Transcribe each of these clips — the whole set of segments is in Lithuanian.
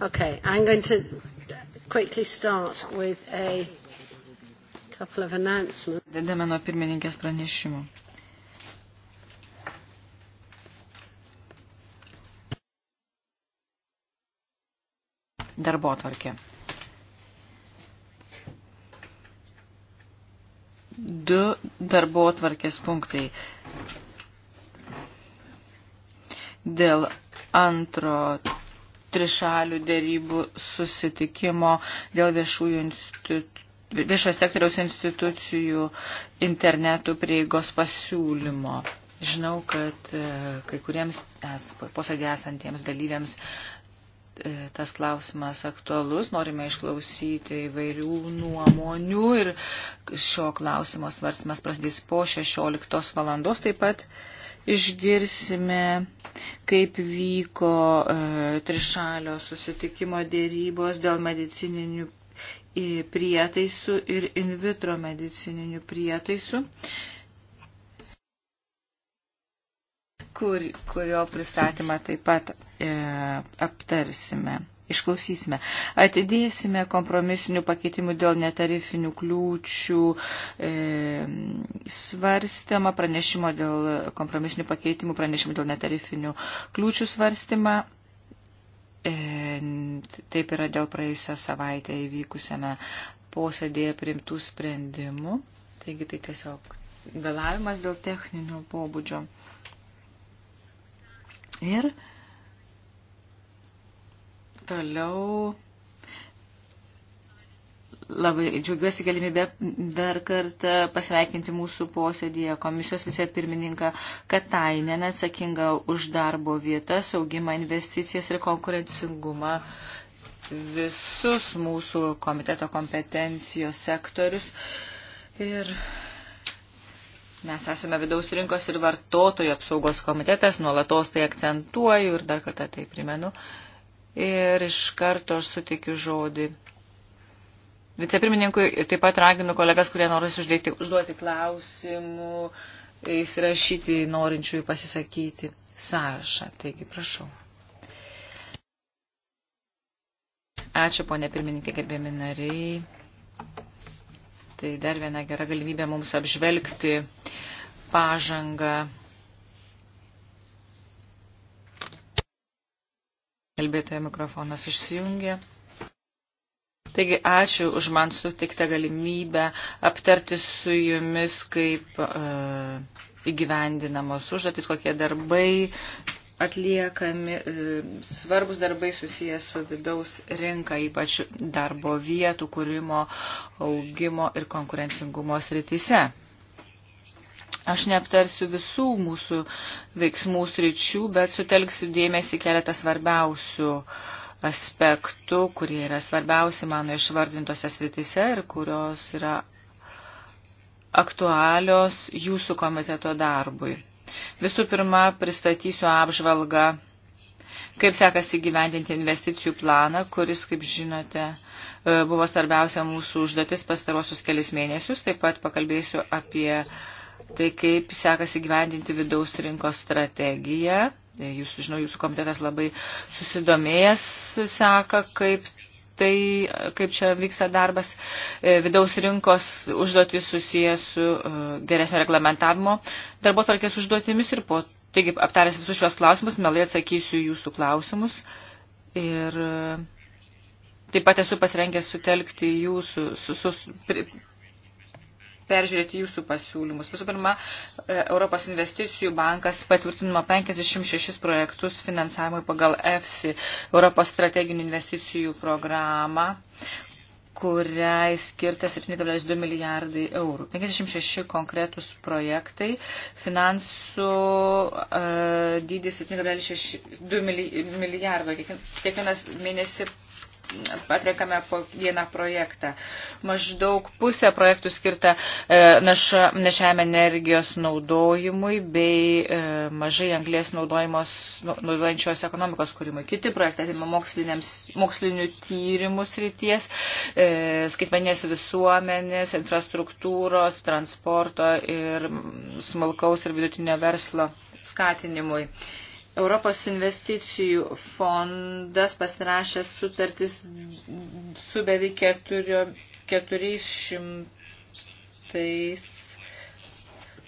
Okay, I'm going to quickly start with a couple of announcements. Dėdame nuo pirmininkės pranešimų. Darbo tvarkė. Du darbo tvarkės punktai. Dėl antro trišalių dėrybų susitikimo dėl viešųjų institucijų viešo sektoriaus institucijų internetų prieigos pasiūlymo. Žinau, kad e, kai kuriems posėdė esantiems dalyviams e, tas klausimas aktualus, norime išklausyti įvairių nuomonių ir šio klausimo svarstymas prasidės po 16 valandos. Taip pat Išgirsime, kaip vyko e, trišalio susitikimo dėrybos dėl medicininių e, prietaisų ir in vitro medicininių prietaisų, kur, kurio pristatymą taip pat e, aptarsime išklausysime. Atidėsime kompromisinių pakeitimų dėl netarifinių kliūčių e, svarstymą, pranešimo dėl kompromisinių pakeitimų, pranešimo dėl netarifinių kliūčių svarstymą. E, taip yra dėl praėjusią savaitę įvykusiame posėdėje priimtų sprendimų. Taigi tai tiesiog vėlavimas dėl techninio pobūdžio. Ir e, Toliau labai džiaugiuosi galimybę dar kartą pasveikinti mūsų posėdėje komisijos vicepirmininką Katainenę atsakingą už darbo vietas, augimą, investicijas ir konkurencingumą visus mūsų komiteto kompetencijos sektorius. Ir mes esame vidaus rinkos ir vartotojų apsaugos komitetas, nuolatos tai akcentuoju ir dar kartą tai primenu. Uh, ir iš karto aš sutikiu žodį. Vicepirmininkui taip pat raginu kolegas, kurie noris uždėti, užduoti klausimų, įsirašyti norinčiųjų pasisakyti sąrašą. Taigi, prašau. Ačiū, ponė pirmininkė, gerbėmi nariai. Tai dar viena gera galimybė mums apžvelgti pažangą Kalbėtojo mikrofonas išsijungė. Taigi ačiū už man sutiktą galimybę aptarti su jumis, kaip uh, įgyvendinamos užduotis, kokie darbai atliekami, uh, svarbus darbai susijęs su vidaus rinka, ypač darbo vietų kūrimo, augimo ir konkurencingumo srityse. Aš neaptarsiu visų mūsų veiksmų sričių, bet sutelksiu dėmesį keletą svarbiausių aspektų, kurie yra svarbiausi mano išvardintose sritise ir kurios yra aktualios jūsų komiteto darbui. Visų pirma, pristatysiu apžvalgą, kaip sekasi gyventinti investicijų planą, kuris, kaip žinote, e, buvo svarbiausia mūsų užduotis pastarosius kelis mėnesius. Taip pat pakalbėsiu apie uh, tai kaip sekasi gyvendinti vidaus rinkos strategiją. Jūs, žinau, jūsų komitetas labai susidomėjęs seka, kaip tai, kaip čia vyksta darbas. E, vidaus rinkos užduotis susijęs su e, geresnio reglamentavimo darbo tvarkės užduotimis ir po, taigi, aptaręs visus šios klausimus, melai atsakysiu jūsų klausimus. Ir e, Taip pat esu pasirengęs sutelkti jūsų, su, su, pri, peržiūrėti jūsų pasiūlymus. Visų pirma, e, Europos investicijų bankas patvirtinimo 56 projektus finansavimui pagal EFSI, Europos strateginių investicijų programą kuriai skirta 7,2 milijardai eurų. 56 konkretus projektai, finansų uh, dydis 7,2 milijardo, kiekvienas mėnesį atliekame po vieną projektą. Maždaug pusę projektų skirta e, nešiam energijos naudojimui bei e, mažai anglės nu, naudojančios ekonomikos kūrimui. Kiti projektai atima mokslinių tyrimų srities, e, skaitmenės visuomenės, infrastruktūros, transporto ir smulkaus ir vidutinio verslo skatinimui. Uh, Europos investicijų fondas pasirašęs sutartis su beveik 400,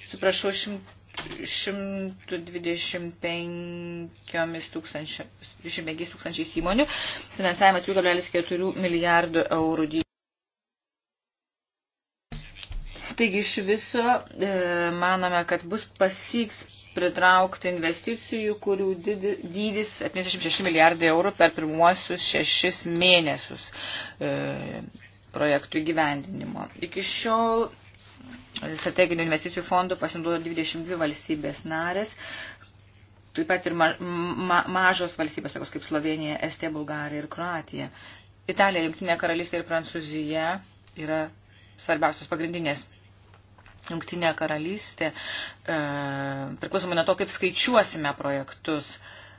atsiprašau, 125 tūkstančiais įmonių, finansavimas 2,4 milijardų eurų. Taigi iš viso e, manome, kad bus pasieks pritraukti investicijų, kurių dydis 76 milijardai eurų per pirmuosius šešis mėnesius e, projektų įgyvendinimo. Iki šiol strateginių investicijų fondų pasinaudojo 22 valstybės narės, taip pat ir ma ma mažos valstybės, tokios kaip Slovenija, Estija, Bulgarija ir Kroatija. Italija, Junktinė karalystė ir Prancūzija yra svarbiausios pagrindinės Jungtinė karalystė, e, priklausomai nuo to, kaip skaičiuosime projektus,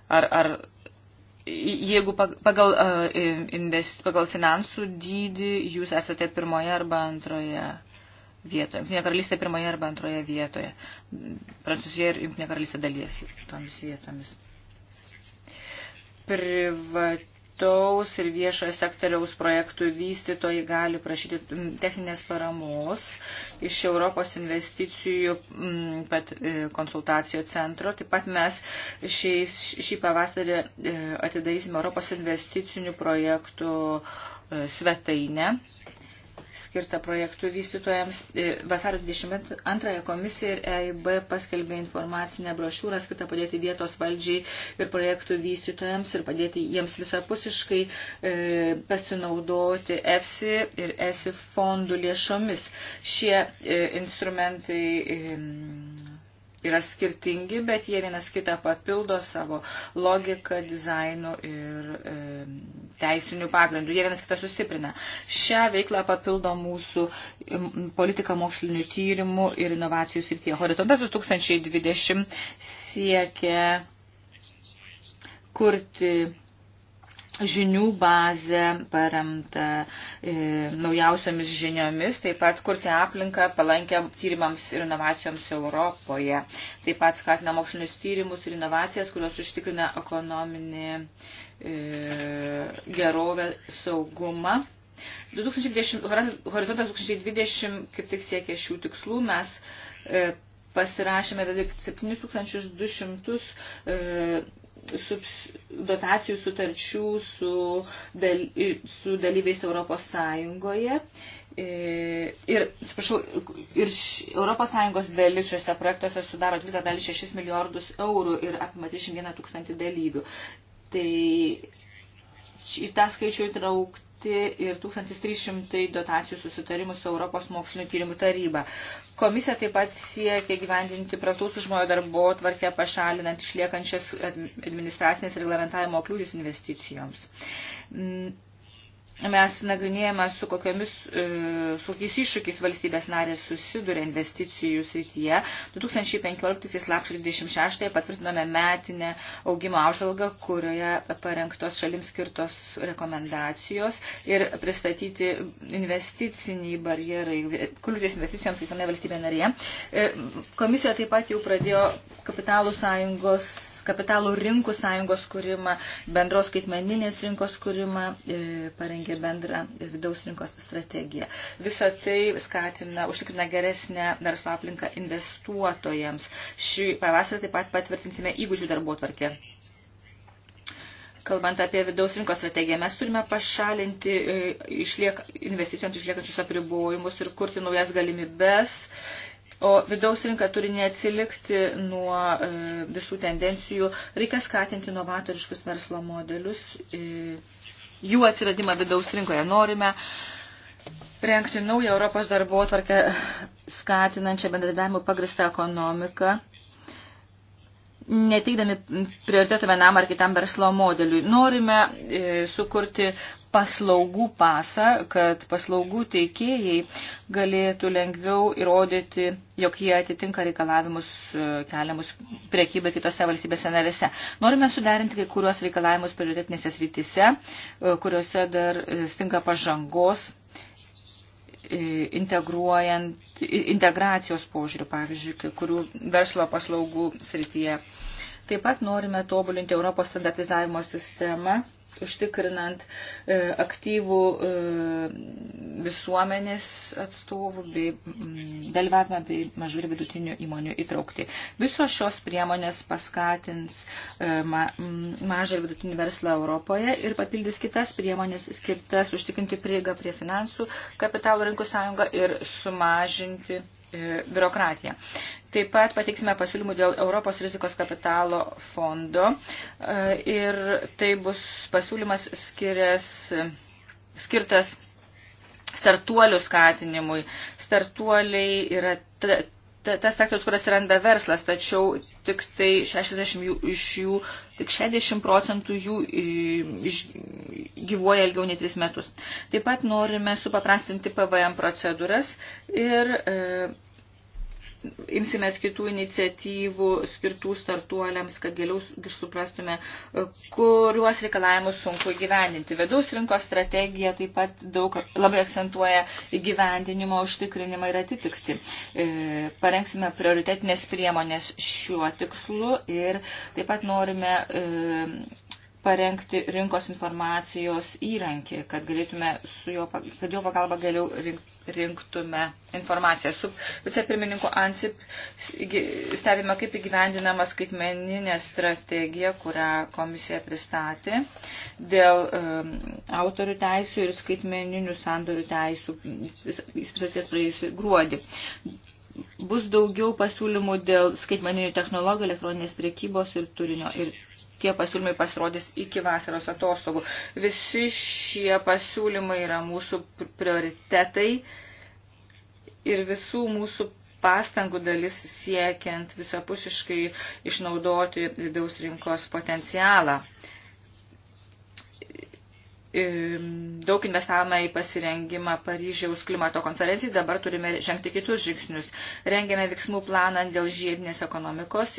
ar, ar jeigu pagal, e, invest, pagal finansų dydį jūs esate pirmoje arba antroje vietoje. Jungtinė karalystė pirmoje arba antroje vietoje. Prancūzija ir Jungtinė karalystė dalies tomis vietomis. Privat privataus ir viešojo sektoriaus projektų vystytojai gali prašyti techninės paramos iš Europos investicijų pat, e, konsultacijų centro. Taip pat mes šiais, šį pavasarį e, atidarysime Europos investicinių projektų e, svetainę skirtą projektų vystytojams. E, vasario 22 komisija ir EIB paskelbė informacinę brošiūrą skirtą padėti vietos valdžiai ir projektų vystytojams ir padėti jiems visapusiškai e, pasinaudoti EFSI ir ESI fondų lėšomis. Šie e, instrumentai e, yra skirtingi, bet jie vienas kitą papildo savo logiką, dizainu ir e, teisiniu pagrindu. Jie vienas kitą sustiprina. Šią veiklą papildo mūsų politika mokslinių tyrimų ir inovacijų srityje. Horizontas 2020 siekia kurti žinių bazę paremtą e, naujausiamis žiniomis, taip pat kurti aplinką palankę tyrimams ir inovacijoms Europoje. Taip pat skatina mokslinius tyrimus ir inovacijas, kurios užtikrina ekonominį e, gerovę, saugumą. 2020, horizontas 2020 kaip tik siekia šių tikslų. Mes e, pasirašėme beveik 7200 e, dotacijų sutarčių su, dal, su dalyviais Europos Sąjungoje. E, ir, atsiprašau, ir ES dalis šiuose projektuose sudaro 2,6 milijardus eurų ir apima 31 tūkstantį dalyvių. Tai į tą skaičių įtraukti ir 1300 dotacijų susitarimų su Europos mokslinio tyrimų taryba. Komisija taip pat siekia gyvendinti pratus užmojo darbo tvarkę pašalinant išliekančias administracinės reglamentavimo kliūtis investicijoms. Mm, mes nagrinėjame, su, kokiamis, e, su kokiais iššūkiais valstybės narės susiduria investicijų srityje. 2015 lapkričio 26 patvirtinome metinę augimo apžvalgą, kurioje parengtos šalims skirtos rekomendacijos ir pristatyti investiciniai barjerai, kliūtis investicijoms kiekvienoje valstybėje narėje. E, komisija taip pat jau pradėjo kapitalų sąjungos kapitalų rinkų sąjungos kūrimą, bendros skaitmeninės rinkos kūrimą, e, parengė bendrą vidaus rinkos strategiją. Visa tai skatina, užtikrina geresnę verslo aplinką investuotojams. Šį pavasarį taip pat patvirtinsime įgūdžių darbo tvarkę. Kalbant apie vidaus rinkos strategiją, mes turime pašalinti e, išliek, investicijoms išliekančius apribojimus ir kurti naujas galimybes O vidaus rinka turi neatsilikti nuo e, visų tendencijų. Reikia skatinti novatoriškus verslo modelius, e, jų atsiradimą vidaus rinkoje. Norime rengti naują Europos darbo atvarkę skatinančią bendradarbiavimą pagristą ekonomiką neteikdami prioritetą vienam ar kitam verslo modeliui. Norime e, sukurti paslaugų pasą, kad paslaugų teikėjai galėtų lengviau įrodyti, jog jie atitinka reikalavimus e, keliamus priekybę kitose valstybėse narėse. Norime suderinti kai kuriuos reikalavimus prioritetinėse srityse, e, kuriuose dar e, stinga pažangos E, integruojant, integracijos požiūrių, pavyzdžiui, kai kurių verslo paslaugų srityje. Taip pat norime tobulinti Europos standartizavimo sistemą užtikrinant e, aktyvų e, visuomenės atstovų bei mm, dalyvavimą bei mažų ir vidutinių įmonių įtraukti. Visos šios priemonės paskatins e, mm, mažą ir vidutinį verslą Europoje ir papildys kitas priemonės skirtas užtikrinti prieigą prie finansų, kapitalų rinkų sąjungą ir sumažinti E, biurokratiją. Taip pat pateiksime pasiūlymų dėl Europos rizikos kapitalo fondo e, ir tai bus pasiūlymas skirias, skirtas startuolių skatinimui. Startuoliai yra tas sektorius, kur atsiranda verslas, tačiau tik tai 60 jų, iš jų, tik 60 procentų jų iš, gyvuoja ilgiau nei 3 metus. Taip pat norime supaprastinti PVM procedūras ir e, imsimės kitų iniciatyvų skirtų startuoliams, kad geriau suprastume, e, kuriuos reikalavimus sunku įgyvendinti. Vidaus rinkos strategija taip pat daug labai akcentuoja įgyvendinimo užtikrinimą ir atitiksti. E, parengsime prioritetinės priemonės šiuo tikslu ir taip pat norime e, parengti rinkos informacijos įrankį, kad galėtume su jo, kad jo pagalba geriau rink, rinktume informaciją. Su vicepirmininku Ansip stebime, kaip įgyvendinama skaitmeninė strategija, kurią komisija pristatė dėl um, autorių teisų ir skaitmeninių sandorių teisų. Jis pristatės praėjusį gruodį bus daugiau pasiūlymų dėl skaitmeninių technologijų, elektroninės priekybos ir turinio. Ir tie pasiūlymai pasirodys iki vasaros atostogų. Visi šie pasiūlymai yra mūsų prioritetai ir visų mūsų pastangų dalis siekiant visapusiškai išnaudoti vidaus rinkos potencialą daug investavome į pasirengimą Paryžiaus klimato konferencijai, dabar turime žengti kitus žingsnius. Rengėme veiksmų planą dėl žiedinės ekonomikos,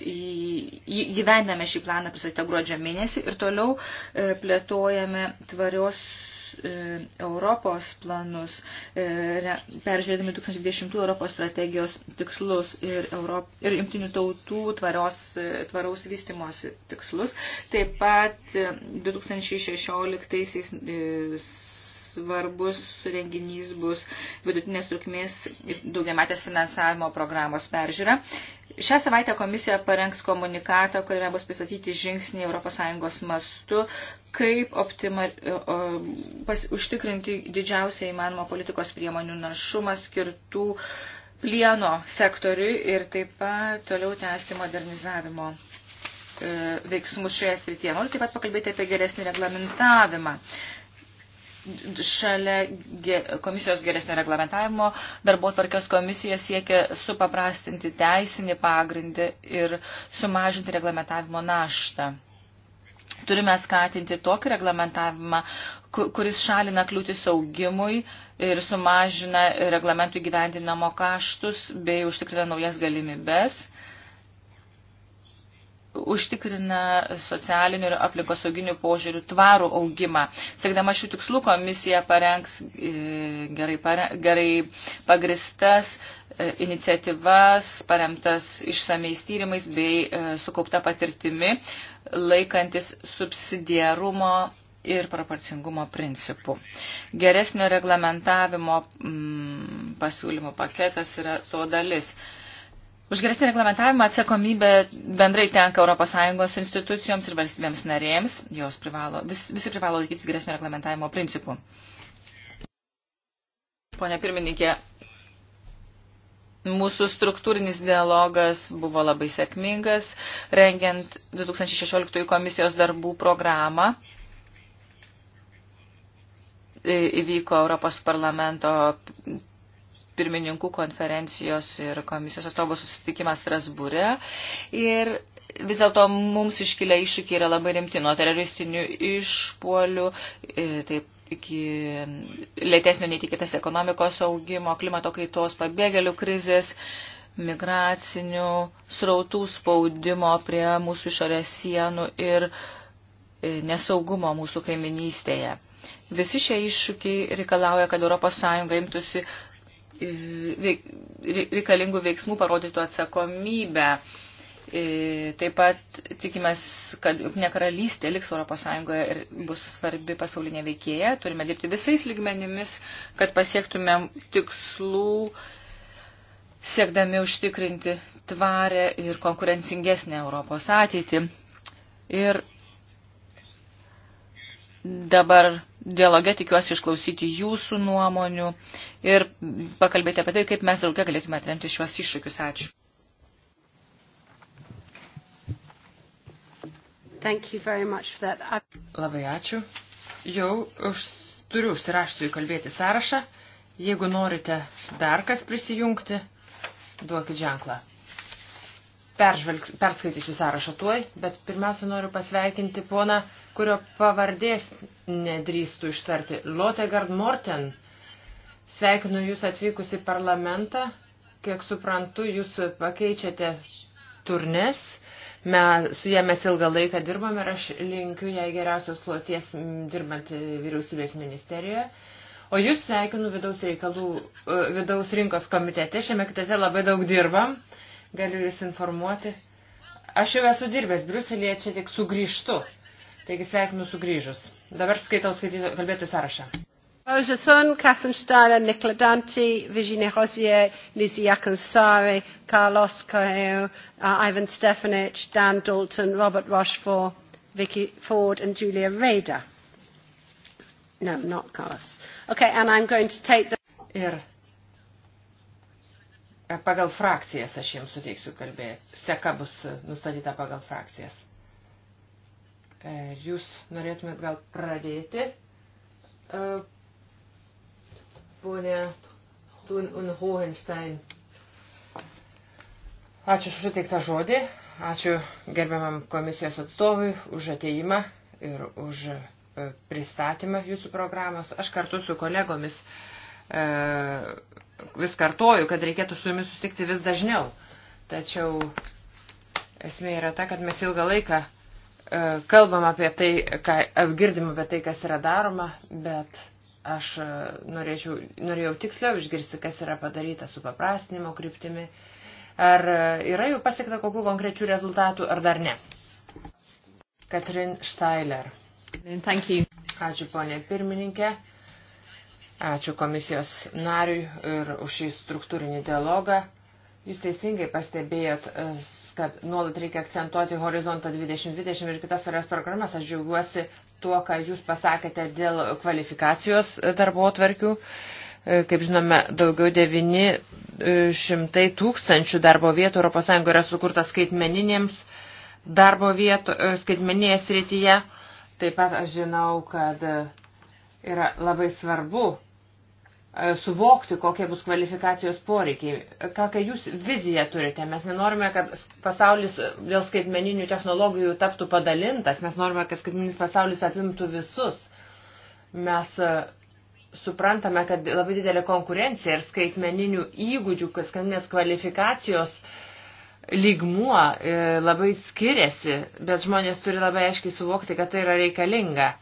gyvename šį planą pristatytą gruodžio mėnesį ir toliau e, plėtojame tvarios E, Europos planus, e, peržiūrėdami 2020 Europos strategijos tikslus ir, Europ, ir jungtinių tautų tvarios, e, tvaraus vystimos tikslus, taip pat 2016 svarbus renginys bus vidutinės trukmės ir daugiametės finansavimo programos peržiūra. Šią savaitę komisija parengs komunikatą, kuriame bus pristatyti žingsniai ES mastu, kaip optima, pas, užtikrinti didžiausią įmanomą politikos priemonių našumą skirtų plieno sektoriui ir taip pat toliau tęsti modernizavimo e, veiksmus šioje srityje. Noriu taip pat pakalbėti apie geresnį reglamentavimą šalia komisijos geresnio reglamentavimo darbo tvarkės komisija siekia supaprastinti teisinį pagrindį ir sumažinti reglamentavimo naštą. Turime skatinti tokį reglamentavimą, kuris šalina kliūtis augimui ir sumažina reglamentų gyvendinamo kaštus bei užtikrina naujas galimybes. Uh, užtikrina socialinių ir aplinkosauginių požiūrių tvarų augimą. Siekdama šių tikslų komisija parengs e, gerai, pare, gerai pagristas e, iniciatyvas, paremtas išsameis tyrimais bei e, sukaupta patirtimi, laikantis subsidiarumo ir proporcingumo principų. Geresnio reglamentavimo mm, pasiūlymų paketas yra to dalis. E, Už geresnį reglamentavimą atsakomybė bendrai tenka ES institucijoms ir valstybėms narėms. Jos privalo, vis, visi privalo laikytis geresnio reglamentavimo principų. Pone pirmininkė, mūsų struktūrinis dialogas buvo labai sėkmingas, rengiant 2016 komisijos darbų programą. Įvyko Europos parlamento pirmininkų konferencijos ir komisijos atstovų susitikimas Strasbūre. Ir vis dėlto mums iškilę iššūkiai yra labai rimti nuo teroristinių išpuolių, e, taip iki lėtesnio neįtikėtas ekonomikos augimo, klimato kaitos, pabėgėlių krizės migracinių srautų spaudimo prie mūsų išorės sienų ir e, nesaugumo mūsų kaiminystėje. Visi šie iššūkiai reikalauja, kad ES imtųsi reikalingų veiksmų parodytų atsakomybę. E, taip pat tikimės, kad ne karalystė liks Europos Sąjungoje ir bus svarbi pasaulinė veikėja. Turime dirbti visais lygmenimis, kad pasiektumėm tikslų, siekdami užtikrinti tvarę ir konkurencingesnę Europos ateitį. Ir dabar dialoge tikiuosi išklausyti jūsų nuomonių ir pakalbėti apie tai, kaip mes draugė galėtume atremti šiuos iššūkius. Ačiū. Thank you very much for that. Labai ačiū. Jau už, turiu užsirašysiu įkalbėti sąrašą. Jeigu norite dar kas prisijungti, duokit ženklą perskaitysiu sąrašą tuoj, bet pirmiausia noriu pasveikinti poną, kurio pavardės nedrįstų ištarti. Lotegard Morten. Sveikinu Jūs atvykus į parlamentą. Kiek suprantu, Jūs pakeičiate turnes. Mes su ja mes ilgą laiką dirbame ir aš linkiu jai geriausios kloties dirbant vyriausybės ministerijoje. O jūs sveikinu vidaus, reikalų, e, vidaus rinkos komitete. Šiame komitete labai daug dirbam. Uh, galiu Jūs informuoti. Aš jau esu dirbęs Briuselėje, čia tik sugrįžtu. Taigi sveikinu sugrįžus. Dabar skaitau skaityto, kalbėtų sąrašą. Rosasun, Catherine Steiner, Nicola Dante, Virginie Rosier, Lizzie Akansari, Carlos Coelho, uh, Ivan Stefanich, Dan Dalton, Robert Rochefort, Vicky Ford and Julia Rader. No, not Carlos. Okay, and I'm going to take the... Ir Pagal frakcijas aš jiems suteiksiu kalbėti. Seka bus nustatyta pagal frakcijas. E, jūs norėtumėt gal pradėti, e, ponė Tun un Hohenstein. Ačiū už suteiktą žodį, ačiū gerbiamam komisijos atstovui už ateimą ir už e, pristatymą jūsų programos. Aš kartu su kolegomis e, vis kartoju, kad reikėtų su jumis susikti vis dažniau. Tačiau esmė yra ta, kad mes ilgą laiką e, kalbam apie tai, ką, e, girdim apie tai, kas yra daroma, bet aš e, norėčiau, norėjau tiksliau išgirsti, kas yra padaryta su paprastinimo kryptimi. Ar yra jau pasiekta kokių konkrečių rezultatų, ar dar ne? Katrin Steiler. Ačiū, ponė pirmininkė. Ačiū komisijos nariui ir už šį struktūrinį dialogą. Jūs teisingai pastebėjot, e, kad nuolat reikia akcentuoti horizontą 2020 ir kitas svarbias programas. Aš džiaugiuosi tuo, ką jūs pasakėte dėl kvalifikacijos darbo atvarkių. E, kaip žinome, daugiau 900 e, tūkstančių darbo vietų ES yra sukurta skaitmeninėms darbo vietų, skaitmeninėje srityje. Taip pat aš žinau, kad yra labai svarbu E, suvokti, kokie bus kvalifikacijos poreikiai. Kokią jūs viziją turite? Mes nenorime, kad pasaulis e, dėl skaitmeninių technologijų taptų padalintas, mes norime, kad skaitmeninis pasaulis apimtų visus. Mes e, suprantame, kad labai didelė konkurencija ir skaitmeninių įgūdžių, skaitmeninės kvalifikacijos lygmuo labai skiriasi, bet žmonės turi labai aiškiai suvokti, kad tai yra reikalinga.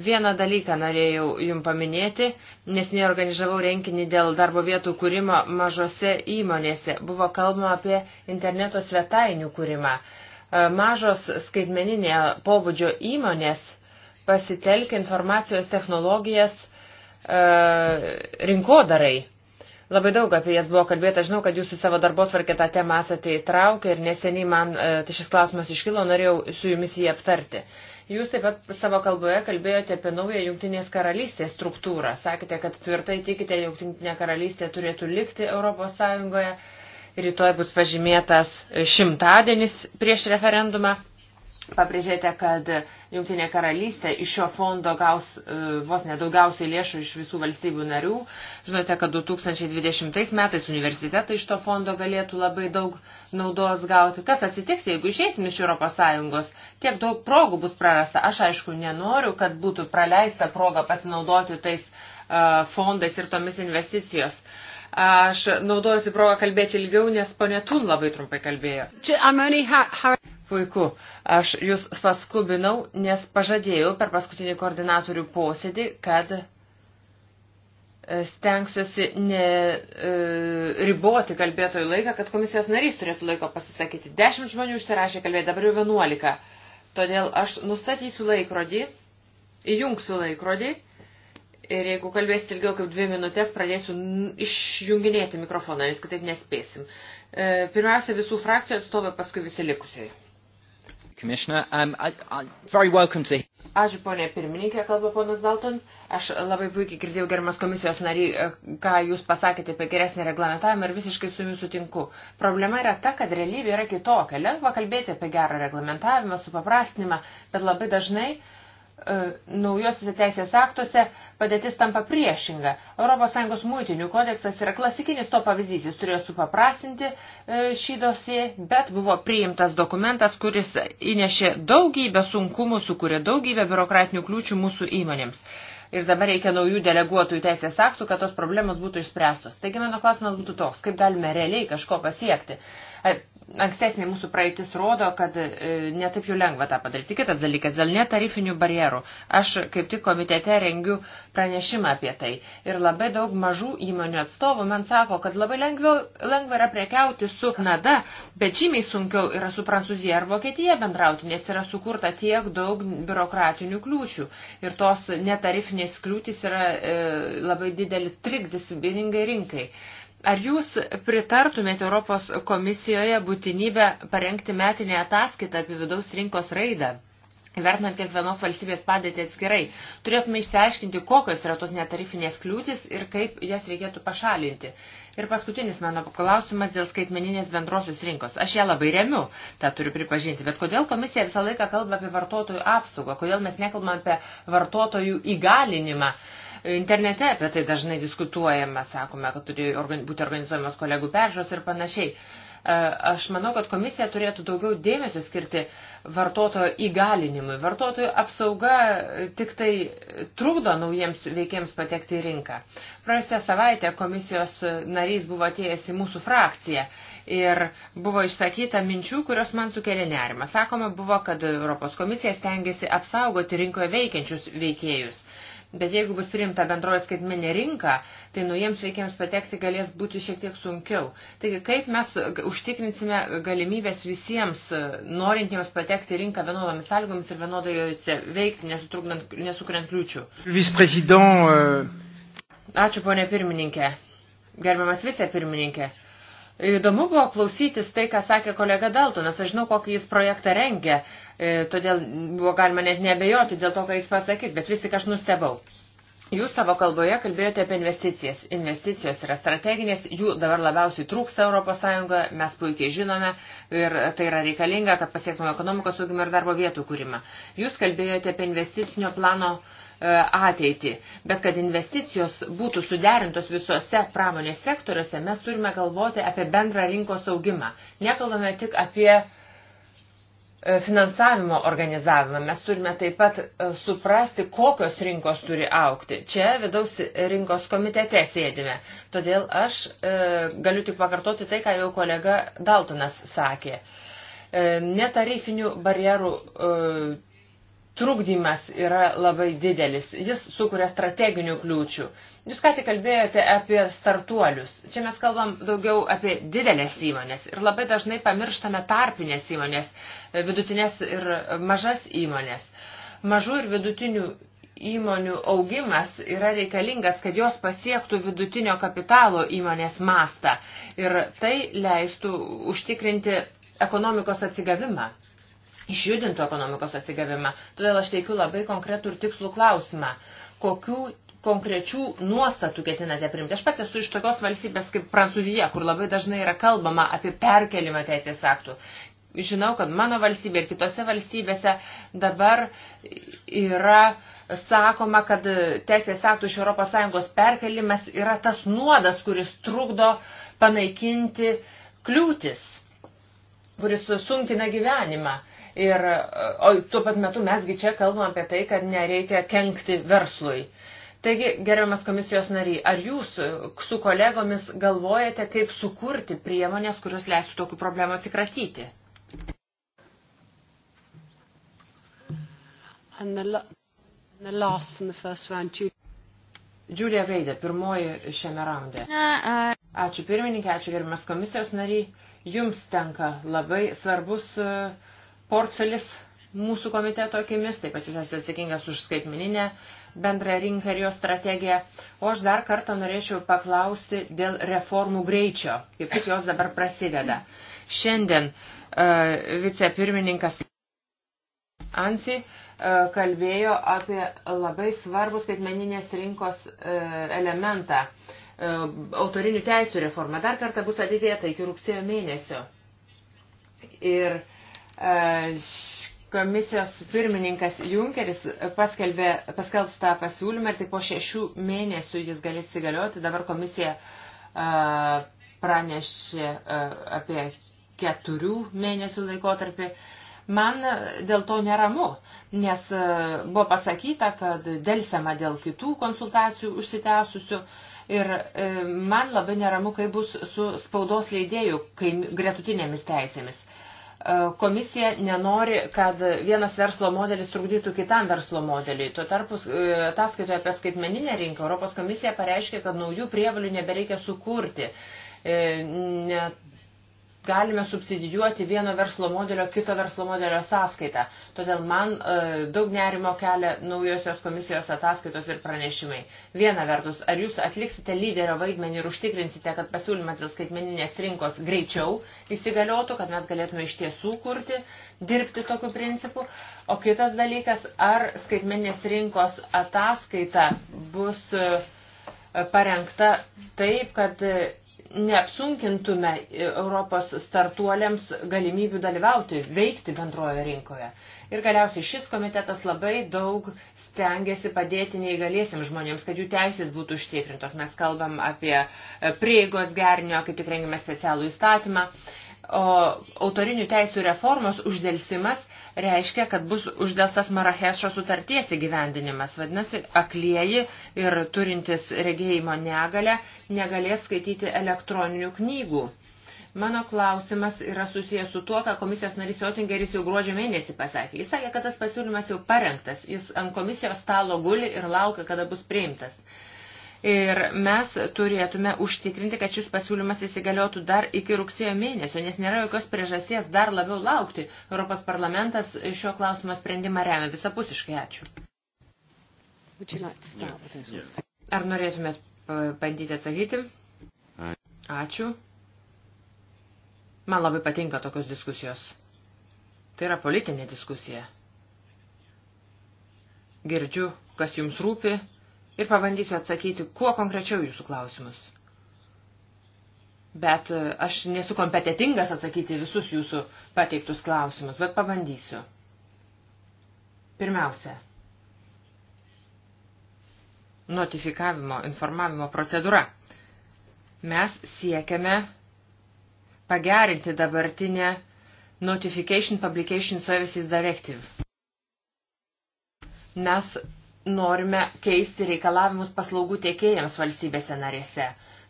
Vieną dalyką norėjau jum paminėti, nes neorganizavau renginį dėl darbo vietų kūrimo mažose įmonėse. Buvo kalbama apie interneto svetainių kūrimą. E, mažos skaitmeninė pobūdžio įmonės pasitelkia informacijos technologijas e, rinkodarai. Labai daug apie jas buvo kalbėta. Žinau, kad jūs į savo darbo tvarkę tą temą esate įtraukę ir neseniai man e, tai šis klausimas iškilo, norėjau su jumis jį aptarti. Uh, Jūs taip pat savo kalboje kalbėjote apie naują Junktinės karalystės struktūrą. Sakėte, kad tvirtai tikite, Junktinė karalystė turėtų likti Europos Sąjungoje. Rytoj bus pažymėtas šimtadienis prieš referendumą. Pabrėžėte, kad uh, Jungtinė karalystė iš šio fondo gaus e, vos nedaugiausiai lėšų iš visų valstybių narių. Žinote, kad 2020 metais universitetai iš to fondo galėtų labai daug naudos gauti. Kas atsitiks, jeigu išeisim iš ES? Kiek daug progų bus prarasta? Aš aišku nenoriu, kad būtų praleista proga pasinaudoti tais uh, fondais ir tomis investicijos. Aš naudojusi progą kalbėti ilgiau, nes ponė Tun labai trumpai kalbėjo. Puiku. Aš jūs paskubinau, nes pažadėjau per paskutinį koordinatorių posėdį, kad e, stengsiuosi ne e, riboti kalbėtojų laiką, kad komisijos narys turėtų laiko pasisakyti. Dešimt žmonių užsirašė kalbėti, dabar jau vienuolika. Todėl aš nustatysiu laikrodį, įjungsiu laikrodį ir jeigu kalbėsite ilgiau kaip dvi minutės, pradėsiu išjunginėti mikrofoną, nes kitaip nespėsim. E, pirmiausia, visų frakcijų atstovai, paskui visi likusiai. Commissioner. Um, I, I, very welcome to... Ačiū, ponė pirmininkė, kalba ponas Dalton. Aš labai puikiai girdėjau, gerbiamas komisijos nariai, e, ką jūs pasakėte apie geresnį reglamentavimą ir visiškai su jumis sutinku. Problema yra ta, kad realybė yra kitokia. Lengva kalbėti apie gerą reglamentavimą, supaprastinimą, bet labai dažnai uh, E, naujosiuose teisės aktuose padėtis tampa priešinga. ES muitinių kodeksas yra klasikinis to pavyzdys. Jis turėjo supaprastinti e, šį dosį, bet buvo priimtas dokumentas, kuris įnešė daugybę sunkumų, sukūrė daugybę biurokratinių kliūčių mūsų įmonėms. Ir dabar reikia naujų deleguotųjų teisės aktų, kad tos problemos būtų išspręstos. Taigi mano klausimas būtų toks, kaip galime realiai kažko pasiekti. E, ankstesnė mūsų praeitis rodo, kad e, netaip jau lengva tą padaryti. Kitas dalykas, dėl netarifinių barjerų. Aš kaip tik komitete rengiu pranešimą apie tai. Ir labai daug mažų įmonių atstovų man sako, kad labai lengviau, lengva yra prekiauti su Kanada, bet žymiai sunkiau yra su Prancūzija ar Vokietija bendrauti, nes yra sukurta tiek daug biurokratinių kliūčių. Ir tos netarifinės kliūtis yra e, labai didelis trikdis vieningai rinkai. E, Ar jūs pritartumėte Europos komisijoje būtinybę parengti metinę ataskaitą apie vidaus rinkos raidą? Vertinant kiekvienos valstybės padėtį atskirai, turėtume išsiaiškinti, kokios yra tos netarifinės kliūtis ir kaip jas reikėtų pašalinti. Ir paskutinis mano klausimas dėl skaitmeninės bendrosios rinkos. Aš ją labai remiu, tą turiu pripažinti, bet kodėl komisija visą laiką kalba apie vartotojų apsaugą, kodėl mes nekalbame apie vartotojų įgalinimą? Uh, Internete apie tai dažnai diskutuojame, sakome, kad turi organi būti organizuojamos kolegų peržos ir panašiai. E, aš manau, kad komisija turėtų daugiau dėmesio skirti vartotojo įgalinimui. Vartotojų apsauga tik tai trukdo naujiems veikiems patekti į rinką. Praėjusią savaitę komisijos narys buvo atėjęs į mūsų frakciją ir buvo išsakyta minčių, kurios man sukėlė nerimą. Sakoma buvo, kad Europos komisija stengiasi apsaugoti rinkoje veikiančius veikėjus. Bet jeigu bus priimta bendroji skaitmenė rinka, tai naujiems veikiams patekti galės būti šiek tiek sunkiau. Taigi, kaip mes užtikrinsime galimybės visiems e, norintiems patekti rinką vienodomis sąlygomis ir vienodojose veikti, nesukuriant kliūčių? Euh, Ačiū, ponė pirmininkė. Gerbiamas vicepirmininkė. Įdomu buvo klausytis tai, ką sakė kolega Daltonas. Aš žinau, kokį jis projektą rengia, e, todėl buvo galima net nebejoti dėl to, ką jis pasakys, bet vis tik aš nustebau. Jūs savo kalboje kalbėjote apie investicijas. Investicijos yra strateginės, jų dabar labiausiai trūksta ES, mes puikiai žinome ir tai yra reikalinga, kad pasiektume ekonomikos augimą ir darbo vietų kūrimą. Jūs kalbėjote apie investicinio plano uh, E, ateitį. Bet kad investicijos būtų suderintos visose pramonės sektoriuose, mes turime galvoti apie bendrą rinkos augimą. Nekalbame tik apie e, finansavimo organizavimą. Mes turime taip pat e, suprasti, kokios rinkos turi aukti. Čia vidaus rinkos komitete sėdime. Todėl aš e, galiu tik pakartoti tai, ką jau kolega Daltonas sakė. E, netarifinių barjerų e, trukdymas yra labai didelis. Jis sukuria strateginių kliūčių. Jūs ką tik kalbėjote apie startuolius. Čia mes kalbam daugiau apie didelės įmonės ir labai dažnai pamirštame tarpinės įmonės, vidutinės ir mažas įmonės. Mažų ir vidutinių įmonių augimas yra reikalingas, kad jos pasiektų vidutinio kapitalo įmonės mastą ir tai leistų užtikrinti ekonomikos atsigavimą išjudintų ekonomikos atsigavimą. Todėl aš teikiu labai konkretų ir tikslų klausimą. Kokių konkrečių nuostatų ketinate priimti. Aš pats esu iš tokios valstybės kaip Prancūzija, kur labai dažnai yra kalbama apie perkelimą teisės aktų. Žinau, kad mano valstybė ir kitose valstybėse dabar yra sakoma, kad teisės aktų iš ES perkelimas yra tas nuodas, kuris trukdo panaikinti kliūtis, kuris sunkina gyvenimą. Ir, o tuo pat metu mesgi čia kalbam apie tai, kad nereikia kenkti verslui. Taigi, gerbiamas komisijos nariai, ar jūs su kolegomis galvojate, kaip sukurti priemonės, kurios leistų tokių problemų atsikratyti? Julia Reidė, pirmoji šiame raunde. Ačiū pirmininkė, ačiū gerbiamas komisijos nariai. Jums tenka labai svarbus uh, portfelis mūsų komiteto akimis, taip pat jūs esate atsakingas už skaitmininę bendrą rinką ir jos strategiją. O aš dar kartą norėčiau paklausti dėl reformų greičio, kaip tik jos dabar prasideda. Šiandien uh, vicepirmininkas Ansi uh, kalbėjo apie labai svarbų skaitmeninės rinkos uh, elementą uh, autorinių teisų reforma. Dar kartą bus atidėta iki rugsėjo mėnesio. Ir uh, Komisijos pirmininkas Junkeris paskelbė, paskelbs tą pasiūlymą ir tik po šešių mėnesių jis galės įsigalioti. Dabar komisija pranešė apie keturių mėnesių laikotarpį. Man dėl to neramu, nes buvo pasakyta, kad dėlsiama dėl kitų konsultacijų užsitęsusių ir e, man labai neramu, kai bus su spaudos leidėjų gretutinėmis teisėmis. E, komisija nenori, kad vienas verslo modelis trukdytų kitam verslo modeliui. Tuo tarpu e, ataskaitoje apie skaitmeninę rinką Europos komisija pareiškė, kad naujų prievalių nebereikia sukurti. E, net galime subsidijuoti vieno verslo modelio kito verslo modelio sąskaitą. Todėl man e, daug nerimo kelia naujosios komisijos ataskaitos ir pranešimai. Viena vertus, ar jūs atliksite lyderio vaidmenį ir užtikrinsite, kad pasiūlymas dėl skaitmeninės rinkos greičiau įsigaliotų, kad mes galėtume iš tiesų kurti, dirbti tokiu principu. O kitas dalykas, ar skaitmeninės rinkos ataskaita bus. E, parengta taip, kad neapsunkintume Europos startuoliams galimybių dalyvauti, veikti bendrojo rinkoje. Ir galiausiai šis komitetas labai daug stengiasi padėti neįgaliesiems žmonėms, kad jų teisės būtų užtikrintos. Mes kalbam apie prieigos gerinio, kaip tik rengime specialų įstatymą. O autorinių teisų reformos uždėlsimas reiškia, kad bus uždėlstas Marahešo sutarties įgyvendinimas. Vadinasi, aklieji ir turintis regėjimo negalę negalės skaityti elektroninių knygų. Mano klausimas yra susijęs su tuo, ką komisijos narys Jotingeris jau gruodžio mėnesį pasakė. Jis sakė, kad tas pasiūlymas jau parengtas, jis ant komisijos stalo guli ir laukia, kada bus priimtas. Ir mes turėtume užtikrinti, kad šis pasiūlymas įsigaliotų dar iki rugsėjo mėnesio, nes nėra jokios priežasties dar labiau laukti. Europos parlamentas šio klausimo sprendimą remia visapusiškai. Ačiū. Ar norėtumėt bandyti atsakyti? Ačiū. Man labai patinka tokios diskusijos. Tai yra politinė diskusija. Girdžiu, kas jums rūpi ir pabandysiu atsakyti, kuo konkrečiau jūsų klausimus. Bet e, aš nesu kompetitingas atsakyti visus jūsų pateiktus klausimus, bet pabandysiu. Pirmiausia, notifikavimo, informavimo procedūra. Mes siekiame pagerinti dabartinę Notification Publication Services Directive. Mes norime keisti reikalavimus paslaugų tiekėjams valstybėse narėse.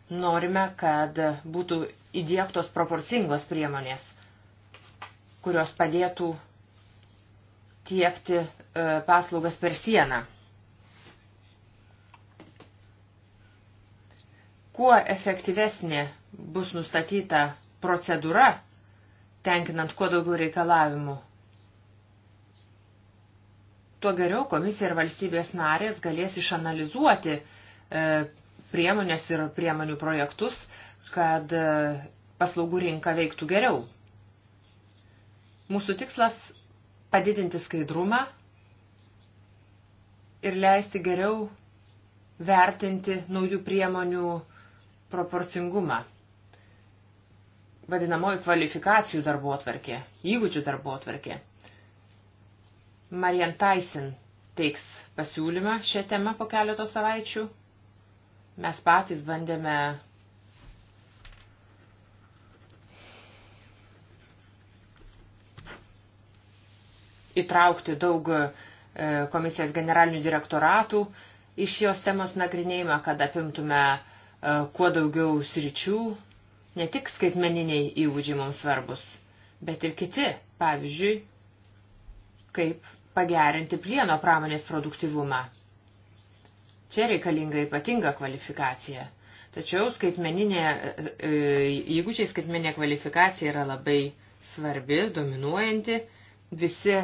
Norime, kad būtų įdėktos proporcingos priemonės, kurios padėtų tiekti e, paslaugas per sieną. Kuo efektyvesnė bus nustatyta procedūra, tenkinant kuo daugiau reikalavimų, tuo geriau komisija ir valstybės narės galės išanalizuoti e, priemonės ir priemonių projektus, kad e, paslaugų rinka veiktų geriau. Mūsų tikslas – padidinti skaidrumą ir leisti geriau vertinti naujų priemonių proporcingumą. Vadinamoji kvalifikacijų darbo atvarkė, įgūdžių darbo atvarkė – Marian Tyson teiks pasiūlymą šią temą po keleto savaičių. Mes patys bandėme įtraukti daug e, komisijos generalinių direktoratų iš jos temos nagrinėjimą, kad apimtume e, kuo daugiau sričių, ne tik skaitmeniniai įgūdžiai mums svarbus, bet ir kiti, pavyzdžiui, kaip pagerinti plieno pramonės produktivumą. Čia reikalinga ypatinga kvalifikacija. Tačiau skaitmeninė, e, e, įgūdžiai skaitmeninė kvalifikacija yra labai svarbi, dominuojanti. Visi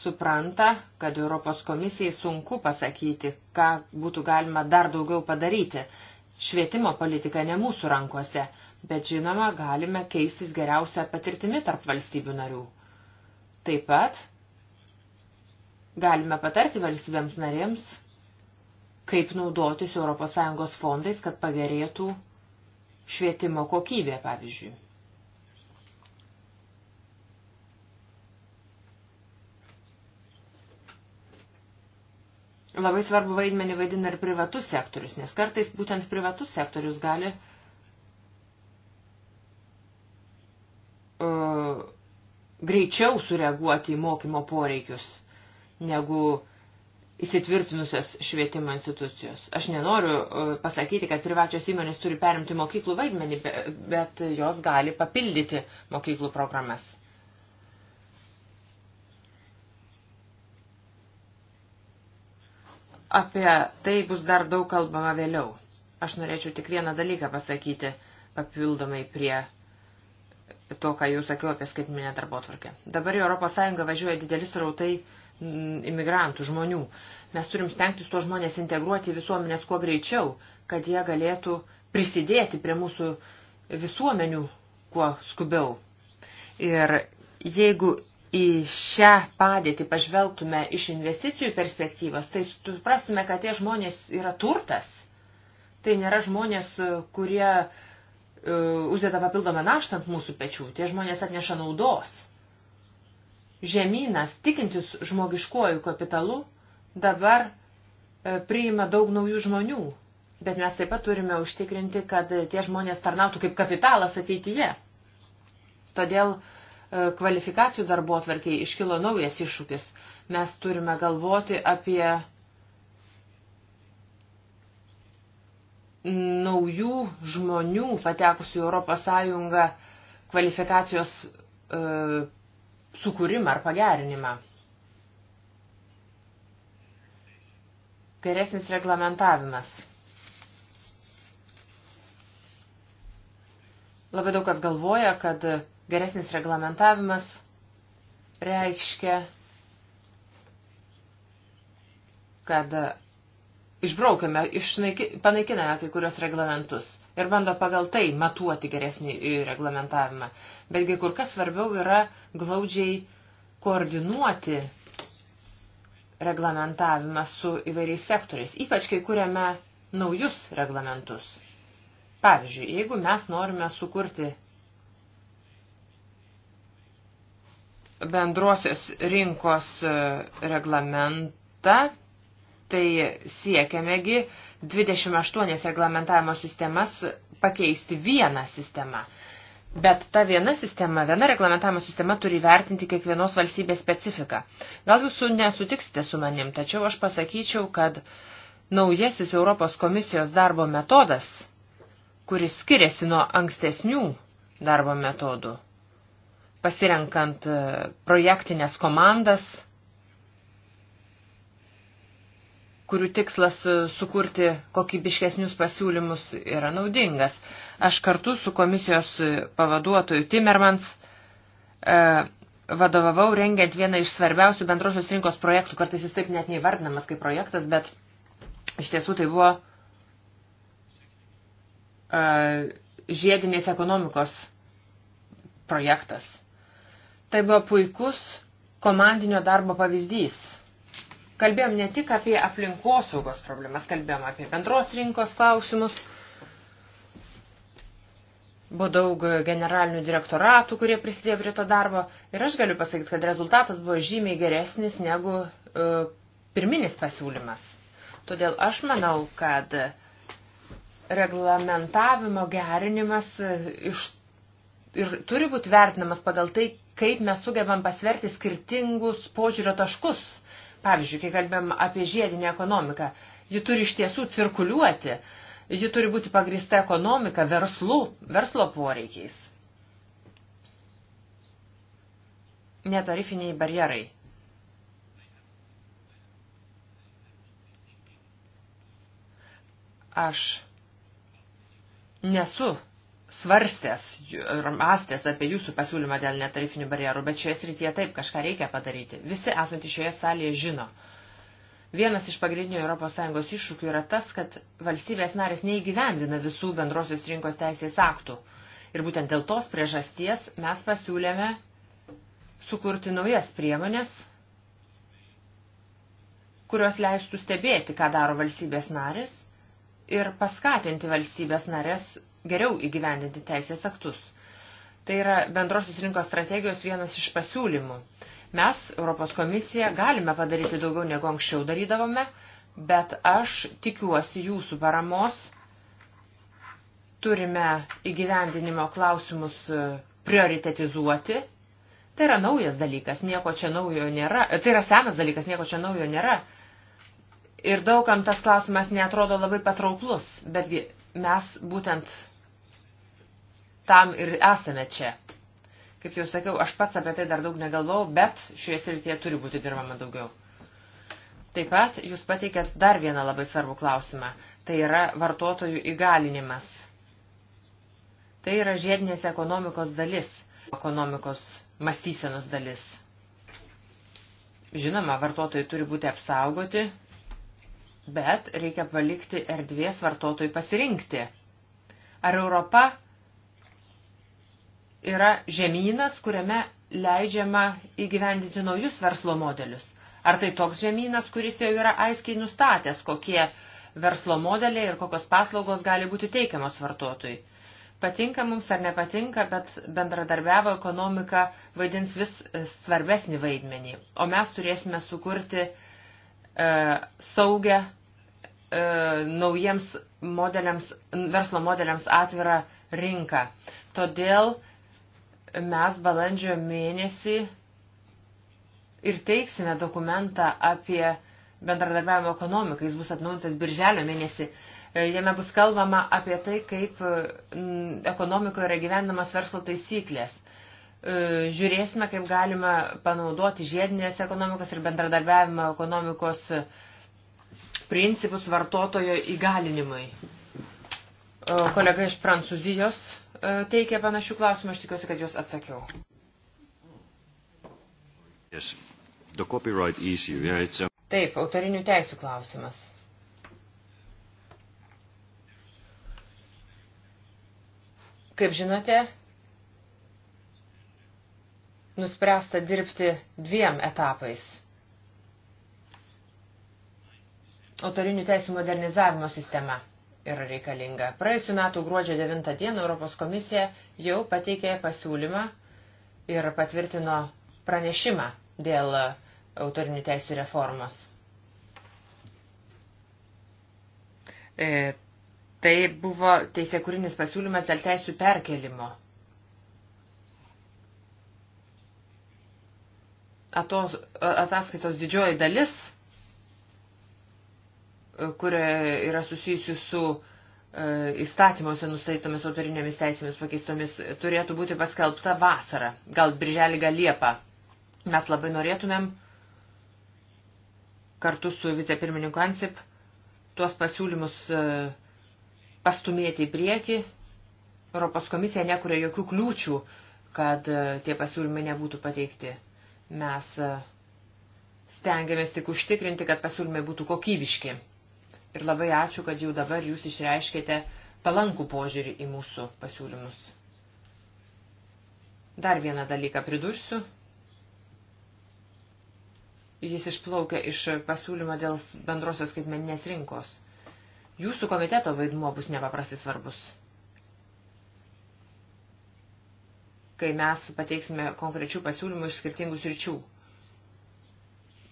supranta, kad Europos komisijai sunku pasakyti, ką būtų galima dar daugiau padaryti. Švietimo politika ne mūsų rankose, bet žinoma, galime keistis geriausią patirtimį tarp valstybių narių. Taip pat Galime patarti valstybėms narėms, kaip naudotis ES fondais, kad pagerėtų švietimo kokybė, pavyzdžiui. Labai svarbu vaidmenį vaidina ir privatus sektorius, nes kartais būtent privatus sektorius gali uh, greičiau sureaguoti į mokymo poreikius negu įsitvirtinusios švietimo institucijos. Aš nenoriu e, pasakyti, kad privačios įmonės turi perimti mokyklų vaidmenį, bet jos gali papildyti mokyklų programas. Apie tai bus dar daug kalbama vėliau. Aš norėčiau tik vieną dalyką pasakyti papildomai prie to, ką jau sakiau apie skaitminę darbotvarkę. Dabar į ES važiuoja didelis rautai Mm, imigrantų žmonių. Mes turim stengtis tuos žmonės integruoti į visuomenės kuo greičiau, kad jie galėtų prisidėti prie mūsų visuomenių kuo skubiau. Ir jeigu į šią padėtį pažvelgtume iš investicijų perspektyvos, tai suprasime, kad tie žmonės yra turtas. Tai nėra žmonės, kurie uh, uždeda papildomą naštą ant mūsų pečių. Tie žmonės atneša naudos žemynas, tikintis žmogiškuoju kapitalu, dabar e, priima daug naujų žmonių. Bet mes taip pat turime užtikrinti, kad tie žmonės tarnautų kaip kapitalas ateityje. Todėl e, kvalifikacijų darbo atvarkiai iškilo naujas iššūkis. Mes turime galvoti apie naujų žmonių patekusių Europos Sąjungą kvalifikacijos e, sukūrimą ar pagerinimą. Geresnis reglamentavimas. Labai daug kas galvoja, kad geresnis reglamentavimas reiškia, kad išbraukiame, išnaiki, panaikiname kai kurios reglamentus ir bando pagal tai matuoti geresnį reglamentavimą. Betgi kur kas svarbiau yra glaudžiai koordinuoti reglamentavimą su įvairiais sektoriais, ypač kai kuriame naujus reglamentus. Pavyzdžiui, jeigu mes norime sukurti bendrosios rinkos e, reglamentą, tai siekiamegi 28 reglamentavimo sistemas pakeisti vieną sistemą. Bet ta viena sistema, viena reglamentavimo sistema turi vertinti kiekvienos valstybės specifiką. Gal jūs nesutiksite su manim, tačiau aš pasakyčiau, kad naujasis Europos komisijos darbo metodas, kuris skiriasi nuo ankstesnių darbo metodų, pasirenkant e, projektinės komandas, kurių tikslas e, sukurti kokybiškesnius pasiūlymus yra naudingas. Aš kartu su komisijos e, pavaduotoju Timmermans e, vadovavau rengiant vieną iš svarbiausių bendrosios rinkos projektų, kartais jis taip net neįvardinamas kaip projektas, bet iš tiesų tai buvo žiedinės ekonomikos projektas. Tai buvo puikus komandinio darbo pavyzdys Kalbėjom ne tik apie aplinkosaugos problemas, kalbėjom apie bendros rinkos klausimus. Buvo daug generalinių direktoratų, kurie prisidėjo prie to darbo. Ir aš galiu pasakyti, kad rezultatas buvo žymiai geresnis negu uh, pirminis pasiūlymas. Todėl aš manau, kad reglamentavimo gerinimas e, iš, ir turi būti vertinamas pagal tai, kaip mes sugebam pasverti skirtingus požiūrio taškus Pavyzdžiui, kai kalbėm apie žiedinę ekonomiką, ji turi iš tiesų cirkuliuoti, ji turi būti pagrįsta ekonomika, verslu, verslo poreikiais. Netarifiniai barjerai. Aš nesu svarstęs ir mąstęs apie jūsų pasiūlymą dėl netarifinių barjerų, bet šioje srityje taip kažką reikia padaryti. Visi esantys šioje salėje žino. Vienas iš pagrindinių ES iššūkių yra tas, kad valstybės narės neįgyvendina visų bendrosios rinkos teisės aktų. Ir būtent dėl tos priežasties mes pasiūlėme sukurti naujas priemonės, kurios leistų stebėti, ką daro valstybės narės ir paskatinti valstybės narės geriau įgyvendinti teisės aktus. Tai yra bendrosios rinkos strategijos vienas iš pasiūlymų. Mes, Europos komisija, galime padaryti daugiau negu anksčiau darydavome, bet aš tikiuosi jūsų paramos. Turime įgyvendinimo klausimus e, prioritetizuoti. Tai yra naujas dalykas, nieko čia naujo nėra. E, tai yra senas dalykas, nieko čia naujo nėra Ir daugam tas klausimas netrodo labai patrauklus, betgi mes būtent tam ir esame čia. Kaip jau sakiau, aš pats apie tai dar daug negalvau, bet šioje srityje turi būti dirbama daugiau. Taip pat jūs pateikėt dar vieną labai svarbų klausimą. Tai yra vartotojų įgalinimas. Tai yra žiedinės ekonomikos dalis, ekonomikos mąstysenos dalis. Žinoma, vartotojai turi būti apsaugoti, bet reikia palikti erdvės vartotojui pasirinkti. Ar Europa yra žemynas, kuriame leidžiama įgyvendinti naujus verslo modelius? Ar tai toks žemynas, kuris jau yra aiškiai nustatęs, kokie verslo modeliai ir kokios paslaugos gali būti teikiamos vartotojui? Patinka mums ar nepatinka, bet bendradarbiavo ekonomika vaidins vis e, svarbesnį vaidmenį, o mes turėsime sukurti e, saugę E, naujiems modeliams, verslo modeliams atvirą rinką. Todėl mes balandžio mėnesį ir teiksime dokumentą apie bendradarbiavimo ekonomiką. Jis bus atnaujintas birželio mėnesį. E, jame bus kalbama apie tai, kaip ekonomikoje yra gyvenamas verslo taisyklės. E, žiūrėsime, kaip galima panaudoti žiedinės ekonomikos ir bendradarbiavimo ekonomikos uh, principus vartotojo įgalinimui. E, kolega iš Prancūzijos e, teikė panašių klausimų, aš tikiuosi, kad juos atsakiau. Yes. The copyright issue, yeah, it's a... Taip, autorinių teisų klausimas. Kaip žinote, nuspręsta dirbti dviem etapais – autorinių teisų modernizavimo sistema yra reikalinga. Praėjusiu metu gruodžio 9 dieną Europos komisija jau pateikė pasiūlymą ir patvirtino pranešimą dėl autorinių teisų reformos. E, tai buvo teisėkūrinis pasiūlymas dėl teisų perkelimo. Atos, ataskaitos didžioji dalis kurie yra susijusi su e, įstatymuose nustatytomis autorinėmis teisėmis pakeistomis, turėtų būti paskelbta vasara, gal birželį, gal liepą. Mes labai norėtumėm kartu su vicepirmininku Ansip tuos pasiūlymus e, pastumėti į priekį. Europos komisija nekuria jokių kliūčių, kad e, tie pasiūlymai nebūtų pateikti. Mes stengiamės tik užtikrinti, kad pasiūlymai būtų kokybiški. Ir labai ačiū, kad jau dabar jūs išreiškėte palankų požiūrį į mūsų pasiūlymus. Dar vieną dalyką pridursiu. Jis išplaukia iš pasiūlymo dėl bendrosios skaitmeninės rinkos. Jūsų komiteto vaidmuo bus nepaprastai svarbus. Kai mes pateiksime konkrečių pasiūlymų iš skirtingų sričių.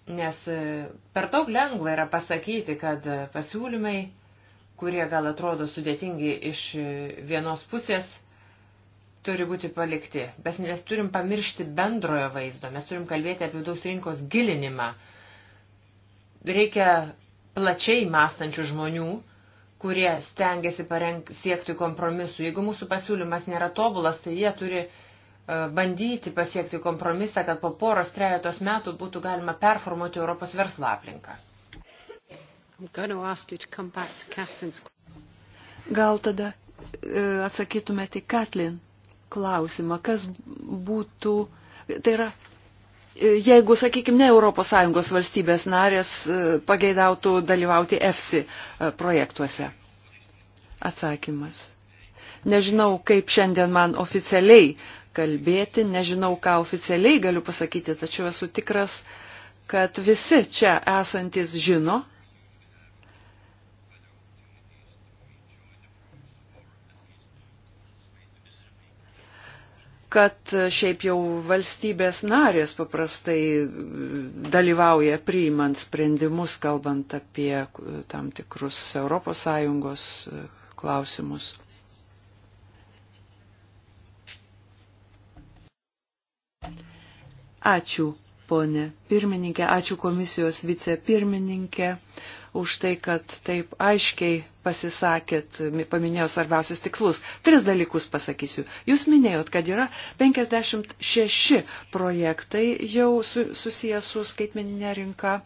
Nes e, per daug lengva yra pasakyti, kad e, pasiūlymai, kurie gal atrodo sudėtingi iš e, vienos pusės, turi būti palikti. Bet mes turim pamiršti bendrojo vaizdo, mes turim kalbėti apie vidaus rinkos gilinimą. Reikia plačiai mąstančių žmonių, kurie stengiasi pareng, siekti kompromisų. Jeigu mūsų pasiūlymas nėra tobulas, tai jie turi uh, bandyti pasiekti kompromisą, kad po poros trejetos metų būtų galima performuoti Europos verslo aplinką. Gal tada e, atsakytumėte į Katlin klausimą, kas būtų, tai yra, e, jeigu, sakykime, ne ES valstybės narės e, pageidautų dalyvauti EFSI projektuose. Atsakymas. Nežinau, kaip šiandien man oficialiai kalbėti, nežinau, ką oficialiai galiu pasakyti, tačiau esu tikras, kad visi čia esantis žino, kad šiaip jau valstybės narės paprastai dalyvauja priimant sprendimus, kalbant apie tam tikrus ES klausimus. Ačiū, ponė pirmininkė, ačiū komisijos vicepirmininkė už tai, kad taip aiškiai pasisakėt, paminėjo svarbiausius tikslus. Tris dalykus pasakysiu. Jūs minėjot, kad yra 56 projektai jau su, susijęs su skaitmeninė rinka.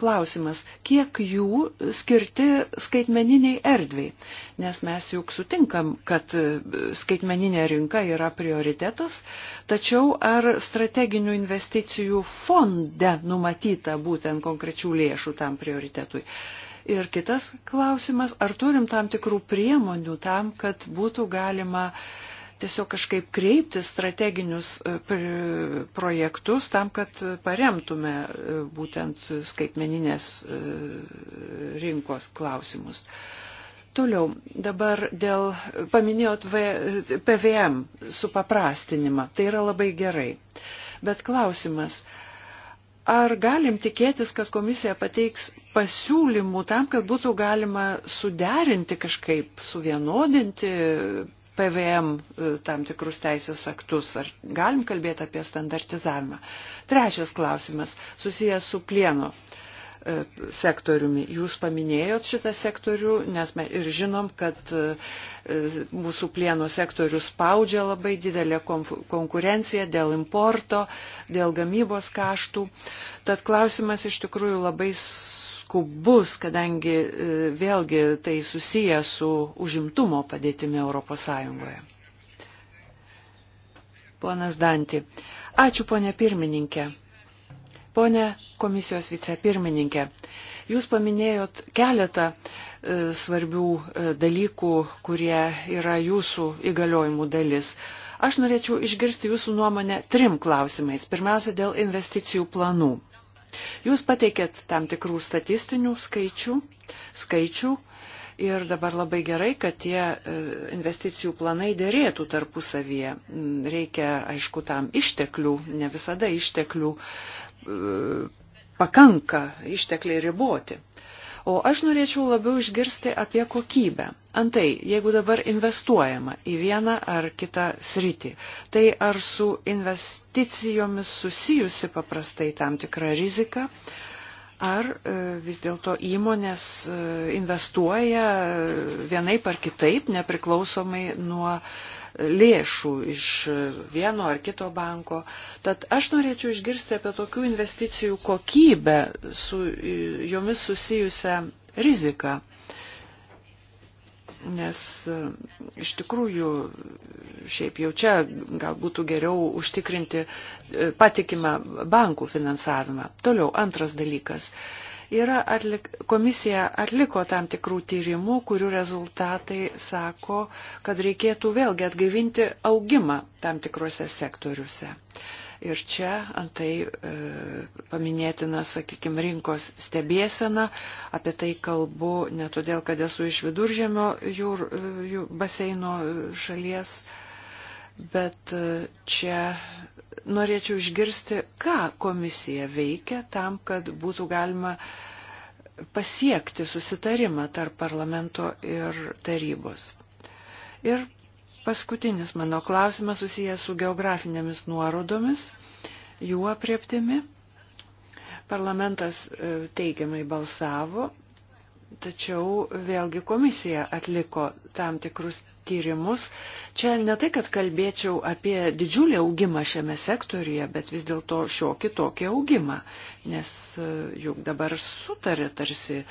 Klausimas, kiek jų skirti skaitmeniniai erdviai? Nes mes juk sutinkam, kad e, skaitmeninė rinka yra prioritetas, tačiau ar strateginių investicijų fonde numatyta būtent konkrečių lėšų tam prioritetui? Ir kitas klausimas, ar turim tam tikrų priemonių tam, kad būtų galima tiesiog kažkaip kreipti strateginius e, projektus tam, kad paremtume e, būtent skaitmeninės e, rinkos klausimus. Toliau, dabar dėl, paminėjot v, PVM supaprastinimą, tai yra labai gerai. Bet klausimas, Ar galim tikėtis, kad komisija pateiks pasiūlymų tam, kad būtų galima suderinti kažkaip, suvienodinti PVM e, tam tikrus teisės aktus? Ar galim kalbėti apie standartizavimą? Trečias klausimas susijęs su plieno uh, E, sektoriumi. Jūs paminėjot šitą sektorių, nes mes ir žinom, kad e, mūsų plieno sektorius spaudžia labai didelę konkurenciją dėl importo, dėl gamybos kaštų. Tad klausimas iš tikrųjų labai skubus, kadangi e, vėlgi tai susiję su užimtumo padėtimi ES. Ponas Danti. Ačiū, ponė pirmininkė. Pone komisijos vicepirmininkė, jūs paminėjot keletą e, svarbių e, dalykų, kurie yra jūsų įgaliojimų dalis. Aš norėčiau išgirsti jūsų nuomonę trim klausimais. Pirmiausia, dėl investicijų planų. Jūs pateikėt tam tikrų statistinių skaičių, skaičių ir dabar labai gerai, kad tie e, investicijų planai dėrėtų tarpusavyje. Mm, reikia, aišku, tam išteklių, ne visada išteklių E, pakanka, ištekliai riboti. O aš norėčiau labiau išgirsti apie kokybę. Antai, jeigu dabar investuojama į vieną ar kitą sritį, tai ar su investicijomis susijusi paprastai tam tikra rizika, ar e, vis dėlto įmonės e, investuoja vienaip ar kitaip, nepriklausomai nuo uh, lėšų iš vieno ar kito banko. Tad aš norėčiau išgirsti apie tokių investicijų kokybę su jomis susijusią riziką. Nes e, iš tikrųjų, šiaip jau čia gal būtų geriau užtikrinti e, patikimą bankų finansavimą. Toliau, antras dalykas. Yra atlik, komisija atliko tam tikrų tyrimų, kurių rezultatai sako, kad reikėtų vėlgi atgaivinti augimą tam tikrose sektoriuose. Ir čia antai e, paminėtina, sakykime, rinkos stebėsena. Apie tai kalbu ne todėl, kad esu iš viduržėmio jūr, e, jūr, baseino e, šalies. E, bet e, čia norėčiau išgirsti, ką komisija veikia tam, kad būtų galima pasiekti susitarimą tarp parlamento ir tarybos. Ir paskutinis mano klausimas susijęs su geografinėmis nuorodomis, jų aprieptimi. Parlamentas e, teigiamai balsavo, tačiau vėlgi komisija atliko tam tikrus skirimus. Čia ne tai, kad kalbėčiau apie didžiulį augimą šiame sektoriuje, bet vis dėlto šiokį tokį augimą, nes e, juk dabar sutarė tarsi e,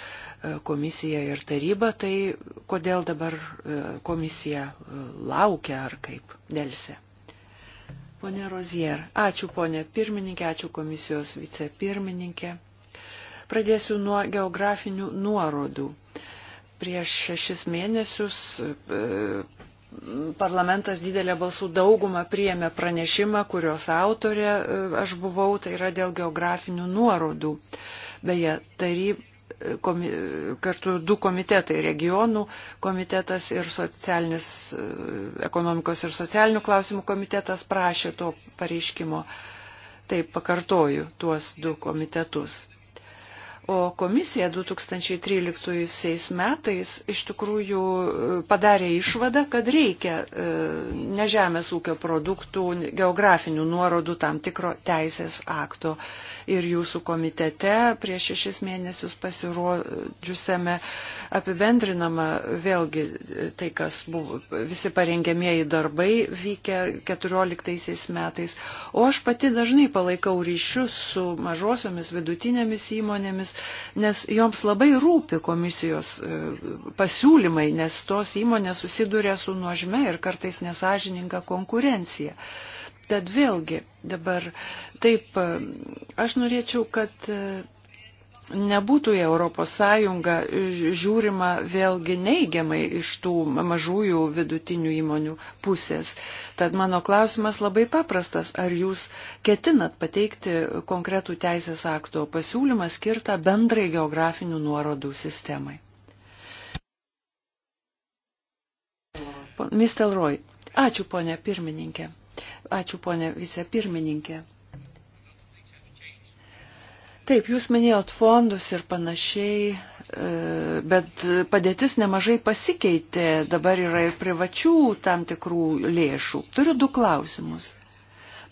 komisija ir taryba, tai kodėl dabar e, komisija laukia ar kaip dėlse. Pone Rozier, ačiū ponė pirmininkė, ačiū komisijos vicepirmininkė. Pradėsiu nuo geografinių nuorodų. Prieš šešis mėnesius parlamentas didelė balsų dauguma priėmė pranešimą, kurios autorė e, aš buvau, tai yra dėl geografinių nuorodų. Beje, taryb, komi, kartu du komitetai - regionų komitetas ir socialinis, e, ekonomikos ir socialinių klausimų komitetas prašė to pareiškimo. Taip, pakartoju tuos du komitetus. O komisija 2013 metais iš tikrųjų e, padarė išvadą, kad reikia e, nežemės ūkio produktų geografinių nuorodų tam tikro teisės akto. Ir jūsų komitete prieš šešis mėnesius pasirodžiusiame apibendrinama vėlgi tai, kas buvo visi parengėmieji darbai vykę 2014 metais. O aš pati dažnai palaikau ryšius su mažosiomis vidutinėmis įmonėmis nes joms labai rūpi komisijos e, pasiūlymai, nes tos įmonės susiduria su nuožme ir kartais nesažininga konkurencija. Tad vėlgi dabar taip, e, aš norėčiau, kad e, nebūtų į Europos Sąjungą žiūrima vėlgi neigiamai iš tų mažųjų vidutinių įmonių pusės. Tad mano klausimas labai paprastas. Ar jūs ketinat pateikti konkretų teisės akto pasiūlymą skirtą bendrai geografinių nuorodų sistemai? Mr. Roy. Ačiū, ponė pirmininkė. Ačiū, ponė vicepirmininkė. pirmininkė. Taip, jūs minėjot fondus ir panašiai, e, bet padėtis nemažai pasikeitė, dabar yra ir privačių tam tikrų lėšų. Turiu du klausimus.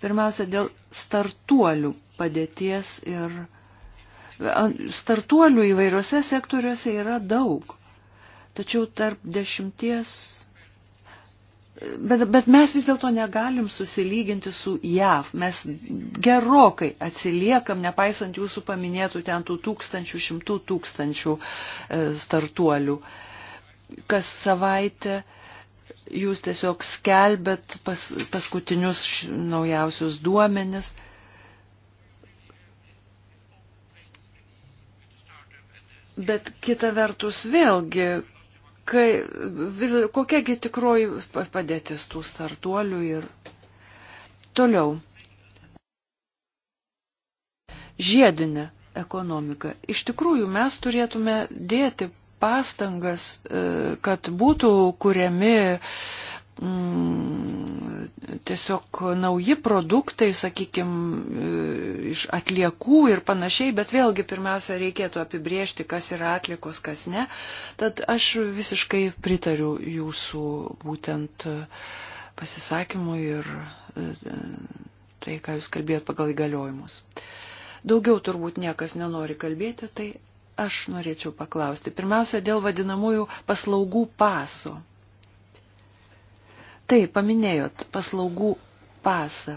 Pirmiausia, dėl startuolių padėties ir startuolių įvairiuose sektoriuose yra daug. Tačiau tarp dešimties Bet, bet mes vis dėlto negalim susilyginti su JAV. Mes gerokai atsiliekam, nepaisant jūsų paminėtų ten tų tūkstančių, šimtų tūkstančių e, startuolių. Kas savaitę jūs tiesiog skelbėt pas, paskutinius naujausius duomenis. Bet kita vertus vėlgi, kai, kokiagi tikroji padėtis tų startuolių ir toliau. Žiedinė ekonomika. Iš tikrųjų, mes turėtume dėti pastangas, e, kad būtų kuriami mm, tiesiog nauji produktai, sakykime, iš atliekų ir panašiai, bet vėlgi pirmiausia reikėtų apibriežti, kas yra atlikos, kas ne. Tad aš visiškai pritariu jūsų būtent e, pasisakymui ir e, tai, ką jūs kalbėjot pagal įgaliojimus. Daugiau turbūt niekas nenori kalbėti, tai aš norėčiau paklausti. Pirmiausia, dėl vadinamųjų paslaugų paso. Taip, paminėjot paslaugų pasą.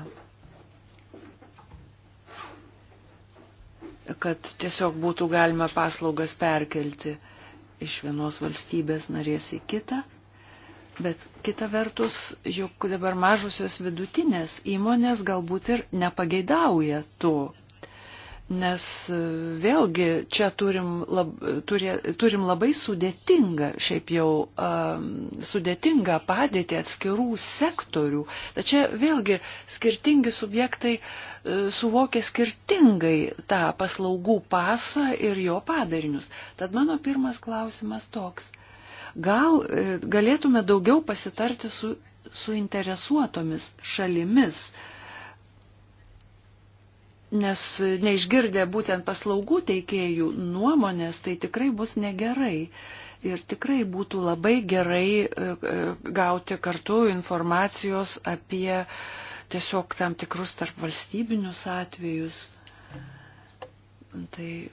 Kad tiesiog būtų galima paslaugas perkelti iš vienos valstybės narės į kitą. Bet kita vertus, juk dabar mažusios vidutinės įmonės galbūt ir nepageidauja to. Nes e, vėlgi čia turim, lab, turė, turim labai sudėtingą, šiaip jau um, sudėtingą padėtį atskirų sektorių. Tačiau vėlgi skirtingi subjektai uh, suvokia skirtingai tą paslaugų pasą ir jo padarinius. Tad mano pirmas klausimas toks. Gal uh, galėtume daugiau pasitarti su suinteresuotomis šalimis? Uh, nes neišgirdę būtent paslaugų teikėjų nuomonės, tai tikrai bus negerai. Ir tikrai būtų labai gerai e, e, gauti kartu informacijos apie tiesiog tam tikrus tarp valstybinius atvejus. Tai e,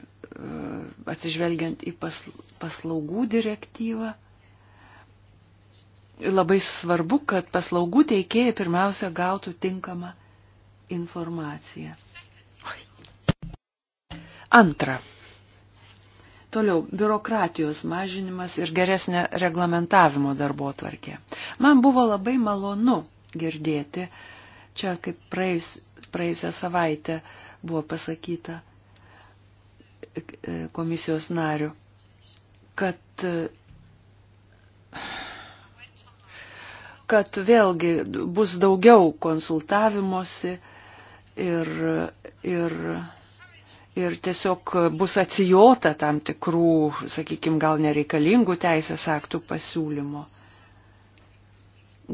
atsižvelgiant į paslaugų direktyvą labai svarbu, kad paslaugų teikėjai pirmiausia gautų tinkamą informaciją. Antra. Toliau, biurokratijos mažinimas ir geresnė reglamentavimo darbo tvarkė. Man buvo labai malonu girdėti, čia kaip praeis, praeisę savaitę buvo pasakyta komisijos nariu, kad kad vėlgi bus daugiau konsultavimosi ir, ir ir tiesiog bus atsijota tam tikrų, sakykime, gal nereikalingų teisės aktų pasiūlymo.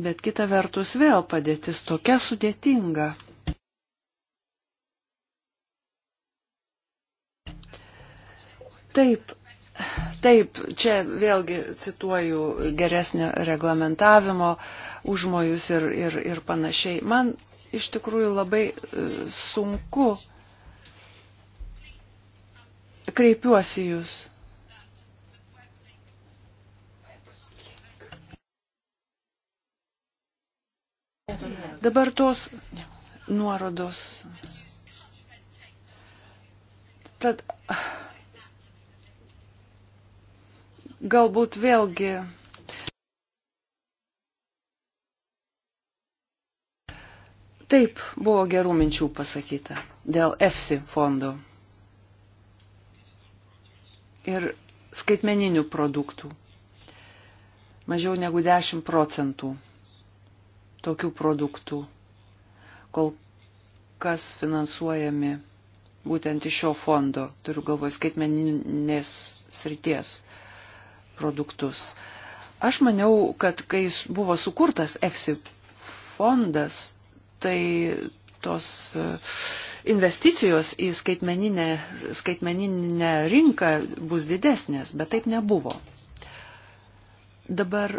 Bet kita vertus vėl padėtis tokia sudėtinga. Taip, Taip, čia vėlgi cituoju geresnio reglamentavimo užmojus ir, ir, ir panašiai. Man iš tikrųjų labai e, sunku kreipiuosi jūs. Dabar tos nuorodos. Tad galbūt vėlgi taip buvo gerų minčių pasakyta dėl EFSI fondų ir skaitmeninių produktų. Mažiau negu 10 procentų tokių produktų kol kas finansuojami būtent iš šio fondo, turiu galvoje skaitmeninės srities produktus. Aš maniau, kad kai buvo sukurtas EFSI fondas, tai tos uh, investicijos į skaitmeninę, skaitmeninę rinką bus didesnės, bet taip nebuvo. Dabar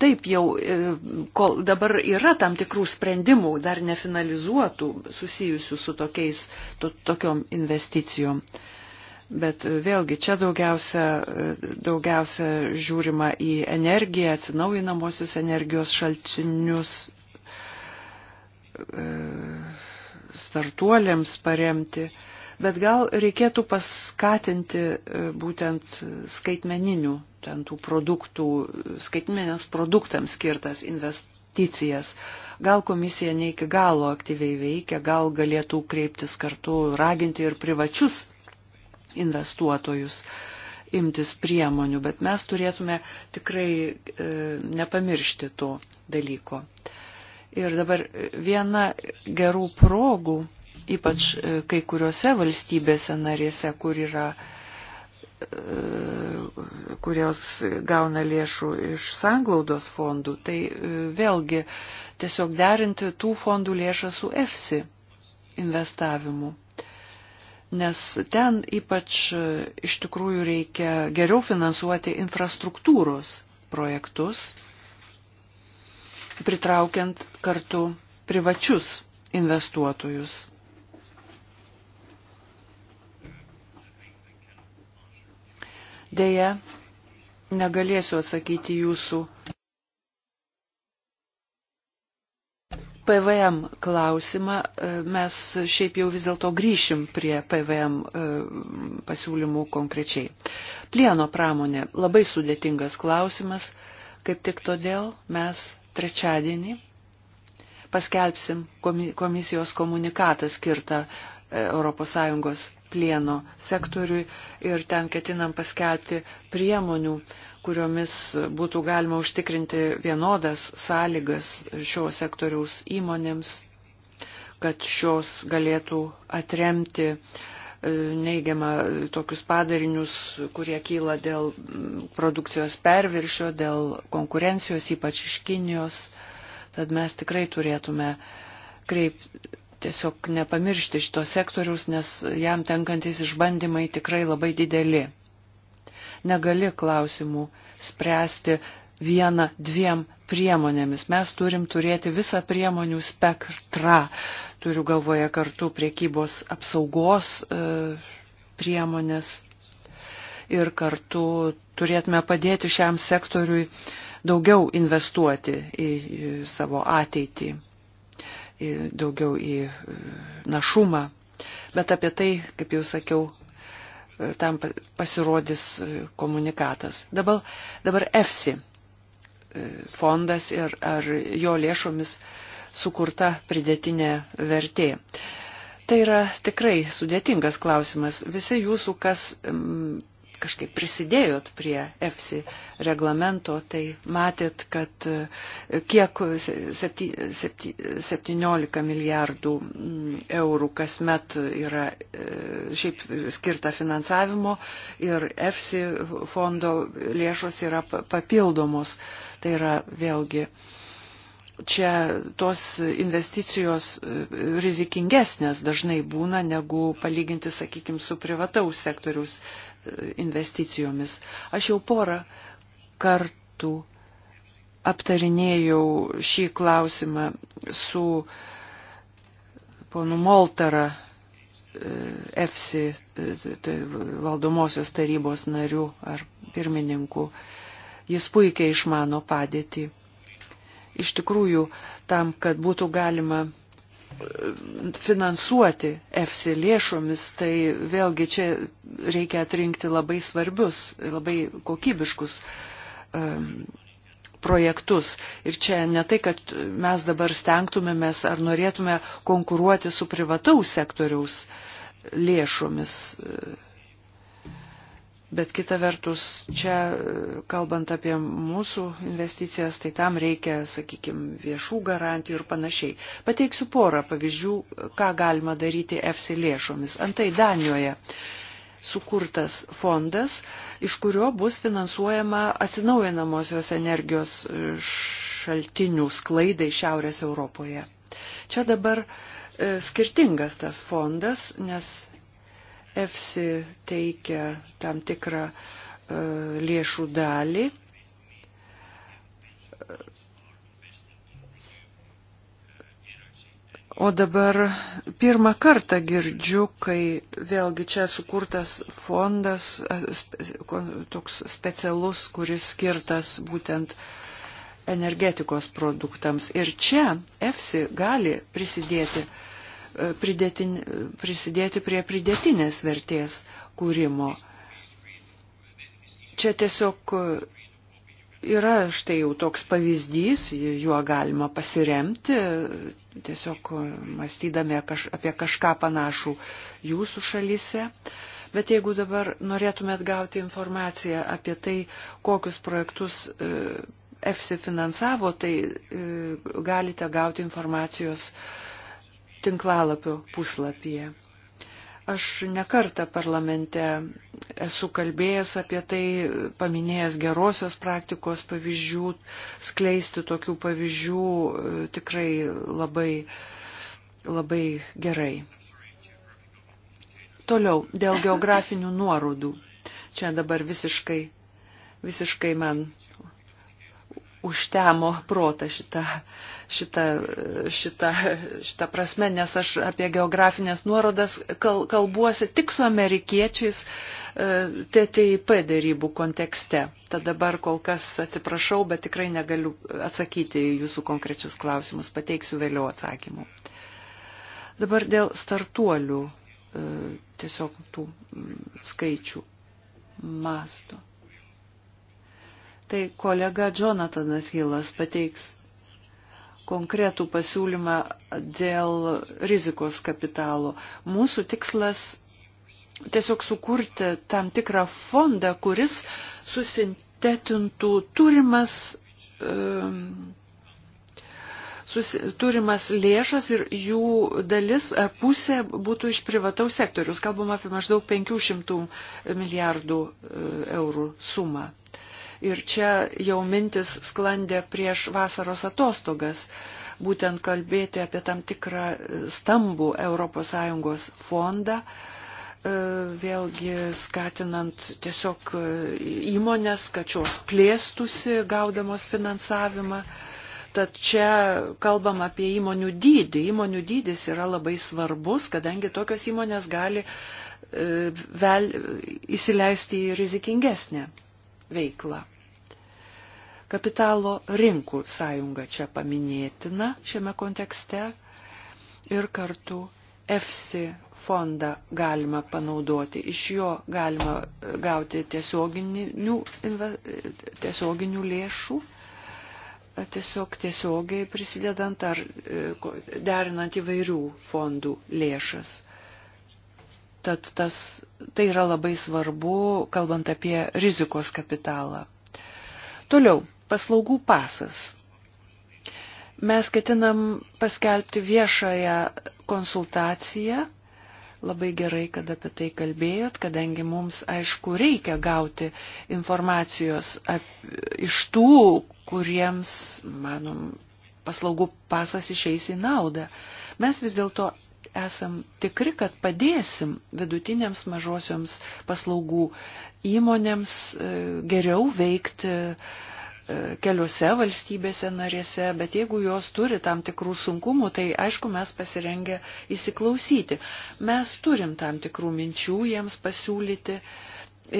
taip jau, e, kol dabar yra tam tikrų sprendimų, dar nefinalizuotų, susijusių su tokiais, to, tokiom investicijom. Bet e, vėlgi čia daugiausia, e, daugiausia žiūrima į energiją, atsinaujinamosius energijos šaltinius E, startuoliams paremti, bet gal reikėtų paskatinti e, būtent skaitmeninių, ten tų produktų, skaitmenės produktams skirtas investicijas. Gal komisija ne iki galo aktyviai veikia, gal galėtų kreiptis kartu, raginti ir privačius investuotojus imtis priemonių, bet mes turėtume tikrai e, nepamiršti to dalyko. E, Ir dabar viena gerų progų, ypač e, kai kuriuose valstybėse narėse, kur yra, e, kurios gauna lėšų iš sanglaudos fondų, tai e, vėlgi tiesiog derinti tų fondų lėšą su EFSI investavimu nes ten ypač iš tikrųjų reikia geriau finansuoti infrastruktūros projektus pritraukiant kartu privačius investuotojus. Deja, negalėsiu atsakyti jūsų PVM klausimą. E, mes šiaip jau vis dėlto grįšim prie PVM e, pasiūlymų konkrečiai. Plieno pramonė labai sudėtingas klausimas, kaip tik todėl mes trečiadienį paskelbsim komisijos komunikatą skirtą ES plieno sektoriui ir ten ketinam paskelbti priemonių, kuriomis būtų galima užtikrinti vienodas sąlygas šio sektoriaus įmonėms, kad šios galėtų atremti uh, E, neigiamą tokius padarinius, kurie kyla dėl produkcijos perviršio, dėl konkurencijos, ypač iš Kinijos. Tad mes tikrai turėtume kreip, tiesiog nepamiršti šito sektoriaus, nes jam tenkantis išbandymai tikrai labai dideli. Negali klausimų spręsti vieną, dviem priemonėmis. Mes turim turėti visą priemonių spektrą. Turiu galvoje kartu priekybos apsaugos e, priemonės ir kartu turėtume padėti šiam sektoriui daugiau investuoti į savo ateitį, į daugiau į e, našumą. Bet apie tai, kaip jau sakiau, e, tam pasirodys komunikatas. Dabar, dabar EFSI E, fondas ir ar jo lėšomis sukurta pridėtinė vertė. Tai yra tikrai sudėtingas klausimas. Visi jūsų, kas kažkaip prisidėjot prie EFSI reglamento, tai matėt, kad e, kiek 17 milijardų mm, eurų kasmet yra e, šiaip skirta finansavimo ir EFSI fondo lėšos yra papildomos. Tai yra vėlgi uh, čia tos investicijos e, rizikingesnės dažnai būna negu palyginti, sakykime, su privataus sektoriaus e, investicijomis. Aš jau porą kartų aptarinėjau šį klausimą su ponu Moltara, EFSI e, tai valdomosios tarybos nariu ar pirmininku. Jis puikiai išmano padėtį iš tikrųjų tam, kad būtų galima e, finansuoti EFSI lėšomis, tai vėlgi čia reikia atrinkti labai svarbius, labai kokybiškus um, projektus. Ir čia ne tai, kad mes dabar stengtumėmės ar norėtume konkuruoti su privataus sektoriaus lėšomis. Uh, Bet kita vertus, čia e, kalbant apie mūsų investicijas, tai tam reikia, sakykime, viešų garantijų ir panašiai. Pateiksiu porą pavyzdžių, ką galima daryti EFSI lėšomis. Antai Danijoje sukurtas fondas, iš kurio bus finansuojama atsinaujinamosios energijos e, šaltinių sklaidai Šiaurės Europoje. Čia dabar e, skirtingas tas fondas, nes EFSI teikia tam tikrą e, lėšų dalį. O dabar pirmą kartą girdžiu, kai vėlgi čia sukurtas fondas, e, toks specialus, kuris skirtas būtent energetikos produktams. Ir čia EFSI gali prisidėti uh, pridėtin, prisidėti prie pridėtinės vertės kūrimo. Čia tiesiog yra štai jau toks pavyzdys, juo galima pasiremti, tiesiog mąstydami apie kažką panašų jūsų šalyse. Bet jeigu dabar norėtumėt gauti informaciją apie tai, kokius projektus EFSI finansavo, tai e, galite gauti informacijos tinklalapio puslapyje. Aš nekartą parlamente esu kalbėjęs apie tai, paminėjęs gerosios praktikos pavyzdžių, skleisti tokių pavyzdžių e, tikrai labai, labai gerai. Toliau, dėl geografinių nuorodų. Čia dabar visiškai, visiškai man užtemo protą šitą, šitą, šitą, šitą prasme, nes aš apie geografinės nuorodas kal, kalbuosi tik su amerikiečiais e, TTIP dėrybų kontekste. Tad dabar kol kas atsiprašau, bet tikrai negaliu atsakyti į jūsų konkrečius klausimus, pateiksiu vėliau atsakymų. Dabar dėl startuolių e, tiesiog tų skaičių masto Tai kolega Jonathanas Hilas pateiks konkretų pasiūlymą dėl rizikos kapitalo. Mūsų tikslas tiesiog sukurti tam tikrą fondą, kuris susintetintų turimas, um, susi, turimas lėšas ir jų dalis ar e, pusė būtų iš privataus sektorius. Kalbam apie maždaug 500 milijardų e, eurų sumą. Ir čia jau mintis sklandė prieš vasaros atostogas, būtent kalbėti apie tam tikrą stambų ES fondą, e, vėlgi skatinant tiesiog e, įmonės, kad šios plėstusi gaudamos finansavimą. Tad čia kalbam apie įmonių dydį. Įmonių dydis yra labai svarbus, kadangi tokios įmonės gali e, vel, įsileisti į rizikingesnę veiklą. Kapitalo rinkų sąjunga čia paminėtina šiame kontekste ir kartu EFSI fondą galima panaudoti, iš jo galima e, gauti tiesioginių, tiesioginių lėšų, e, tiesiog tiesiogiai prisidedant ar e, derinant įvairių fondų lėšas. Tad tas, tai yra labai svarbu, kalbant apie rizikos kapitalą. Toliau, paslaugų pasas. Mes ketinam paskelbti viešąją konsultaciją. Labai gerai, kad apie tai kalbėjot, kadangi mums, aišku, reikia gauti informacijos ap, iš tų, kuriems, manom, paslaugų pasas išeis į naudą. Mes vis dėlto esam tikri, kad padėsim vidutinėms mažosioms paslaugų įmonėms e, geriau veikti keliose valstybėse narėse, bet jeigu jos turi tam tikrų sunkumų, tai aišku, mes pasirengę įsiklausyti. Mes turim tam tikrų minčių jiems pasiūlyti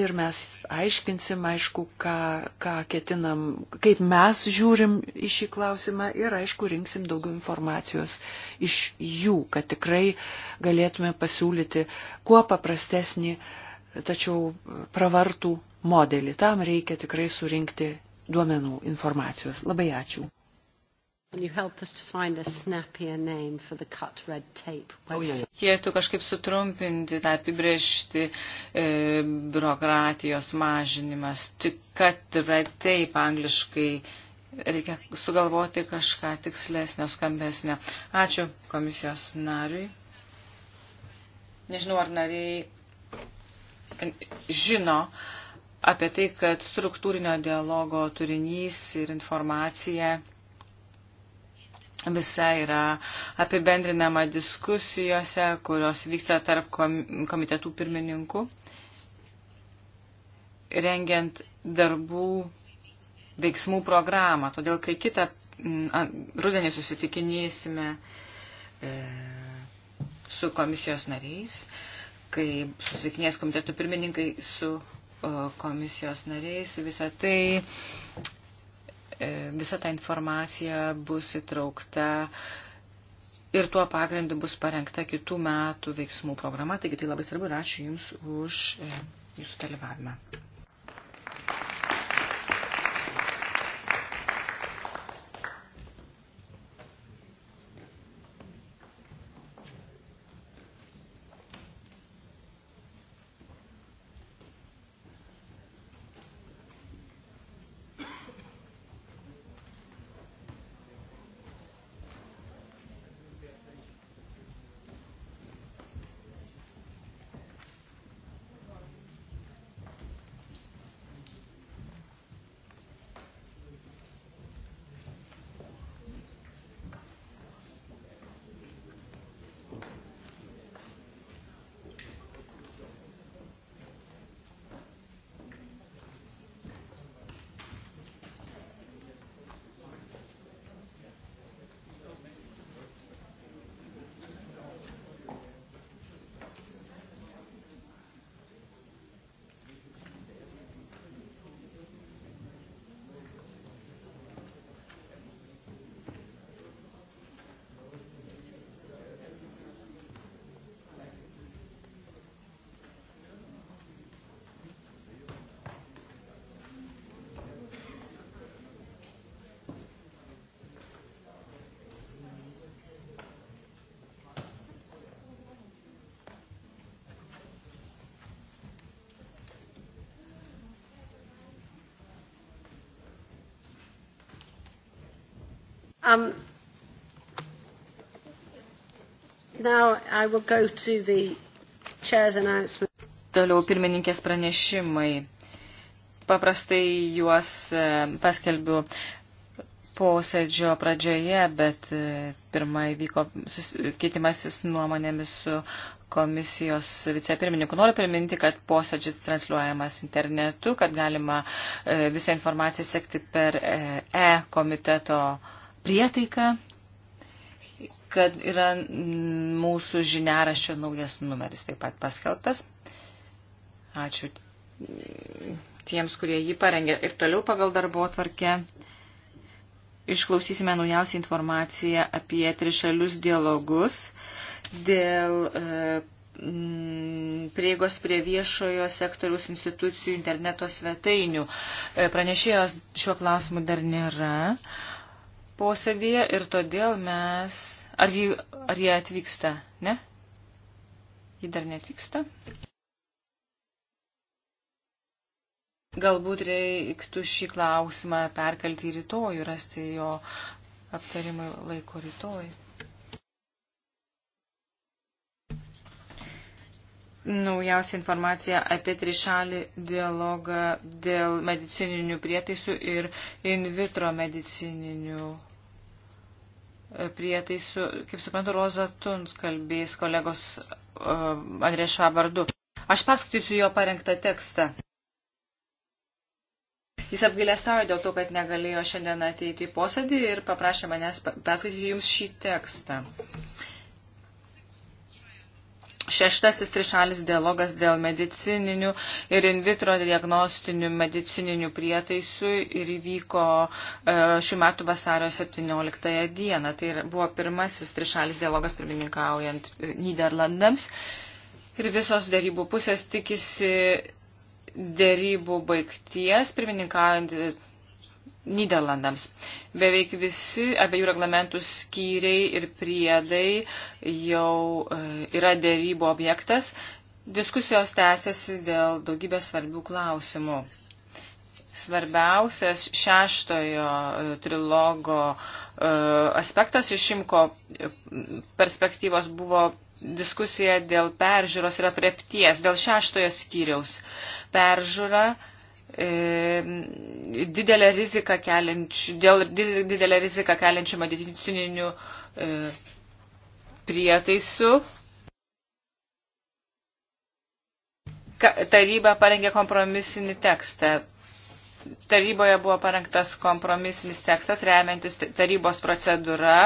ir mes aiškinsim, aišku, ką, ką ketinam, kaip mes žiūrim į šį klausimą ir, aišku, rinksim daugiau informacijos iš jų, kad tikrai galėtume pasiūlyti kuo paprastesnį, tačiau pravartų modelį. Tam reikia tikrai surinkti duomenų informacijos. Labai ačiū. Reikėtų oh, kažkaip sutrumpinti tą apibriežti e, biurokratijos mažinimas. Tik kad red tape angliškai reikia sugalvoti kažką tikslesnio, skambesnio. Ačiū komisijos nariui. Nežinau, ar nariai žino, e, apie tai, kad struktūrinio dialogo turinys ir informacija visa yra apibendrinama diskusijose, kurios vyksta tarp komitetų pirmininkų, rengiant darbų veiksmų programą. Todėl, kai kitą rudenį susitikinėsime e, su komisijos nariais, kai susikinės komitetų pirmininkai su komisijos nariais. Visa tai, e, visa ta informacija bus įtraukta ir tuo pagrindu bus parengta kitų metų veiksmų programa. Taigi tai labai svarbu ir ačiū Jums už e, Jūsų dalyvavimą. Um, now I will go to the chair's announcement. Toliau pirmininkės pranešimai. Paprastai juos e, paskelbiu posėdžio pradžioje, bet e, pirmai vyko keitimasis nuomonėmis su komisijos vicepirmininku. Noriu priminti, kad posėdžis transliuojamas internetu, kad galima e, visą informaciją sekti per e-komiteto e prietaiką, kad yra mūsų žiniaraščio naujas numeris taip pat paskeltas. Ačiū tiems, kurie jį parengė. Ir toliau pagal darbo tvarkę išklausysime naujausią informaciją apie trišalius dialogus dėl e, prieigos prie viešojo sektoriaus institucijų interneto svetainių. E, pranešėjos šiuo klausimu dar nėra. E, posėdėje ir todėl mes. Ar, jį, ar jie atvyksta? Ne? Ji dar netvyksta? Galbūt reiktų šį klausimą perkelti į rytojų, rasti jo aptarimui laiko rytoj. Naujausia informacija apie trišalį dialogą dėl medicininių prietaisų ir in vitro medicininių prietaisų, kaip suprantu, Roza Tuns kalbės kolegos uh, e, Andrėša vardu. Aš paskaitysiu jo parengtą tekstą. Jis apgailestavo dėl to, kad negalėjo šiandien ateiti į posėdį ir paprašė manęs perskaityti jums šį tekstą. Šeštasis trišalis dialogas dėl medicininių ir in vitro diagnostinių medicininių prietaisų ir įvyko e, šių metų vasario 17 dieną. Tai buvo pirmasis trišalis dialogas pirmininkaujant e, Niderlandams. Ir visos dėrybų pusės tikisi dėrybų baigties, pirmininkaujant Niderlandams. Beveik visi abiejų reglamentų skyriai ir priedai jau e, yra dėrybų objektas. Diskusijos tęsiasi dėl daugybės svarbių klausimų. Svarbiausias šeštojo e, trilogo e, aspektas iš Šimko perspektyvos buvo diskusija dėl peržiūros ir apriepties, dėl šeštojo skyriaus. Peržiūra e, didelę riziką keliančių, dėl didelę riziką keliančių medicininių e, prietaisų. Taryba parengė kompromisinį tekstą taryboje buvo parengtas kompromisinis tekstas, remiantis tarybos procedūra,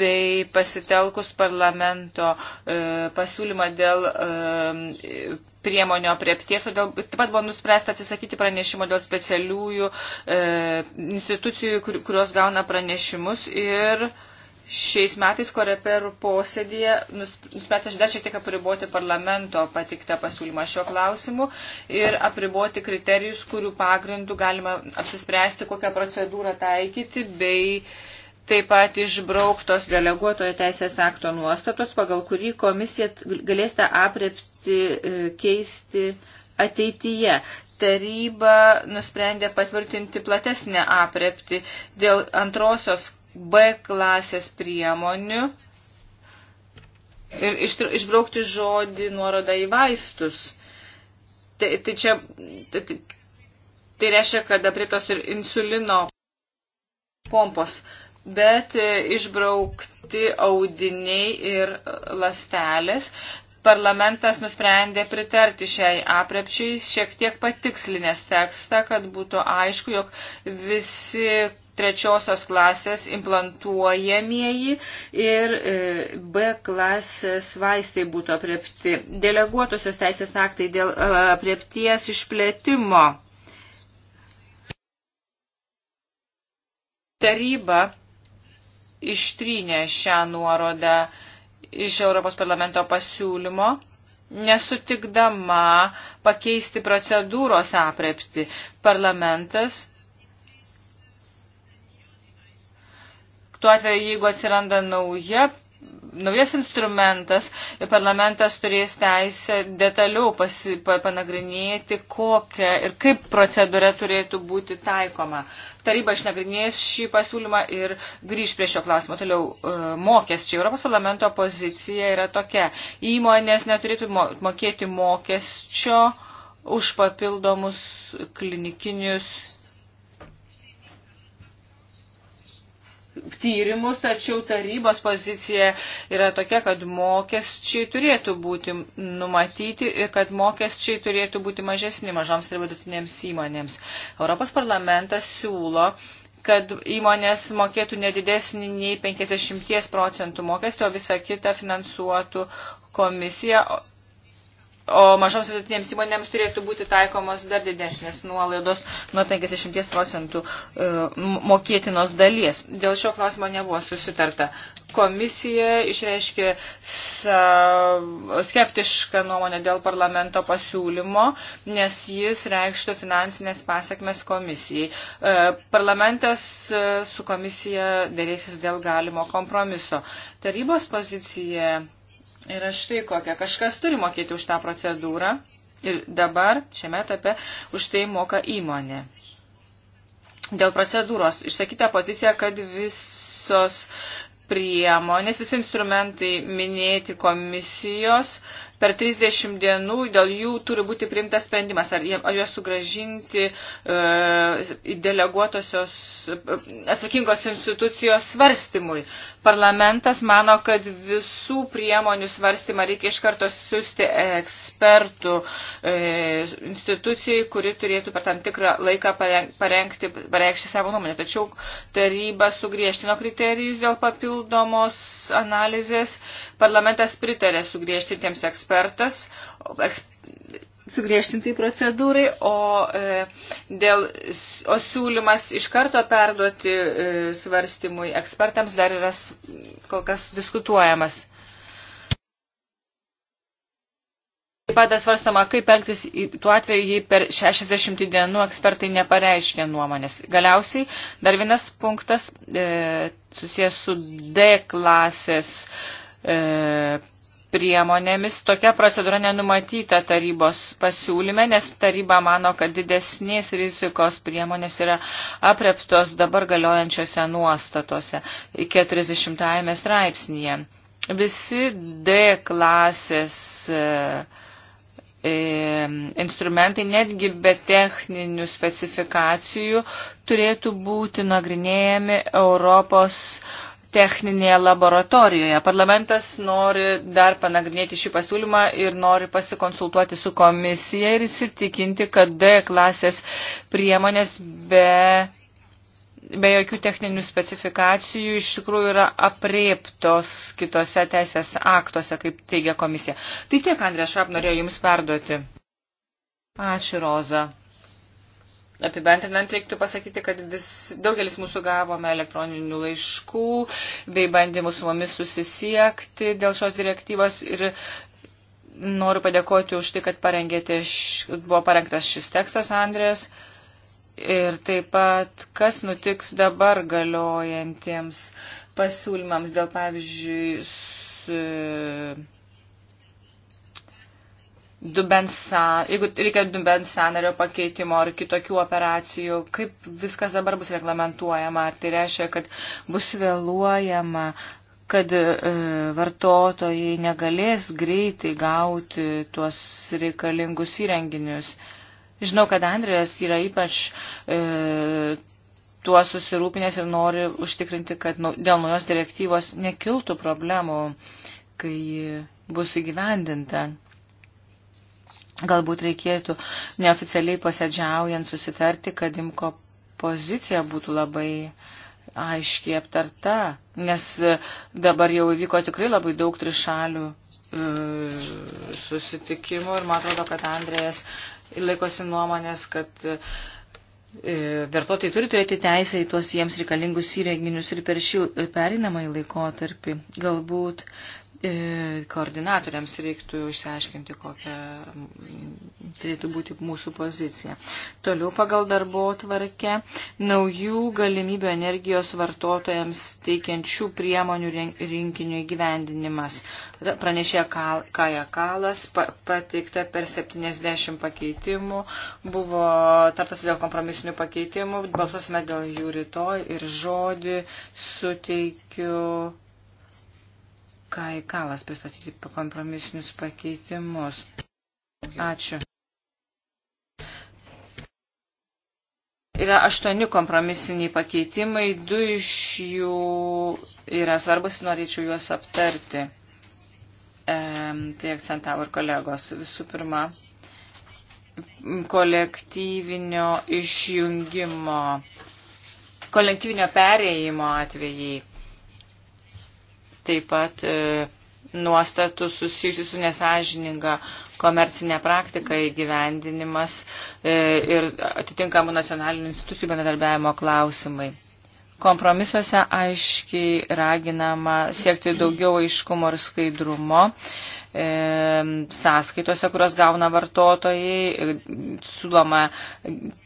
bei pasitelkus parlamento e, pasiūlymą dėl e, priemonio priepties, todėl taip pat buvo nuspręsta atsisakyti pranešimo dėl specialiųjų e, institucijų, kur, kurios gauna pranešimus ir e, šiais metais koreperų posėdėje nuspręsta dar šiek tiek apriboti parlamento patiktą pasiūlymą šiuo klausimu ir apriboti kriterijus, kurių pagrindų galima apsispręsti, kokią procedūrą taikyti, bei taip pat išbrauktos deleguotojo teisės akto nuostatos, pagal kurį komisija galės tą aprepti e, keisti ateityje taryba nusprendė patvirtinti platesnę aprepti dėl antrosios B klasės priemonių ir išbraukti žodį nuorodą į vaistus. Tai, tai čia tai, tai, tai reiškia, kad apriptos ir insulino pompos, bet e, išbraukti audiniai ir lastelės. Parlamentas nusprendė pritarti šiai aprepčiai, šiek tiek patikslinės tekstą, kad būtų aišku, jog visi trečiosios klasės implantuojamieji ir e, B klasės vaistai būtų apriepti. Deleguotosios teisės aktai dėl e, apriepties išplėtimo. Taryba ištrynė šią nuorodą iš Europos parlamento pasiūlymo nesutikdama pakeisti procedūros aprepti. Parlamentas Tuo atveju, jeigu atsiranda nauja, naujas instrumentas, parlamentas turės teisę detaliau pasi, pa, panagrinėti, kokia ir kaip procedūra turėtų būti taikoma. Taryba išnagrinės šį pasiūlymą ir grįž prie šio klausimo. Toliau e, mokesčiai. Europos parlamento pozicija yra tokia. Įmonės neturėtų mokėti mokesčio už papildomus klinikinius tyrimus, tačiau tarybos pozicija yra tokia, kad mokesčiai turėtų būti numatyti ir kad mokesčiai turėtų būti mažesni mažoms ir vidutinėms įmonėms. Europos parlamentas siūlo kad įmonės mokėtų nedidesnį nei 50 procentų mokestį, o visą kitą finansuotų komisija o mažoms vidutinėms įmonėms turėtų būti taikomos dar didesnės nuolaidos nuo 50 procentų e, mokėtinos dalies. Dėl šio klausimo nebuvo susitarta. Komisija išreiškė skeptišką nuomonę dėl parlamento pasiūlymo, nes jis reikštų finansinės pasiekmes komisijai. E, parlamentas e, su komisija dėrėsis dėl galimo kompromiso. Tarybos pozicija yra štai kokia. Kažkas turi mokėti už tą procedūrą ir dabar šiame etape už tai moka įmonė. Dėl procedūros išsakyta pozicija, kad visos priemonės, visi instrumentai minėti komisijos per 30 dienų dėl jų turi būti priimtas sprendimas, ar, jie, ar juos sugražinti e, į e, deleguotosios atsakingos institucijos svarstymui. Parlamentas mano, kad visų priemonių svarstymą reikia iš karto siūsti ekspertų e, institucijai, kuri turėtų per tam tikrą laiką parengti, pareikšti savo nuomonę. Tačiau taryba sugriežtino kriterijus dėl papildomos analizės. Parlamentas pritarė sugriežtintiems ekspertams ekspertas, eks, sugriežtintai procedūrai, o, e, dėl, o siūlymas iš karto perduoti e, svarstymui ekspertams dar yra kol kas diskutuojamas. Taip pat svarstama, kaip elgtis tuo atveju, jei per 60 dienų ekspertai nepareiškia nuomonės. Galiausiai dar vienas punktas e, susijęs su D klasės e, priemonėmis. Tokia procedūra nenumatyta tarybos pasiūlyme, nes taryba mano, kad didesnės rizikos priemonės yra apreptos dabar galiojančiose nuostatose 40 straipsnėje. Visi D klasės e, e, instrumentai, netgi be techninių specifikacijų, turėtų būti nagrinėjami Europos uh, techninėje laboratorijoje. Parlamentas nori dar panagrinėti šį pasiūlymą ir nori pasikonsultuoti su komisija ir įsitikinti, kad D klasės priemonės be, be jokių techninių specifikacijų iš tikrųjų yra apriektos kitose teisės aktuose, kaip teigia komisija. Tai tiek, Andrė Šap, norėjau Jums perduoti. Ačiū, Roza. Apibendrinant reiktų pasakyti, kad vis, daugelis mūsų gavome elektroninių laiškų bei bandymų su mumis susisiekti dėl šios direktyvos ir noriu padėkoti už tai, kad parengėte, buvo parengtas šis tekstas, Andrės. Ir taip pat, kas nutiks dabar galiojantiems pasiūlymams dėl, pavyzdžiui, su dubensa, jeigu reikia dubens sanario pakeitimo ar kitokių operacijų, kaip viskas dabar bus reglamentuojama, ar tai reiškia, kad bus vėluojama, kad e, vartotojai negalės greitai gauti tuos reikalingus įrenginius. Žinau, kad Andrės yra ypač e, tuo susirūpinęs ir nori užtikrinti, kad nu, dėl naujos direktyvos nekiltų problemų, kai bus įgyvendinta. Galbūt reikėtų neoficialiai posėdžiaujant susitarti, kad imko pozicija būtų labai aiškiai aptarta, nes dabar jau įvyko tikrai labai daug trišalių e, susitikimų ir man atrodo, kad Andrėjas laikosi nuomonės, kad E, vartotojai turi turėti teisę į tuos jiems reikalingus įrenginius ir per šį perinamąjį laikotarpį. Galbūt e, koordinatoriams reiktų išsiaiškinti, kokia turėtų būti mūsų pozicija. Toliau pagal darbo tvarkę naujų galimybių energijos vartotojams teikiančių priemonių rinkinio įgyvendinimas. Pranešė Kaja Kalas, pateikta per 70 pakeitimų, buvo tartas dėl kompromisų kompromisinių pakeitimų, balsuosime dėl jų rytoj ir žodį suteikiu Kai Kalas pristatyti kompromisinius pakeitimus. Ačiū. Yra aštuoni kompromisiniai pakeitimai, du iš jų yra svarbus, norėčiau juos aptarti. E, tai akcentavo ir kolegos. Visų pirma, kolektyvinio išjungimo, kolektyvinio perėjimo atvejai. Taip pat e, nuostatų susijusių su nesažininga komercinė praktika įgyvendinimas e, ir atitinkamų nacionalinių institucijų bendradarbiavimo klausimai. Kompromisuose aiškiai raginama siekti daugiau aiškumo ir skaidrumo. E, E, sąskaitose, kurios gauna vartotojai, siūloma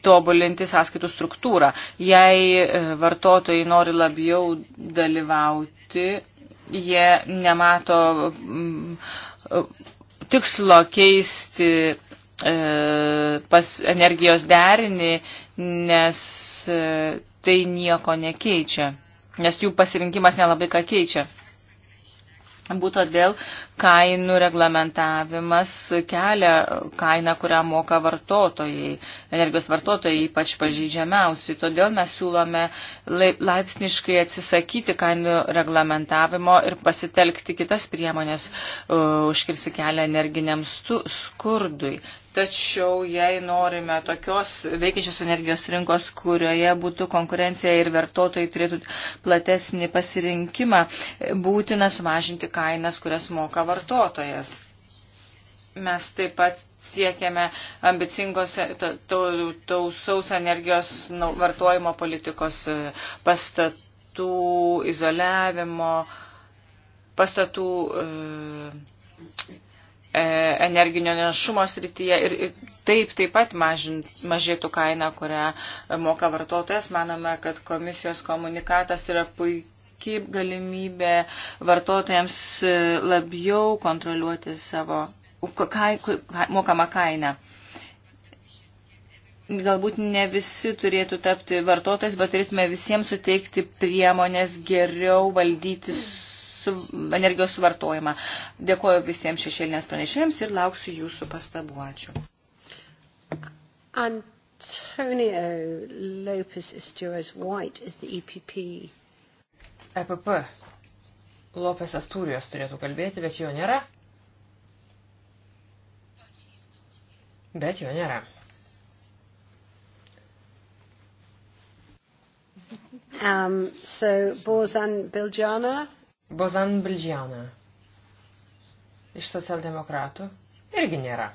tobulinti sąskaitų struktūrą. Jei e, vartotojai nori labiau dalyvauti, jie nemato mm, tikslo keisti e, pas energijos derinį, nes tai nieko nekeičia, nes jų pasirinkimas nelabai ką keičia. Būtent dėl kainų reglamentavimas kelia kainą, kurią moka vartotojai, energijos vartotojai ypač pažydžiamiausi. Todėl mes siūlome laipsniškai atsisakyti kainų reglamentavimo ir pasitelkti kitas priemonės uh, užkirsti kelią energiniam skurdui. Tačiau jei norime tokios veikiančios energijos rinkos, kurioje būtų konkurencija ir vartotojai turėtų platesnį pasirinkimą, būtina sumažinti kainas, kurias moka vartotojas. Mes taip pat siekiame ambicingos tausaus energijos vartojimo politikos e, pastatų izoliavimo, pastatų. E, E, energinio nešumo srityje ir, ir taip taip pat mažint, mažėtų kaina, kurią moka vartotojas. Manome, kad komisijos komunikatas yra puikiai galimybė vartotojams e, labiau kontroliuoti savo kai, kai, mokamą kainą galbūt ne visi turėtų tapti vartotojais, bet turėtume visiems suteikti priemonės geriau valdyti su, energijos suvartojimą. Dėkuoju visiems šešėlinės pranešėjams ir lauksiu jūsų pastabų. Ačiū. Antonio Lopez Asturias White is the EPP. EPP. Lopez Asturias turėtų kalbėti, bet jo nėra. Bet jo nėra. Um, so Borzan Biljana Bozan Bildžiana iš socialdemokratų irgi nėra.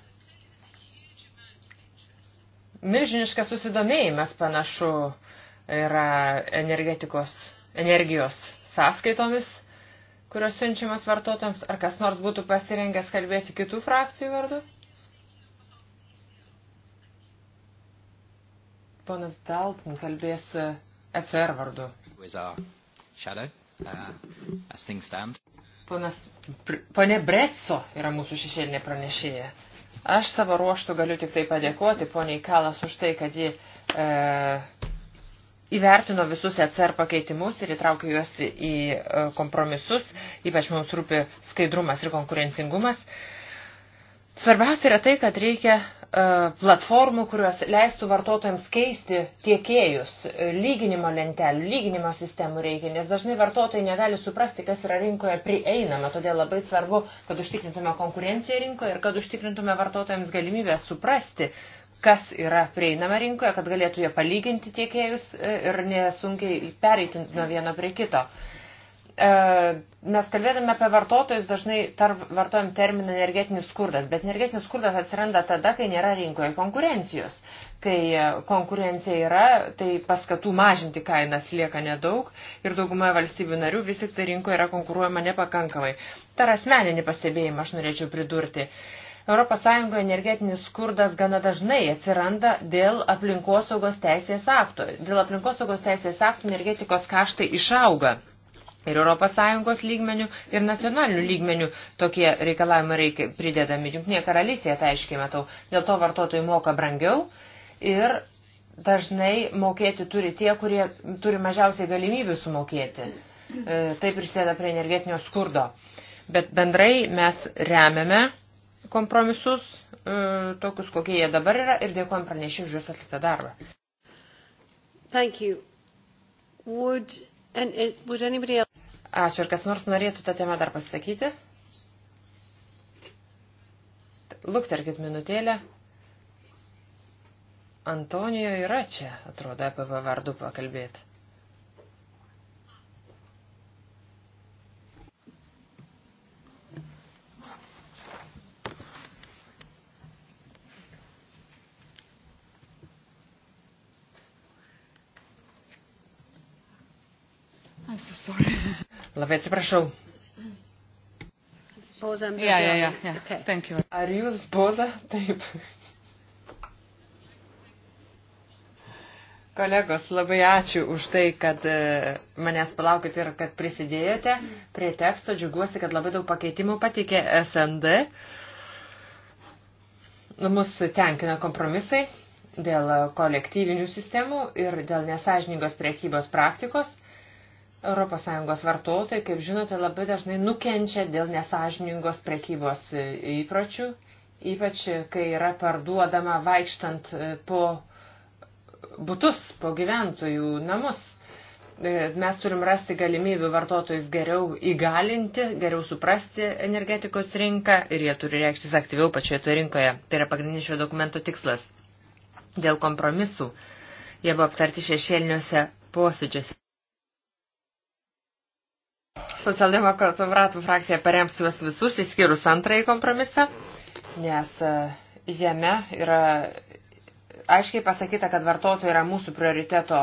Milžiniškas susidomėjimas panašu yra energetikos, energijos sąskaitomis, kurios siunčiamas vartotojams. Ar kas nors būtų pasirengęs kalbėti kitų frakcijų vardu? Ponas Dalton kalbės ECR e vardu. Shadow uh, Ponas, ponė Bretso yra mūsų šešėlinė pranešėja. Aš savo ruoštų galiu tik tai padėkoti poniai Kalas už tai, kad ji e, įvertino visus ECR pakeitimus ir įtraukė juos į e, kompromisus, ypač mums rūpi skaidrumas ir konkurencingumas. Svarbiausia yra tai, kad reikia E, platformų, kurios leistų vartotojams keisti tiekėjus, e, lyginimo lentelių, lyginimo sistemų reikia, nes dažnai vartotojai negali suprasti, kas yra rinkoje prieinama, todėl labai svarbu, kad užtikrintume konkurenciją rinkoje ir kad užtikrintume vartotojams galimybę suprasti, kas yra prieinama rinkoje, kad galėtų jie palyginti tiekėjus e, ir nesunkiai pereitinti nuo vieno prie kito. Uh, E, mes kalbėdami apie vartotojus dažnai tarp, vartojam terminą energetinis skurdas, bet energetinis skurdas atsiranda tada, kai nėra rinkoje konkurencijos. Kai e, konkurencija yra, tai paskatų mažinti kainas lieka nedaug ir daugumoje valstybių narių vis tik tai rinkoje yra konkuruojama nepakankamai. Tar asmeninį pastebėjimą aš norėčiau pridurti. ES energetinis skurdas gana dažnai atsiranda dėl aplinkosaugos teisės akto. Dėl aplinkosaugos teisės aktų energetikos kaštai išauga ir ES lygmenių, ir nacionalinių lygmenių tokie reikalavimai reikia pridedami. Junktinėje karalystėje, tai aiškiai matau, dėl to vartotojai moka brangiau ir dažnai mokėti turi tie, kurie turi mažiausiai galimybių sumokėti. E, tai prisėda prie energetinio skurdo. Bet bendrai mes remiame kompromisus, e, tokius kokie jie dabar yra, ir dėkojom pranešim už jos atliktą darbą. Thank you. Would, and, would anybody else... Ačiū, ar kas nors norėtų tą temą dar pasakyti? Lukterkit minutėlę. Antonijo yra čia, atrodo, apie vardu pakalbėti. so sorry. Labai atsiprašau. Poza. Ja, ja, ja. ja. Okay. Thank you. Ar jūs poza? Taip. Kolegos, labai ačiū už tai, kad e, manęs palaukit ir kad prisidėjote prie teksto. Džiuguosi, kad labai daug pakeitimų pateikė SND. Mus tenkina kompromisai dėl kolektyvinių sistemų ir dėl nesažiningos priekybos praktikos. ES vartotojai, kaip žinote, labai dažnai nukenčia dėl nesažiningos prekybos įpročių, ypač kai yra parduodama vaikštant e, po butus, po gyventojų namus. E, mes turim rasti galimybių vartotojus geriau įgalinti, geriau suprasti energetikos rinką ir jie turi reikštis aktyviau pačioje toje rinkoje. Tai yra pagrindinis šio dokumento tikslas. Dėl kompromisų jie buvo aptarti šešėliniuose posėdžiuose. Socialdemokratų frakcija parems juos visus, išskyrus antrąjį kompromisą, nes e, jame yra aiškiai pasakyta, kad vartotojai yra mūsų prioriteto,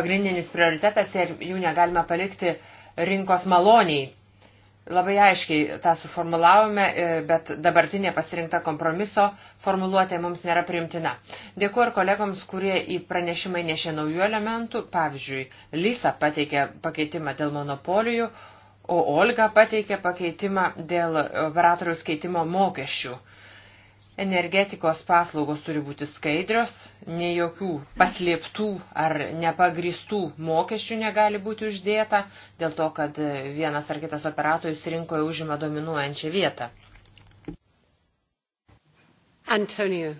pagrindinis prioritetas ir jų negalime palikti rinkos maloniai. Labai aiškiai tą suformulavome, e, bet dabartinė pasirinkta kompromiso formuluotė mums nėra priimtina. Dėkuoju ir kolegoms, kurie į pranešimą nešė naujų elementų. Pavyzdžiui, Lisa pateikė pakeitimą dėl monopolijų, o Olga pateikė pakeitimą dėl operatoriaus keitimo mokesčių. Energetikos paslaugos turi būti skaidrios, nei jokių paslėptų ar nepagristų mokesčių negali būti uždėta, dėl to, kad vienas ar kitas operatorius rinkoje užima dominuojančią vietą. Antonio,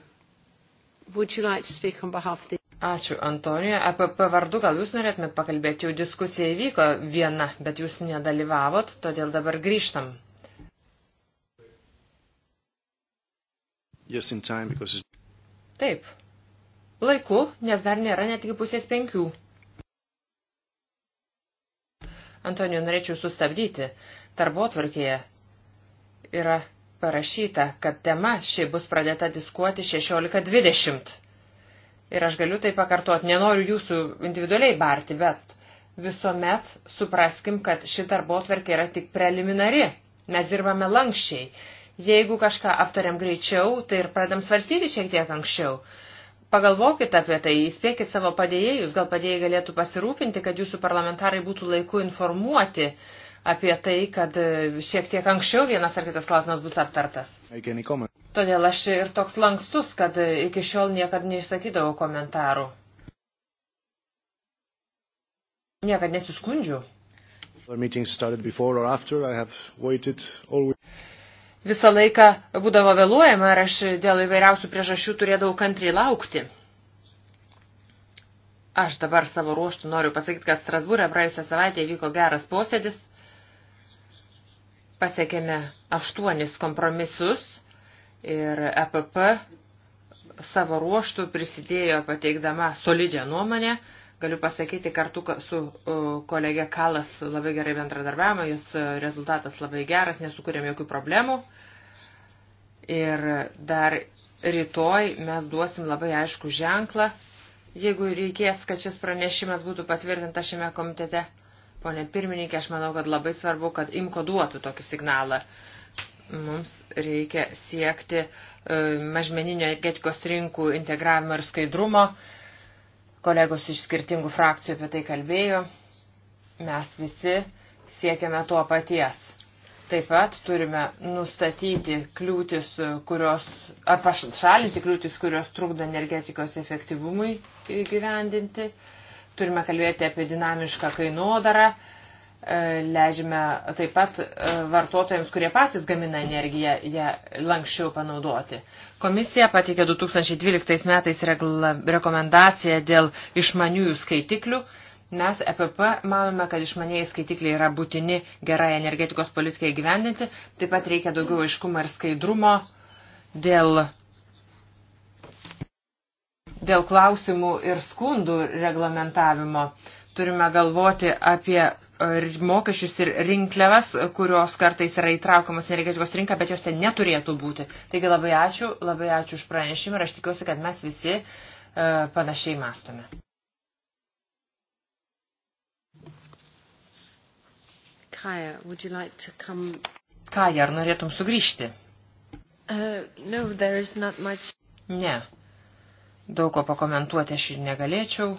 would you like to speak on behalf of the... Ačiū, Antonija. Apie pavardų gal jūs norėtumėt pakalbėti, jau diskusija įvyko viena, bet jūs nedalyvavot, todėl dabar grįžtam Yes, in time, because it's... Taip. Laiku, nes dar nėra net iki pusės penkių. Antonijų norėčiau sustabdyti. Darbotvarkėje yra parašyta, kad tema ši bus pradėta diskuoti 16.20. Ir aš galiu tai pakartoti, nenoriu jūsų individualiai barti, bet visuomet supraskim, kad ši darbotvarkė yra tik preliminari. Mes dirbame lankščiai Jeigu kažką aptariam greičiau, tai ir pradam svarstyti šiek tiek anksčiau. Pagalvokit apie tai, įspėkit savo padėjėjus, gal padėjai galėtų pasirūpinti, kad jūsų parlamentarai būtų laiku informuoti apie tai, kad e, šiek tiek anksčiau vienas ar kitas klausimas bus aptartas. Todėl aš ir toks lankstus, kad e, iki šiol niekad neišsakydavau komentarų. Niekad nesiskundžiu. Our meeting started before or after. I have waited always visą laiką būdavo vėluojama ir aš dėl įvairiausių priežasčių turėdavau kantriai laukti. Aš dabar savo ruoštų noriu pasakyti, kad Strasbūrė praėjusią savaitę vyko geras posėdis. Pasiekėme aštuonis kompromisus ir EPP savo ruoštų prisidėjo pateikdama solidžią nuomonę. Galiu pasakyti, kartu su kolegė Kalas labai gerai bendradarbiavimo, jis e, rezultatas labai geras, nesukūrėm jokių problemų. Ir dar rytoj mes duosim labai aišku ženklą, jeigu reikės, kad šis pranešimas būtų patvirtintas šiame komitete. Pone pirmininkė, aš manau, kad labai svarbu, kad imko duotų tokį signalą. Mums reikia siekti e, mažmeninio energetikos rinkų integravimo ir skaidrumo. Kolegos iš skirtingų frakcijų apie tai kalbėjo. Mes visi siekiame tuo paties Taip pat turime nustatyti kliūtis, kurios, ar pašalinti kliūtis, kurios trukdo energetikos efektyvumui gyvendinti. Turime kalbėti apie dinamišką kainodarą. E, leidžiame taip pat e, vartotojams, kurie patys gamina energiją, ją lankščiau panaudoti. Komisija pateikė 2012 metais rekomendaciją dėl išmaniųjų skaitiklių Mes EPP manome, kad išmaniai skaitikliai yra būtini gerai energetikos politikai gyvendinti, taip pat reikia daugiau aiškumo ir skaidrumo dėl, dėl klausimų ir skundų reglamentavimo. Turime galvoti apie e, mokesčius ir rinkliavas, kurios kartais yra įtraukamos energetikos rinką, bet jos ten neturėtų būti. Taigi labai ačiū, labai ačiū už pranešimą ir aš tikiuosi, kad mes visi uh, panašiai mastome. Kaja, would you like to come? Kaja, ar norėtum sugrįžti? Uh, no, there is not much. Ne. Daug ko pakomentuoti aš ir negalėčiau.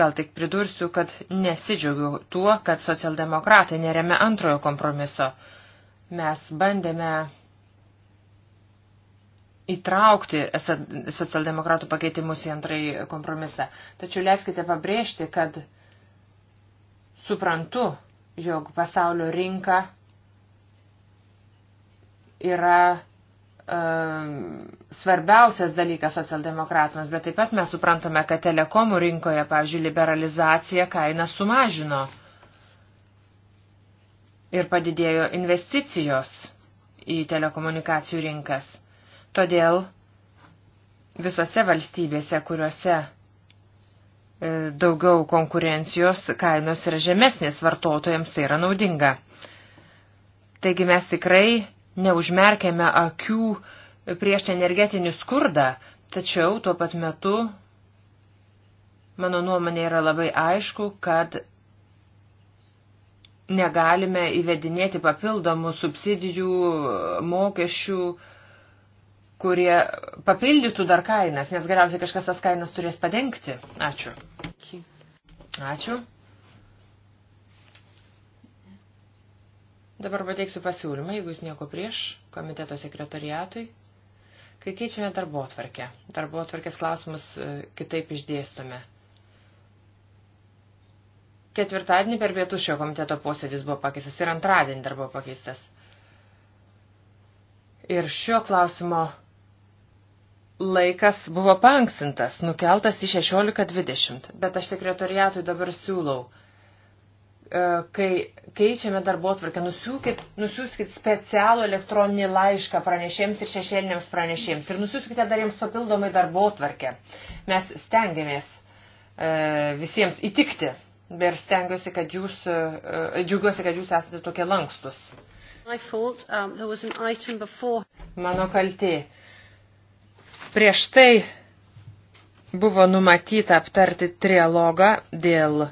Gal tik pridursiu, kad nesidžiaugiu tuo, kad socialdemokratai neremia antrojo kompromiso. Mes bandėme įtraukti socialdemokratų pakeitimus į antrąjį kompromisą. Tačiau leiskite pabrėžti, kad Suprantu, jog pasaulio rinka yra svarbiausias dalykas socialdemokratams, bet taip pat mes suprantame, kad telekomų rinkoje, pavyzdžiui, liberalizacija kainą sumažino ir padidėjo investicijos į telekomunikacijų rinkas. Todėl visose valstybėse, kuriuose E, daugiau konkurencijos, kainos yra žemesnės vartotojams, tai yra naudinga. Taigi mes tikrai neužmerkėme akių prieš energetinį skurdą, tačiau tuo pat metu, mano nuomonė yra labai aišku, kad negalime įvedinėti papildomų subsidijų, mokesčių, kurie papildytų dar kainas, nes galiausiai kažkas tas kainas turės padengti. Ačiū. Ačiū. Dabar pateiksiu pasiūlymą, jeigu jūs nieko prieš, komiteto sekretariatui, kai keičiame darbo atvarkę. Darbo atvarkės klausimus e, kitaip išdėstome. Ketvirtadienį per pietus šio komiteto posėdis buvo pakeistas ir antradienį dar buvo pakeistas. Ir šio klausimo laikas buvo panksintas, nukeltas į 16.20. Bet aš sekretoriatui dabar siūlau, e, kai keičiame darbo atvarkę, nusiųskit specialų elektroninį laišką pranešėjams ir šešėliniams pranešėjams ir nusiųskite dar jiems papildomai darbo atvarkę. Mes stengiamės e, visiems įtikti ir stengiuosi, kad jūs, e, džiugiuosi, kad jūs esate tokie lankstus. Fault, um, Mano kaltė Prieš tai buvo numatyta aptarti trialogą dėl e,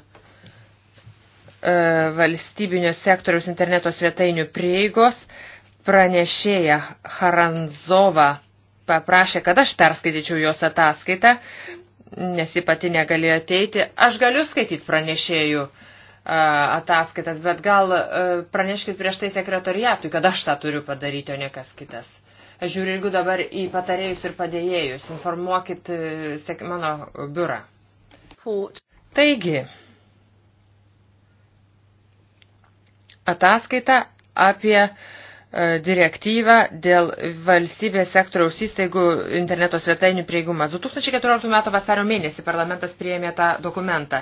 valstybinio sektoriaus interneto svetainių prieigos. Pranešėja Haranzova paprašė, kad aš perskaityčiau jos ataskaitą, nes ji pati negalėjo ateiti. Aš galiu skaityti pranešėjų e, ataskaitas, bet gal e, praneškit prieš tai sekretoriatui, kad aš tą turiu padaryti, o ne kas kitas. Aš žiūriu ilgiau dabar į patarėjus ir padėjėjus. Informuokit e, sek, mano biurą. Taigi, ataskaita apie E, direktyvą dėl valstybės sektoriaus įstaigų interneto svetainių prieigumas. 2014 m. vasario mėnesį parlamentas priėmė tą dokumentą.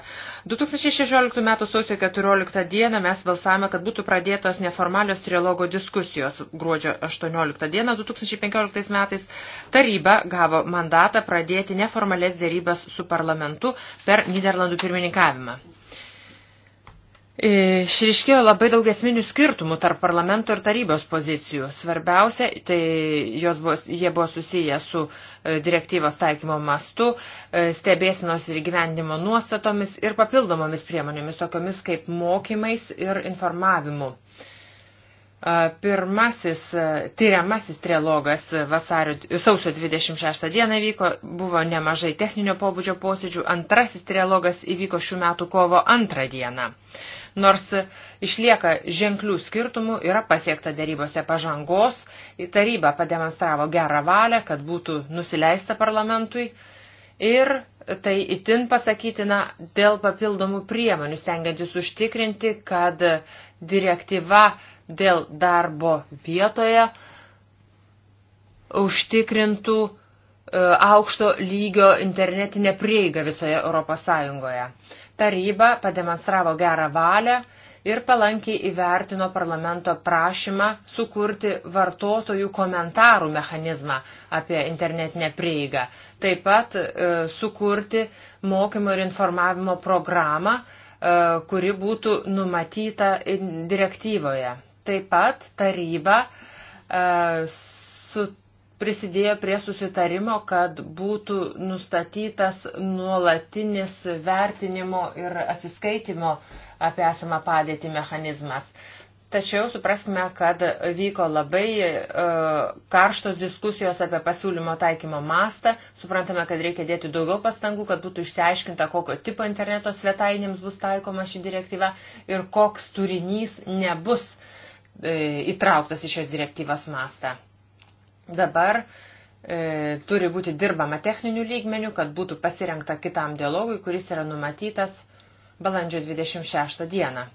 2016 m. sausio 14 d. mes balsavome, kad būtų pradėtos neformalios trilogo diskusijos. Gruodžio 18 d. 2015 m. taryba gavo mandatą pradėti neformalės dėrybas su parlamentu per Niderlandų pirmininkavimą. E, Išriškėjo labai daug esminių skirtumų tarp parlamento ir tarybos pozicijų. Svarbiausia, tai jos buvo, jie buvo susiję su e, direktyvos taikymo mastu, e, stebėsinos ir gyvendimo nuostatomis ir papildomomis priemonėmis, tokiomis kaip mokymais ir informavimu. Pirmasis tyriamasis trilogas vasario, sausio 26 dieną vyko, buvo nemažai techninio pobūdžio posėdžių, antrasis trilogas įvyko šių metų kovo antrą dieną. Nors išlieka ženklių skirtumų, yra pasiekta darybose pažangos, taryba pademonstravo gerą valią, kad būtų nusileista parlamentui ir tai itin pasakytina dėl papildomų priemonių, stengiantis užtikrinti, kad direktyva dėl darbo vietoje užtikrintų e, aukšto lygio internetinę prieigą visoje Europos Sąjungoje. Taryba pademonstravo gerą valią ir palankiai įvertino parlamento prašymą sukurti vartotojų komentarų mechanizmą apie internetinę prieigą. Taip pat e, sukurti mokymo ir informavimo programą, e, kuri būtų numatyta direktyvoje. Taip pat taryba e, su prisidėjo prie susitarimo, kad būtų nustatytas nuolatinis vertinimo ir atsiskaitimo apie esamą padėtį mechanizmas. Tačiau supraskime, kad vyko labai e, karštos diskusijos apie pasiūlymo taikymo mastą. Suprantame, kad reikia dėti daugiau pastangų, kad būtų išsiaiškinta, kokio tipo interneto svetainėms bus taikoma ši direktyva ir koks turinys nebus e, įtrauktas į šios direktyvos mastą. Dabar e, turi būti dirbama techninių lygmenių, kad būtų pasirengta kitam dialogui, kuris yra numatytas balandžio 26 dieną.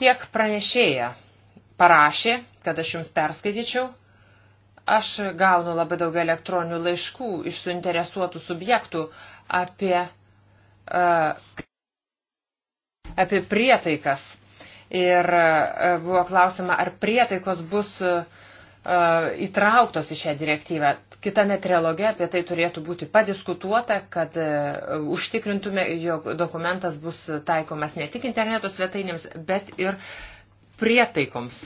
Tiek pranešėja parašė, kad aš jums perskaityčiau. Aš gaunu labai daug elektroninių laiškų iš suinteresuotų subjektų apie, uh, apie prietaikas. Ir uh, buvo klausima, ar prietaikos bus uh, E, įtrauktos į šią direktyvą. Kitame trialoge apie tai turėtų būti padiskutuota, kad e, užtikrintume, jog dokumentas bus taikomas ne tik interneto svetainėms, bet ir prietaikoms.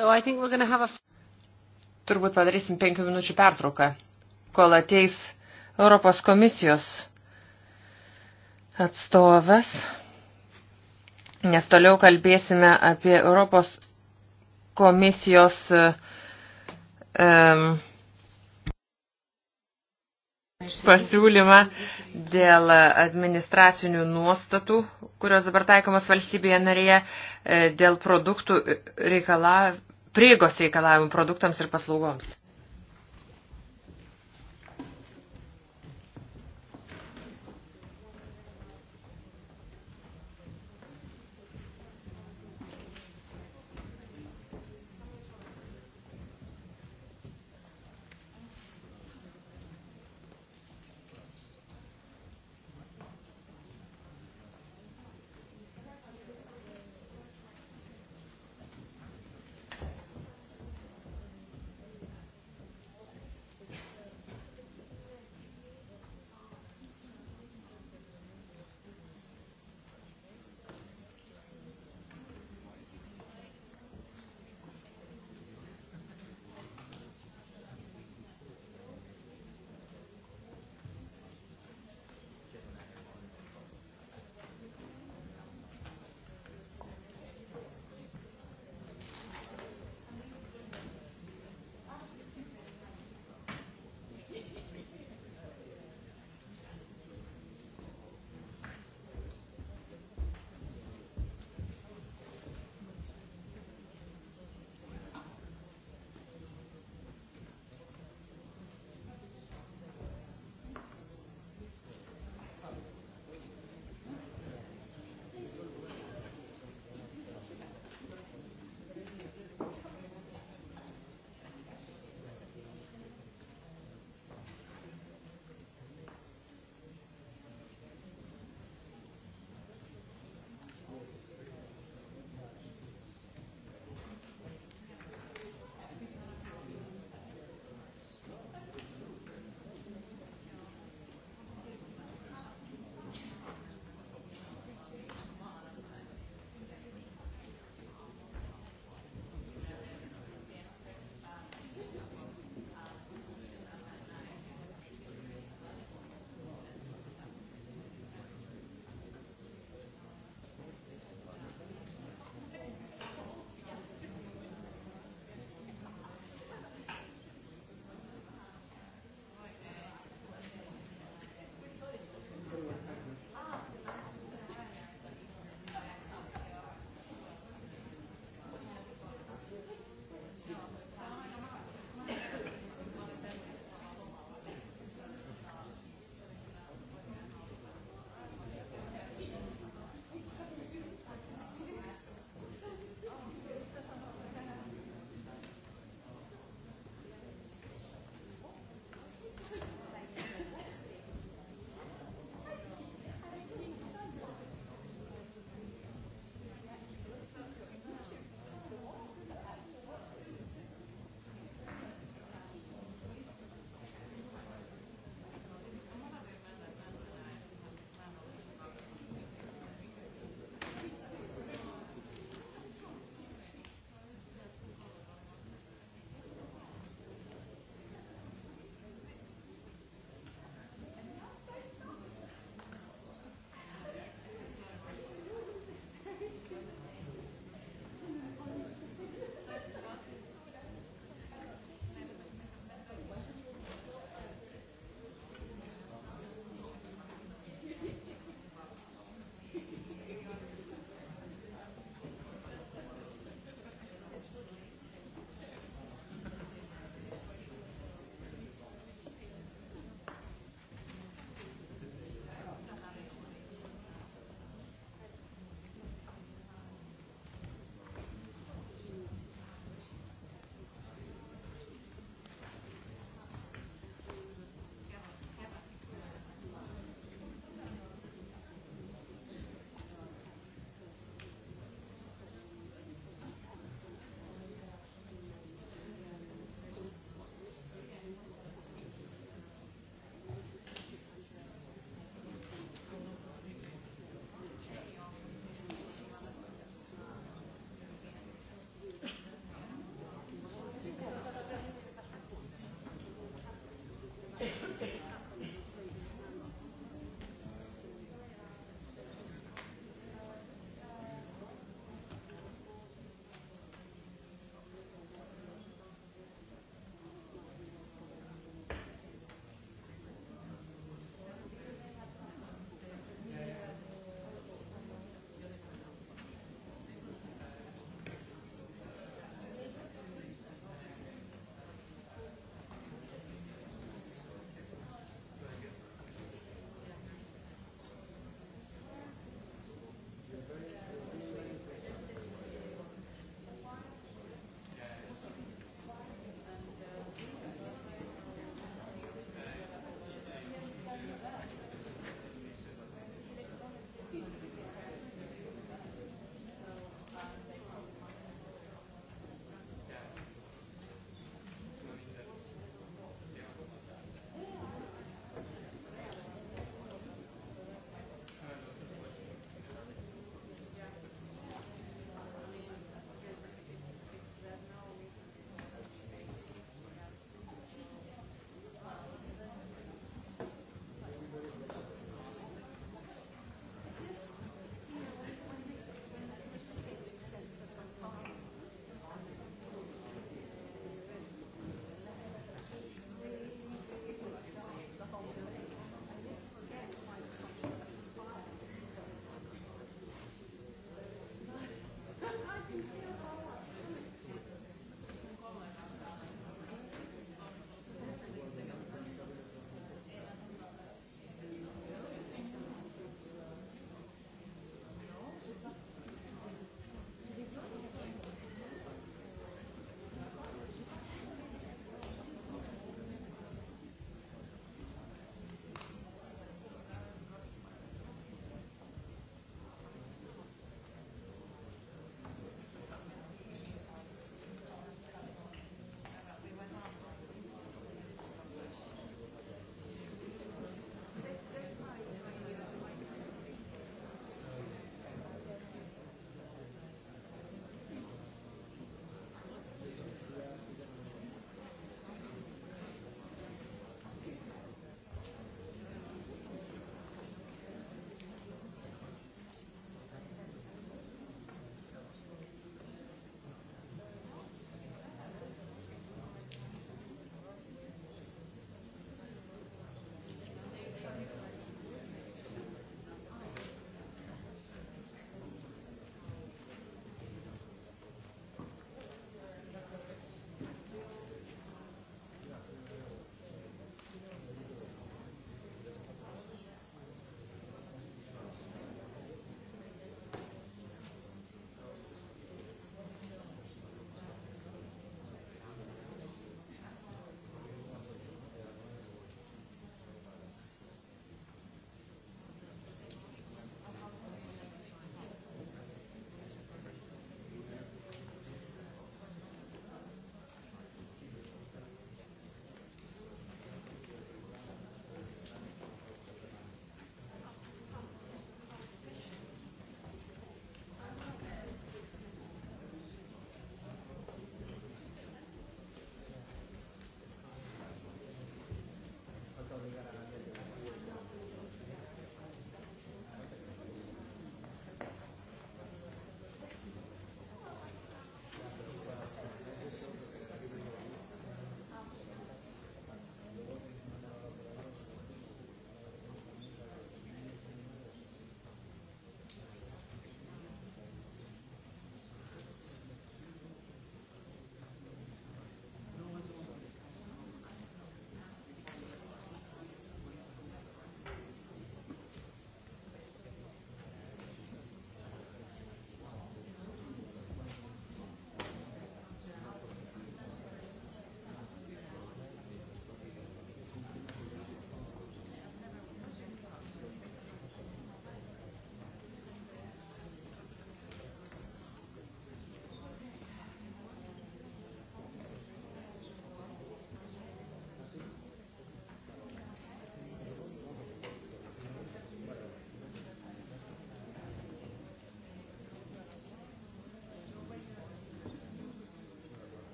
So I think we're have a... Turbūt padarysim penkių minučių pertrauką, kol ateis Europos komisijos atstovas, nes toliau kalbėsime apie Europos komisijos um, pasiūlymą dėl administracinių nuostatų, kurios dabar taikomas valstybėje narėje, e, dėl produktų reikalav, prieigos reikalavimų produktams ir paslaugoms.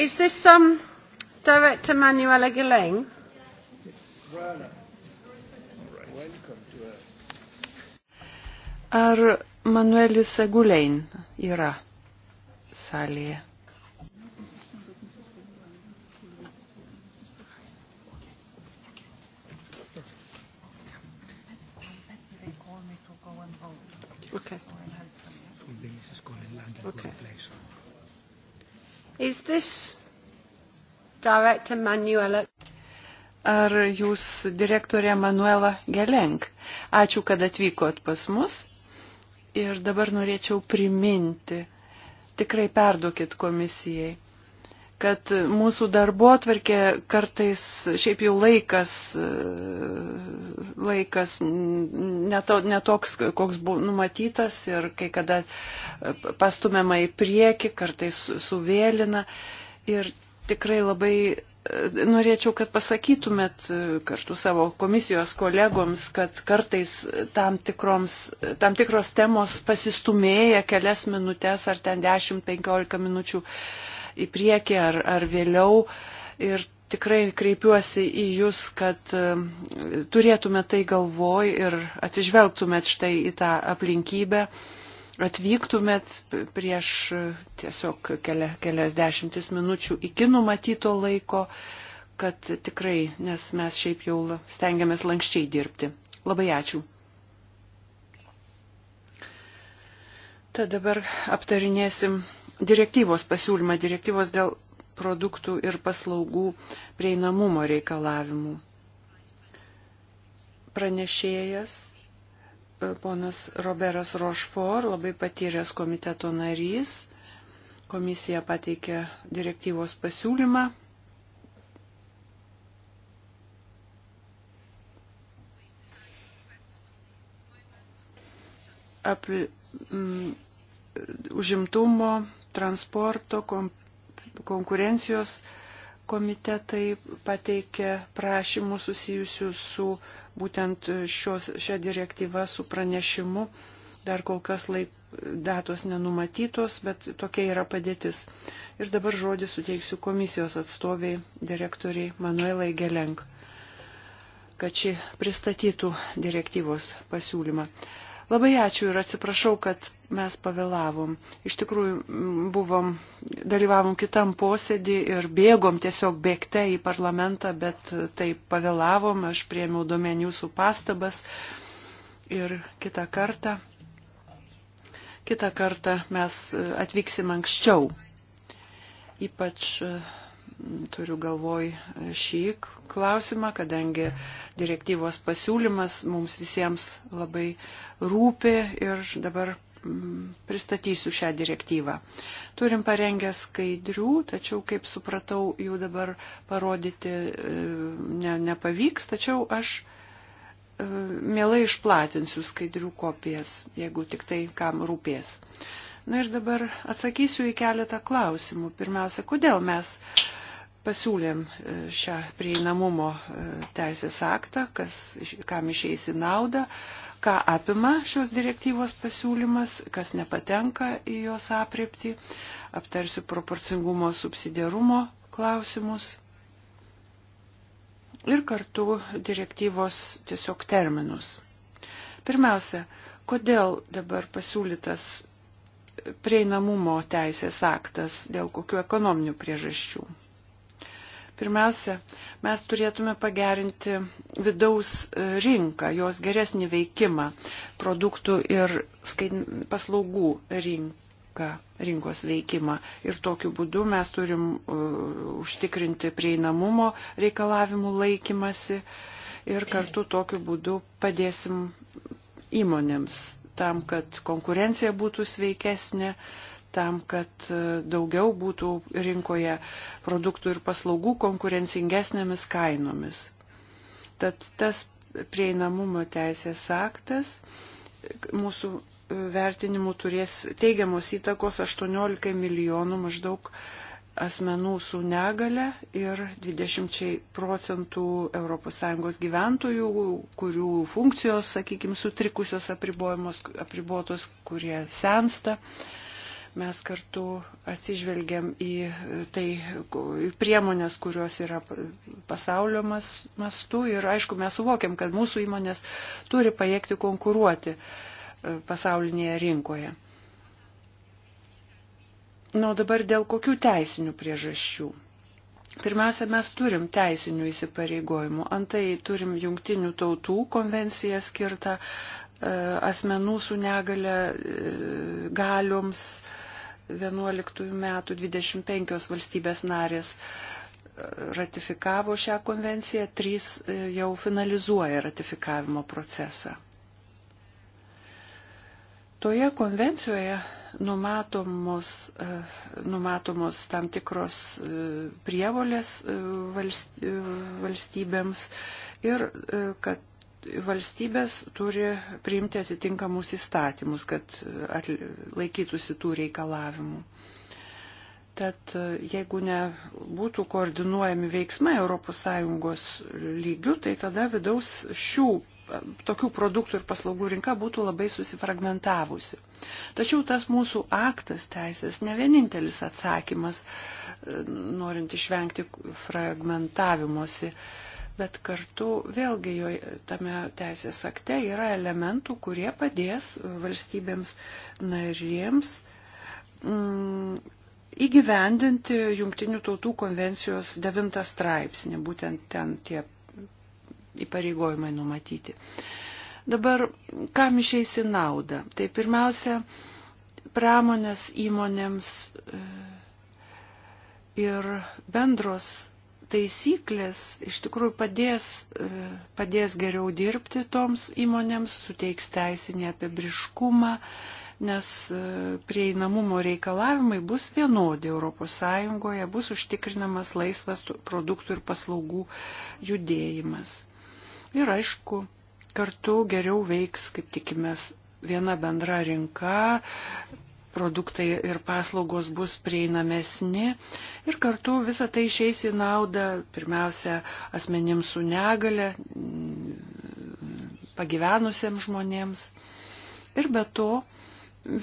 Is this um, Director Manuela Gillane? Ar Manuelis Gulein yra salėje? Director Manuela. Ar jūs direktorė Manuela Gelenk? Ačiū, kad atvykot pas mus. Ir dabar norėčiau priminti, tikrai perduokit komisijai, kad mūsų darbo atvarkė kartais šiaip jau laikas, laikas netoks, neto, koks buvo numatytas ir kai kada pastumiama į priekį, kartais suvėlina. Ir tikrai labai e, norėčiau, kad pasakytumėt e, kartu savo komisijos kolegoms, kad kartais tam, tikroms, e, tam tikros temos pasistumėja kelias minutės ar ten 10-15 minučių į priekį ar, ar vėliau. Ir tikrai kreipiuosi į Jūs, kad turėtumėt tai galvoj ir atsižvelgtumėt štai į tą aplinkybę. Uh, atvyktumėt prieš tiesiog kelias dešimtis minučių iki numatyto laiko, kad tikrai, nes mes šiaip jau stengiamės lankščiai dirbti. Labai ačiū. Tad dabar aptarinėsim direktyvos pasiūlymą, direktyvos dėl produktų ir paslaugų prieinamumo reikalavimų. Pranešėjas ponas Roberas Rošfor, labai patyręs komiteto narys. Komisija pateikė direktyvos pasiūlymą. Apli, m, užimtumo, transporto, kom, konkurencijos uh, komitetai pateikė prašymus susijusius su būtent šios, šią direktyvą, su pranešimu. Dar kol kas laik, datos nenumatytos, bet tokia yra padėtis. Ir dabar žodį suteiksiu komisijos atstoviai, direktoriai Manuelai Gelenk, kad ši pristatytų direktyvos pasiūlymą. Uh, Labai ačiū ir atsiprašau, kad mes pavėlavom. Iš tikrųjų, buvom, dalyvavom kitam posėdį ir bėgom tiesiog bėgte į parlamentą, bet taip pavėlavom, aš priemiau domen jūsų pastabas ir kitą kartą. Kitą kartą mes e, atvyksim anksčiau. Ypač e, turiu galvoj e, šį klausimą, kadangi direktyvos pasiūlymas mums visiems labai rūpi ir dabar mm, pristatysiu šią direktyvą. Turim parengę skaidrių, tačiau, kaip supratau, jų dabar parodyti e, ne, nepavyks, tačiau aš e, mielai išplatinsiu skaidrių kopijas, jeigu tik tai kam rūpės. Na ir dabar atsakysiu į keletą klausimų. Pirmiausia, kodėl mes uh, pasiūlėm e, šią prieinamumo e, teisės aktą, kas, kam išeis į naudą, ką apima šios direktyvos pasiūlymas, kas nepatenka į jos apriepti, aptarsiu proporcingumo subsidiarumo klausimus ir kartu direktyvos tiesiog terminus. Pirmiausia, kodėl dabar pasiūlytas prieinamumo teisės aktas, dėl kokių ekonominių priežasčių. Pirmiausia, mes turėtume pagerinti vidaus e, rinką, jos geresnį veikimą, produktų ir paslaugų rinką, rinkos veikimą. Ir tokiu būdu mes turim e, užtikrinti prieinamumo reikalavimų laikymasi ir kartu tokiu būdu padėsim įmonėms tam, kad konkurencija būtų sveikesnė, uh, tam, kad e, daugiau būtų rinkoje produktų ir paslaugų konkurencingesnėmis kainomis. Tad tas prieinamumo teisės aktas mūsų e, vertinimu turės teigiamos įtakos 18 milijonų maždaug asmenų su negale ir 20 procentų ES gyventojų, kurių funkcijos, sakykime, sutrikusios apribotos, kurie sensta. Uh, mes kartu atsižvelgiam į tai į priemonės, kurios yra pasaulio mastu ir aišku, mes suvokiam, kad mūsų įmonės turi pajėgti konkuruoti e, pasaulinėje rinkoje. Na, o dabar dėl kokių teisinių priežasčių? Pirmiausia, mes turim teisinių įsipareigojimų. Antai turim jungtinių tautų konvenciją skirtą E, asmenų su negale e, galioms 11 metų 25 valstybės narės e, ratifikavo šią konvenciją, trys jau finalizuoja ratifikavimo procesą. Toje konvencijoje numatomos, numatomos tam tikros prievolės valstybėms ir kad valstybės turi priimti atitinkamus įstatymus, kad e, laikytųsi tų reikalavimų. Tad e, jeigu nebūtų koordinuojami veiksmai ES lygių, tai tada vidaus šių e, tokių produktų ir paslaugų rinka būtų labai susifragmentavusi. Tačiau tas mūsų aktas teisės ne vienintelis atsakymas, norint išvengti fragmentavimosi. Uh, bet kartu vėlgi jo tame teisės akte yra elementų, kurie padės valstybėms narėms mm, įgyvendinti Junktinių tautų konvencijos 9 straipsnį, būtent ten tie įpareigojimai numatyti. Dabar, kam išeisi naudą? Tai pirmiausia, pramonės įmonėms e, ir bendros taisyklės iš tikrųjų padės, e, padės geriau dirbti toms įmonėms, suteiks teisinį apibriškumą, nes e, prieinamumo reikalavimai bus vienodi ES, bus užtikrinamas laisvas produktų ir paslaugų judėjimas. Ir aišku, kartu geriau veiks, kaip tikimės, viena bendra rinka, produktai ir paslaugos bus prieinamesni ir kartu visa tai išeis į naudą pirmiausia asmenims su negale, pagyvenusiems žmonėms ir be to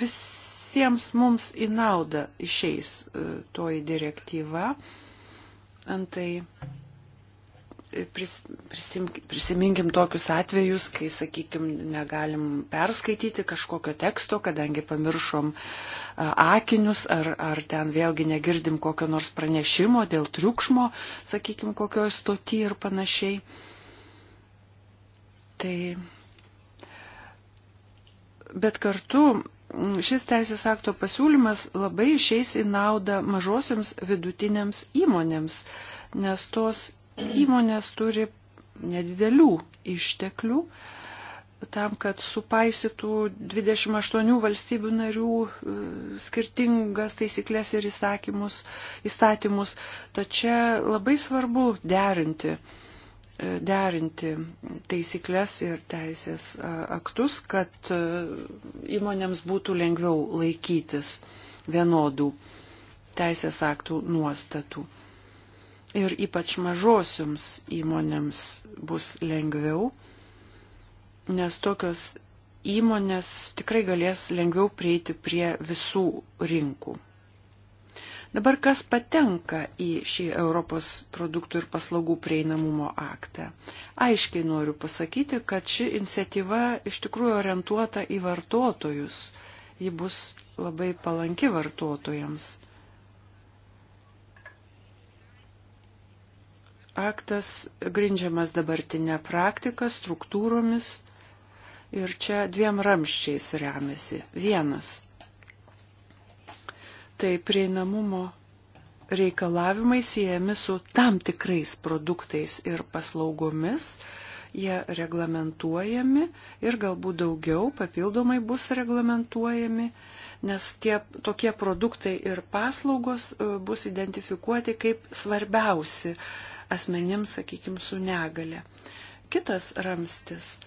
visiems mums į naudą išeis e, toji direktyva. Antai pris, prisim, prisiminkim tokius atvejus, kai, sakykim, negalim perskaityti kažkokio teksto, kadangi pamiršom akinius ar, ar ten vėlgi negirdim kokio nors pranešimo dėl triukšmo, sakykim, kokioje stoti ir panašiai. Tai. Bet kartu šis teisės akto pasiūlymas labai išeis į naudą mažosiams vidutiniams įmonėms, nes tos Įmonės turi nedidelių išteklių tam, kad supaisytų 28 valstybių narių e, skirtingas taisyklės ir įsakymus, įstatymus. Tačiau labai svarbu derinti, e, derinti taisyklės ir teisės e, aktus, kad įmonėms būtų lengviau laikytis vienodų teisės aktų nuostatų ir ypač mažosioms įmonėms bus lengviau, nes tokios įmonės tikrai galės lengviau prieiti prie visų rinkų. Dabar kas patenka į šį Europos produktų ir paslaugų prieinamumo aktą? Aiškiai noriu pasakyti, kad ši iniciatyva iš tikrųjų orientuota į vartotojus. Ji bus labai palanki vartotojams. aktas grindžiamas dabartinę praktiką, struktūromis ir čia dviem ramščiais remiasi. Vienas - tai prieinamumo reikalavimai siejami su tam tikrais produktais ir paslaugomis, jie reglamentuojami ir galbūt daugiau papildomai bus reglamentuojami nes tie tokie produktai ir paslaugos e, bus identifikuoti kaip svarbiausi asmenims, sakykime, su negale. Kitas ramstis.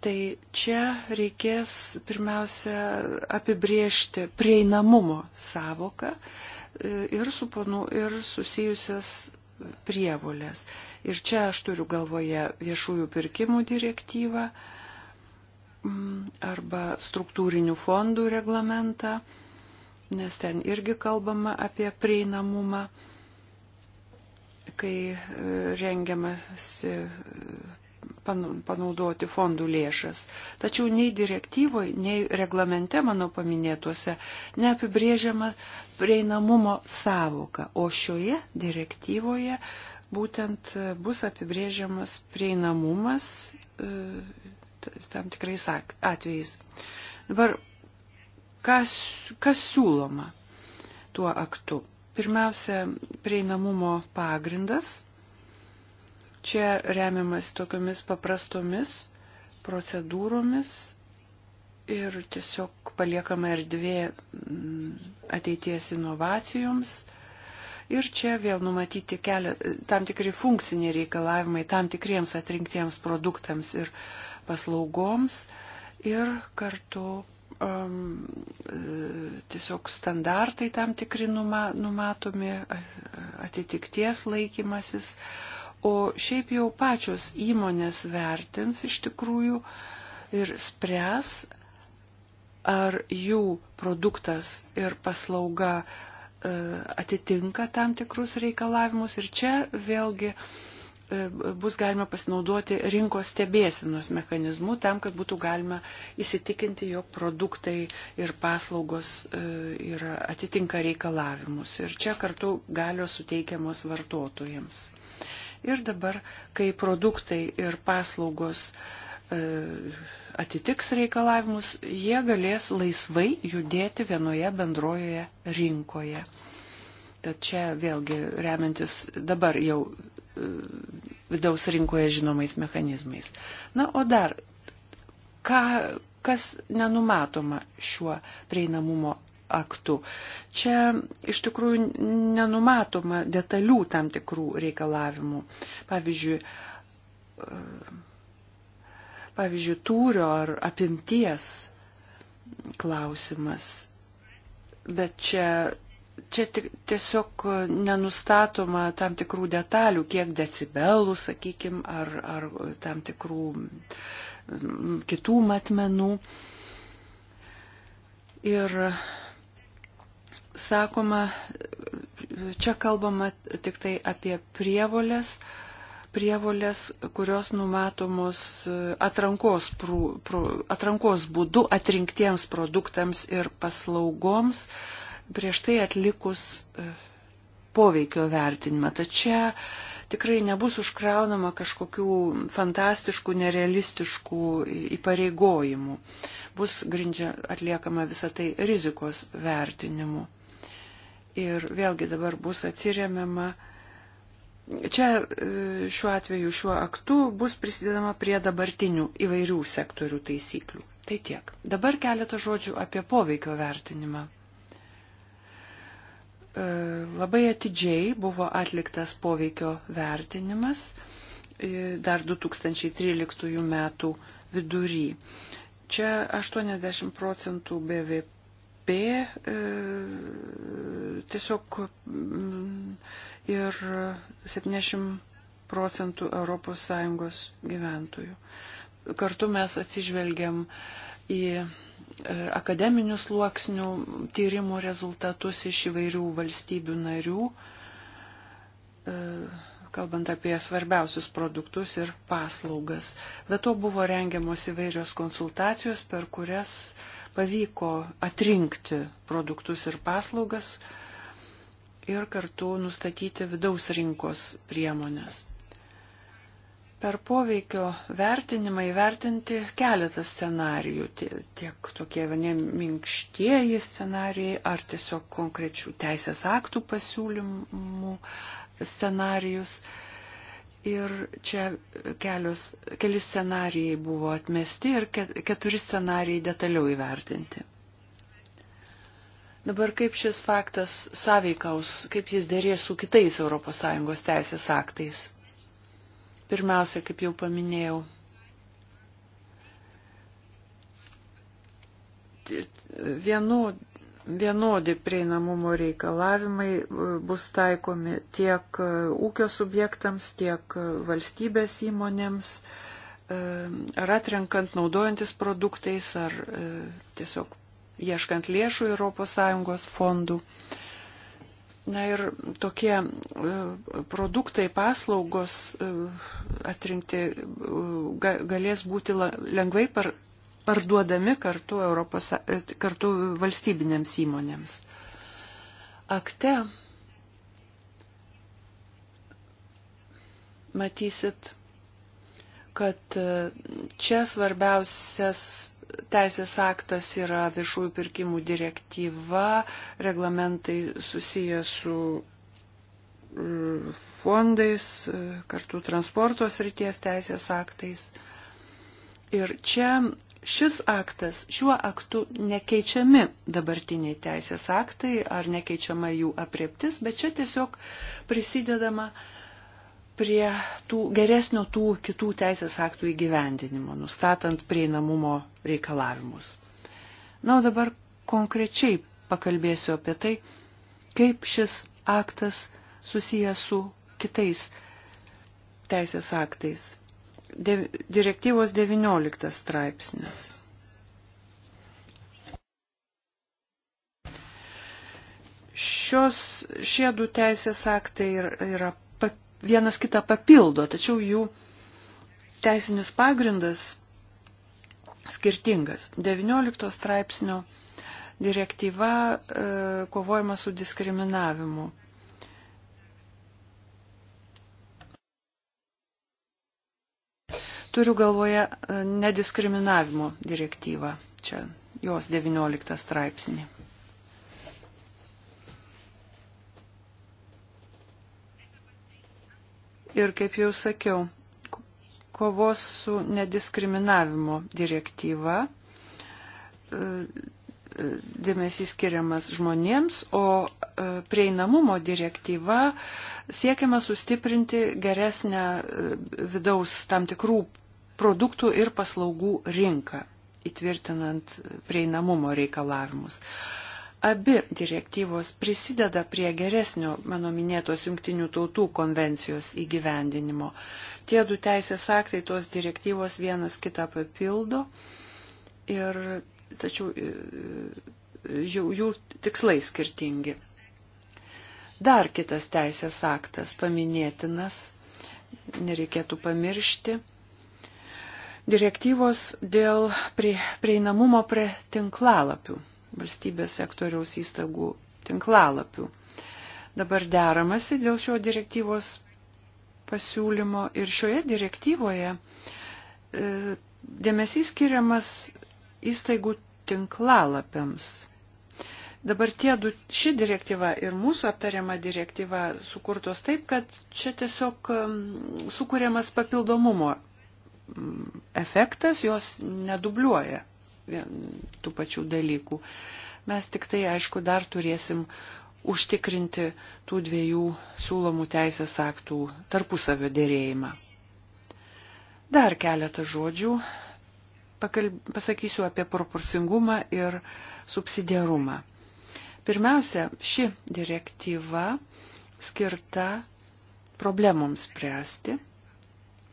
Tai čia reikės pirmiausia apibriežti prieinamumo savoką e, ir, suponu, ir susijusias prievolės. Ir čia aš turiu galvoje viešųjų pirkimų direktyvą, Mm, arba struktūrinių fondų reglamentą, nes ten irgi kalbama apie prieinamumą, kai e, rengiamasi e, panaudoti fondų lėšas. Tačiau nei direktyvoje, nei reglamente mano paminėtuose neapibrėžiama prieinamumo savoka, o šioje direktyvoje būtent e, bus apibrėžiamas prieinamumas tam tikrais atvejais. Dabar, kas, kas siūloma tuo aktu? Pirmiausia, prieinamumo pagrindas. Čia remiamas tokiamis paprastomis procedūromis ir tiesiog paliekama erdvė mm, ateities inovacijoms. Ir čia vėl numatyti kelia, tam tikri funkciniai reikalavimai tam tikriems atrinktiems produktams ir uh, paslaugoms ir kartu um, e, tiesiog standartai tam tikri numa, numatomi, atitikties laikymasis, o šiaip jau pačios įmonės vertins iš tikrųjų ir spręs, ar jų produktas ir paslauga e, atitinka tam tikrus reikalavimus. Ir čia vėlgi uh, E, bus galima pasinaudoti rinkos stebėsinos mechanizmu tam, kad būtų galima įsitikinti, jog produktai ir paslaugos yra, e, atitinka reikalavimus. Ir čia kartu galios suteikiamos vartotojams. Ir dabar, kai produktai ir paslaugos e, atitiks reikalavimus, jie galės laisvai judėti vienoje bendrojoje rinkoje. Tad čia vėlgi remiantis dabar jau vidaus rinkoje žinomais mechanizmais. Na, o dar, ką, kas nenumatoma šiuo prieinamumo aktu. Čia iš tikrųjų nenumatoma detalių tam tikrų reikalavimų. Pavyzdžiui, pavyzdžiui tūrio ar apimties klausimas. Bet čia čia tik, tiesiog nenustatoma tam tikrų detalių, kiek decibelų, sakykime, ar, ar tam tikrų mm, kitų matmenų. Ir sakoma, čia kalbama tik tai apie prievolės, prievolės, kurios numatomos atrankos, prū, prū, atrankos būdu atrinktiems produktams ir paslaugoms, uh, prieš tai atlikus e, poveikio vertinimą. Tačiau tikrai nebus užkraunama kažkokių fantastiškų, nerealistiškų įpareigojimų. Bus grindžia atliekama visą tai rizikos vertinimu. Ir vėlgi dabar bus atsiriamama čia e, šiuo atveju, šiuo aktu bus prisidedama prie dabartinių įvairių sektorių taisyklių. Tai tiek. Dabar keletą žodžių apie poveikio vertinimą. E, labai atidžiai buvo atliktas poveikio vertinimas e, dar 2013 metų vidury. Čia 80 procentų BVP e, tiesiog mm, ir 70 procentų ES gyventojų. Kartu mes atsižvelgiam į E, akademinių sluoksnių tyrimų rezultatus iš įvairių valstybių narių, e, kalbant apie svarbiausius produktus ir paslaugas. Be to buvo rengiamos įvairios konsultacijos, per kurias pavyko atrinkti produktus ir paslaugas ir kartu nustatyti vidaus rinkos priemonės per poveikio vertinimą įvertinti keletą scenarijų, tiek tokie minkštieji scenarijai ar tiesiog konkrečių teisės aktų pasiūlymų scenarijus. Ir čia kelios, keli scenarijai buvo atmesti ir keturi scenarijai detaliau įvertinti. Dabar kaip šis faktas sąveikaus, kaip jis dėrės su kitais ES teisės aktais. Pirmiausia, kaip jau paminėjau, vienodai vienodi prieinamumo reikalavimai e, bus taikomi tiek e, ūkio subjektams, tiek e, valstybės įmonėms, ar atrenkant naudojantis produktais, ar tiesiog ieškant lėšų ES fondų. Na ir tokie e, produktai, paslaugos e, atrinkti e, galės būti lengvai par, parduodami kartu, Europos, kartu valstybinėms įmonėms. Akte matysit, kad čia svarbiausias teisės aktas yra viešųjų pirkimų direktyva, reglamentai susiję su e, fondais, e, kartu transporto srities teisės aktais. Ir čia šis aktas, šiuo aktu nekeičiami dabartiniai teisės aktai ar nekeičiama jų apriptis, bet čia tiesiog prisidedama uh, prie tų geresnio tų kitų teisės aktų įgyvendinimo, nustatant prieinamumo reikalavimus. Na, o dabar konkrečiai pakalbėsiu apie tai, kaip šis aktas susijęs su kitais teisės aktais. De, direktyvos 19 straipsnis. Šios, šie du teisės aktai yra vienas kitą papildo, tačiau jų teisinis pagrindas skirtingas. 19 straipsnio direktyva e, kovojama su diskriminavimu. Turiu galvoje e, nediskriminavimo direktyvą, čia jos 19 straipsnį. ir, kaip jau sakiau, kovos su nediskriminavimo direktyva e, e, dėmesys skiriamas žmonėms, o e, prieinamumo direktyva siekiama sustiprinti geresnę vidaus tam tikrų produktų ir paslaugų rinką, įtvirtinant prieinamumo reikalavimus abi direktyvos prisideda prie geresnio mano minėtos jungtinių tautų konvencijos įgyvendinimo. Tie du teisės aktai tos direktyvos vienas kitą papildo ir tačiau jų, jų tikslai skirtingi. Dar kitas teisės aktas paminėtinas, nereikėtų pamiršti direktyvos dėl prie, prieinamumo prie tinklalapių valstybės sektoriaus įstaigų tinklalapių. Dabar deramasi dėl šio direktyvos pasiūlymo ir šioje direktyvoje e, dėmesys skiriamas įstaigų tinklalapiams. Dabar tie du, ši direktyva ir mūsų aptariama direktyva sukurtos taip, kad čia tiesiog sukūriamas papildomumo efektas, jos nedubliuoja tų pačių dalykų. Mes tik tai, aišku, dar turėsim užtikrinti tų dviejų siūlomų teisės aktų tarpusavio dėrėjimą. Dar keletą žodžių pakalb... pasakysiu apie proporcingumą ir subsidiarumą. Pirmiausia, ši direktyva skirta problemoms spręsti,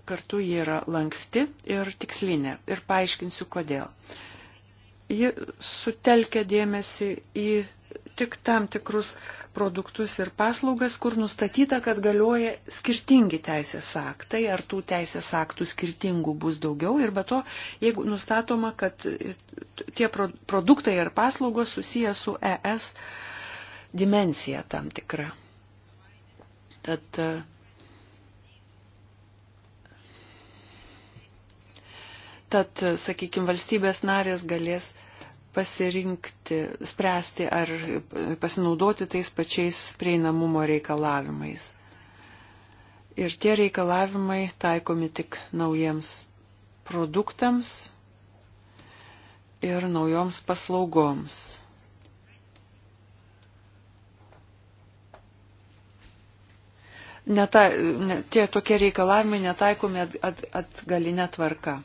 kartu ji yra lanksti ir tikslinė ir paaiškinsiu kodėl ji sutelkia dėmesį į tik tam tikrus produktus ir paslaugas, kur nustatyta, kad galioja skirtingi teisės aktai, ar tų teisės aktų skirtingų bus daugiau ir be to, jeigu nustatoma, kad tie produktai ir paslaugos susiję su ES dimensija tam tikra. Tad uh, Tad, sakykime, valstybės narės galės pasirinkti, spręsti ar pasinaudoti tais pačiais prieinamumo reikalavimais. Ir tie reikalavimai taikomi tik naujiems produktams ir naujoms paslaugoms. Neta, ne, tie tokie reikalavimai netaikomi at, at, atgalinę tvarką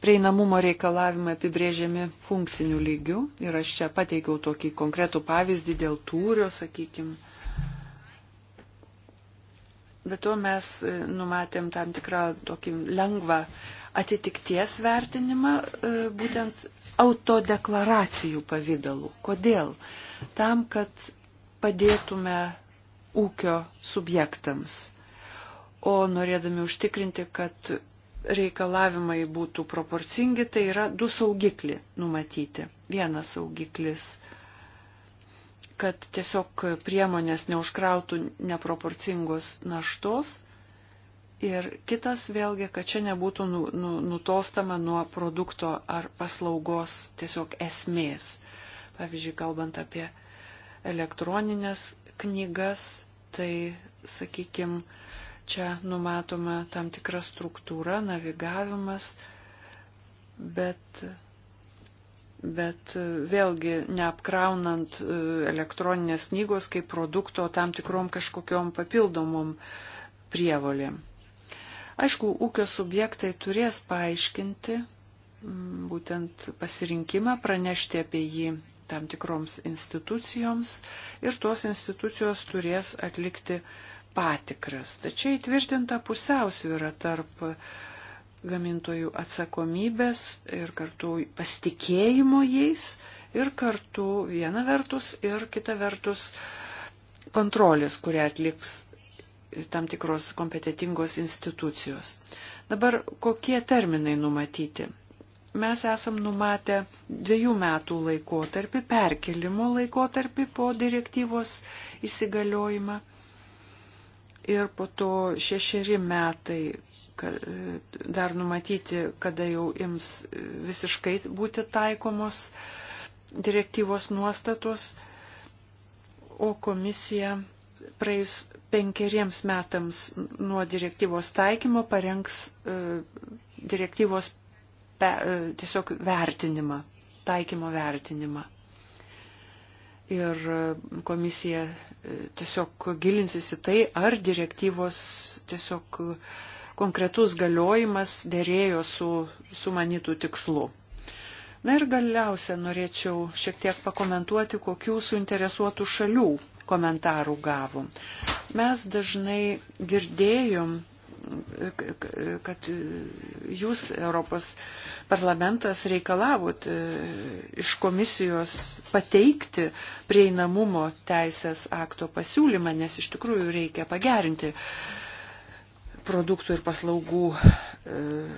prieinamumo reikalavimai apibrėžiami funkciniu lygiu ir aš čia pateikiau tokį konkretų pavyzdį dėl tūrio, sakykime. Bet to mes e, numatėm tam tikrą tokį lengvą atitikties vertinimą e, būtent autodeklaracijų pavydalu. Kodėl? Tam, kad padėtume ūkio subjektams, o norėdami užtikrinti, kad reikalavimai būtų proporcingi, tai yra du saugikli numatyti. Vienas saugiklis, kad tiesiog priemonės neužkrautų neproporcingos naštos ir kitas vėlgi, kad čia nebūtų nu, nu, nutolstama nuo produkto ar paslaugos tiesiog esmės. Pavyzdžiui, kalbant apie elektroninės knygas, tai, sakykime, Čia numatoma tam tikra struktūra, navigavimas, bet, bet e, vėlgi neapkraunant e, elektroninės knygos kaip produkto tam tikrom kažkokiom papildomom prievolėm. Aišku, ūkio subjektai turės paaiškinti būtent pasirinkimą, pranešti apie jį tam tikroms institucijoms ir tos institucijos turės atlikti patikras. Tačiau įtvirtinta pusiausvyrą tarp gamintojų atsakomybės ir kartu pasitikėjimo jais ir kartu viena vertus ir kita vertus kontrolės, kurią atliks tam tikros kompetitingos institucijos. Dabar kokie terminai numatyti? Mes esam numatę dviejų metų laikotarpį, perkelimo laikotarpį po direktyvos įsigaliojimą ir po to šešeri metai dar numatyti, kada jau ims visiškai būti taikomos direktyvos nuostatos, o komisija praėjus penkeriems metams nuo direktyvos taikymo parengs e, direktyvos pe, e, tiesiog vertinimą, taikymo vertinimą. Ir komisija e, tiesiog gilinsis į tai, ar direktyvos tiesiog konkretus galiojimas dėrėjo su sumanytų tikslu. Na ir galiausia norėčiau šiek tiek pakomentuoti, kokių suinteresuotų šalių komentarų gavom. Mes dažnai girdėjom kad jūs, Europos parlamentas, reikalavot e, iš komisijos pateikti prieinamumo teisės akto pasiūlymą, nes iš tikrųjų reikia pagerinti produktų ir paslaugų e,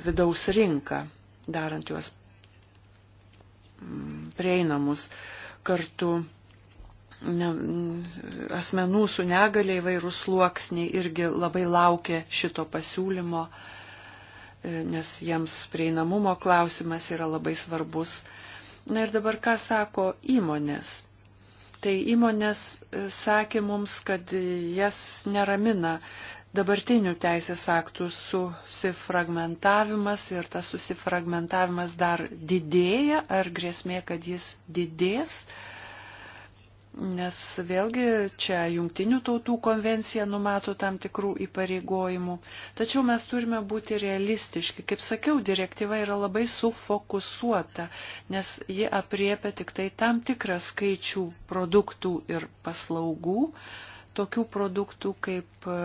vidaus rinką, darant juos prieinamus kartu ne, mm, asmenų su negaliai vairūs sluoksniai irgi labai laukia šito pasiūlymo, e, nes jiems prieinamumo klausimas yra labai svarbus. Na ir dabar ką sako įmonės? Tai įmonės e, sakė mums, kad jas neramina dabartinių teisės aktų susifragmentavimas ir tas susifragmentavimas dar didėja, ar grėsmė, kad jis didės. Uh, nes vėlgi čia jungtinių tautų konvencija numato tam tikrų įpareigojimų. Tačiau mes turime būti realistiški. Kaip sakiau, direktyva yra labai sufokusuota, nes ji apriepia tik tai tam tikrą skaičių produktų ir paslaugų, tokių produktų kaip e,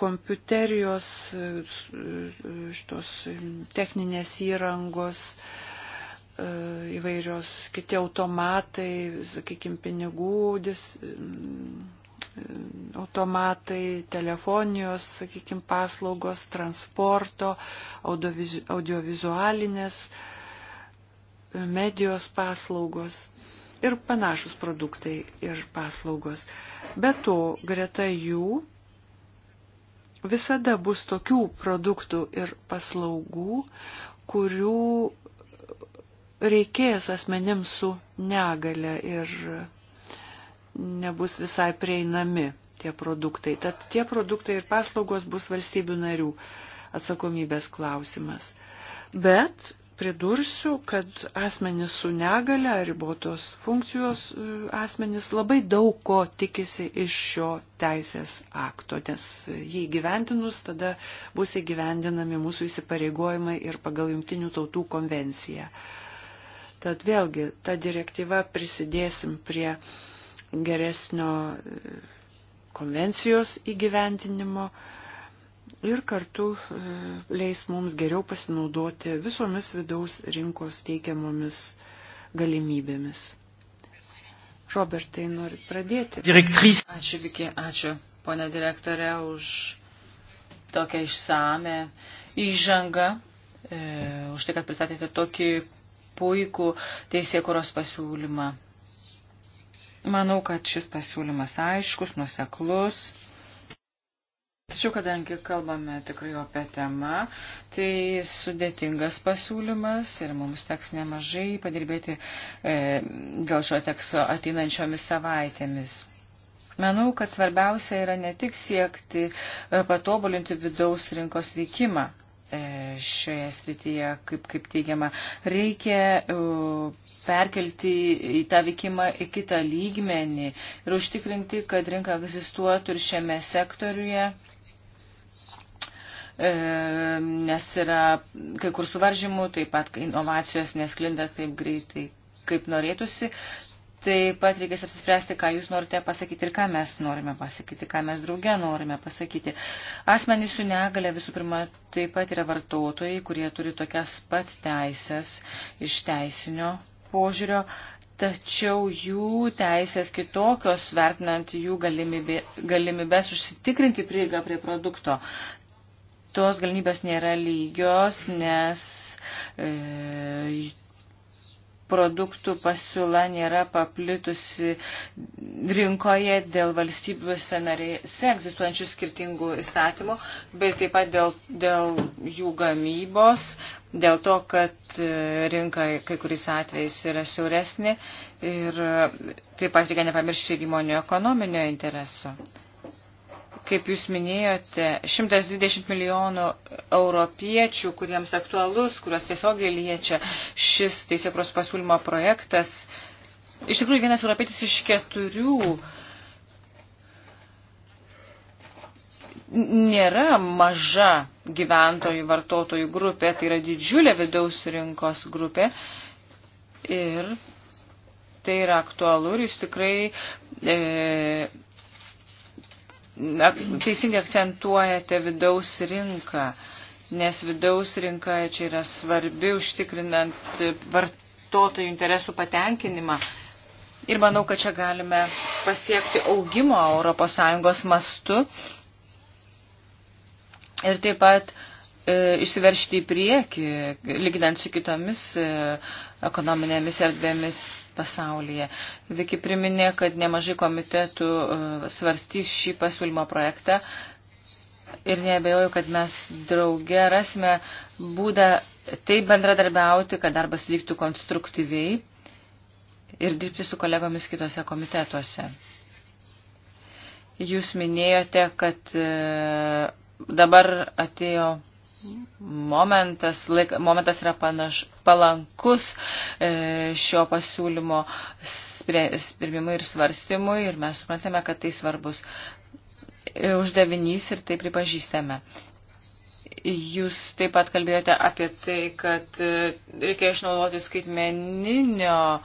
kompiuterijos, e, e, šitos techninės įrangos, E, įvairios kiti automatai, sakykime, pinigų dis, e, automatai, telefonijos, sakykime, paslaugos, transporto, audiovizualinės, e, medijos paslaugos ir panašus produktai ir paslaugos. Be to, greta jų visada bus tokių produktų ir paslaugų, kurių reikės asmenim su negale ir nebus visai prieinami tie produktai. Tad tie produktai ir paslaugos bus valstybių narių atsakomybės klausimas. Bet pridursiu, kad asmenys su negale, ribotos funkcijos e, asmenys labai daug ko tikisi iš šio teisės akto, nes jį gyventinus tada bus įgyvendinami mūsų įsipareigojimai ir pagal Junktinių tautų konvenciją. Uh, Tad vėlgi tą direktyvą prisidėsim prie geresnio e, konvencijos įgyvendinimo ir kartu e, leis mums geriau pasinaudoti visomis vidaus rinkos teikiamomis galimybėmis. Robertai, nori pradėti? Direktrys. Ačiū, Viki, ačiū, ponė direktorė, už tokią išsame įžangą, e, už tai, kad pristatėte tokį puikų teisėkuros pasiūlymą. Manau, kad šis pasiūlymas aiškus, nuseklus. Tačiau, kadangi kalbame tikrai apie temą, tai sudėtingas pasiūlymas ir mums teks nemažai padirbėti e, dėl šio teksto ateinančiomis savaitėmis. Manau, kad svarbiausia yra ne tik siekti e, patobulinti vidaus rinkos veikimą, E, šioje srityje, kaip, kaip teigiama, reikia e, perkelti į tą veikimą į kitą lygmenį ir užtikrinti, kad rinka egzistuotų ir šiame sektoriuje, e, nes yra kai kur suvaržymų, taip pat inovacijos nesklinda taip greitai, kaip norėtųsi. Taip pat reikės apsispręsti, ką jūs norite pasakyti ir ką mes norime pasakyti, ką mes drauge norime pasakyti. Asmenys su negale visų pirma taip pat yra vartotojai, kurie turi tokias pat teisės iš teisinio požiūrio, tačiau jų teisės kitokios, vertinant jų galimybė, galimybės užsitikrinti prieigą prie produkto tos galimybės nėra lygios, nes e, produktų pasiūla nėra paplitusi rinkoje dėl valstybiuose narėse egzistuojančių skirtingų įstatymų, bet taip pat dėl, dėl jų gamybos, dėl to, kad e, rinka kai kuris atvejais yra siauresnė ir e, taip pat reikia nepamiršti ir įmonių ekonominio intereso kaip jūs minėjote, 120 milijonų europiečių, kuriems aktualus, kuriuos tiesiogiai liečia šis teisėkros pasiūlymo projektas. Iš tikrųjų, vienas europietis iš keturių nėra maža gyventojų vartotojų grupė, tai yra didžiulė vidaus rinkos grupė. Ir tai yra aktualu ir jūs tikrai e, teisingai akcentuojate vidaus rinką, nes vidaus rinka čia yra svarbi užtikrinant vartotojų interesų patenkinimą. Ir manau, kad čia galime pasiekti augimo ES mastu ir taip pat e, išsiveršti į priekį, lyginant su kitomis e, ekonominėmis erdvėmis pasaulyje. Viki priminė, kad nemažai komitetų uh, svarstys šį pasiūlymo projektą ir nebejoju, kad mes drauge rasime būdą taip bendradarbiauti, kad darbas vyktų konstruktyviai ir dirbti su kolegomis kitose komitetuose. Jūs minėjote, kad uh, dabar atėjo momentas, laik, momentas yra panaš, palankus e, šio pasiūlymo sprendimui ir svarstymui ir mes suprantame, kad tai svarbus e, uždavinys ir tai pripažįstame. Jūs taip pat kalbėjote apie tai, kad e, reikia išnaudoti skaitmeninio e,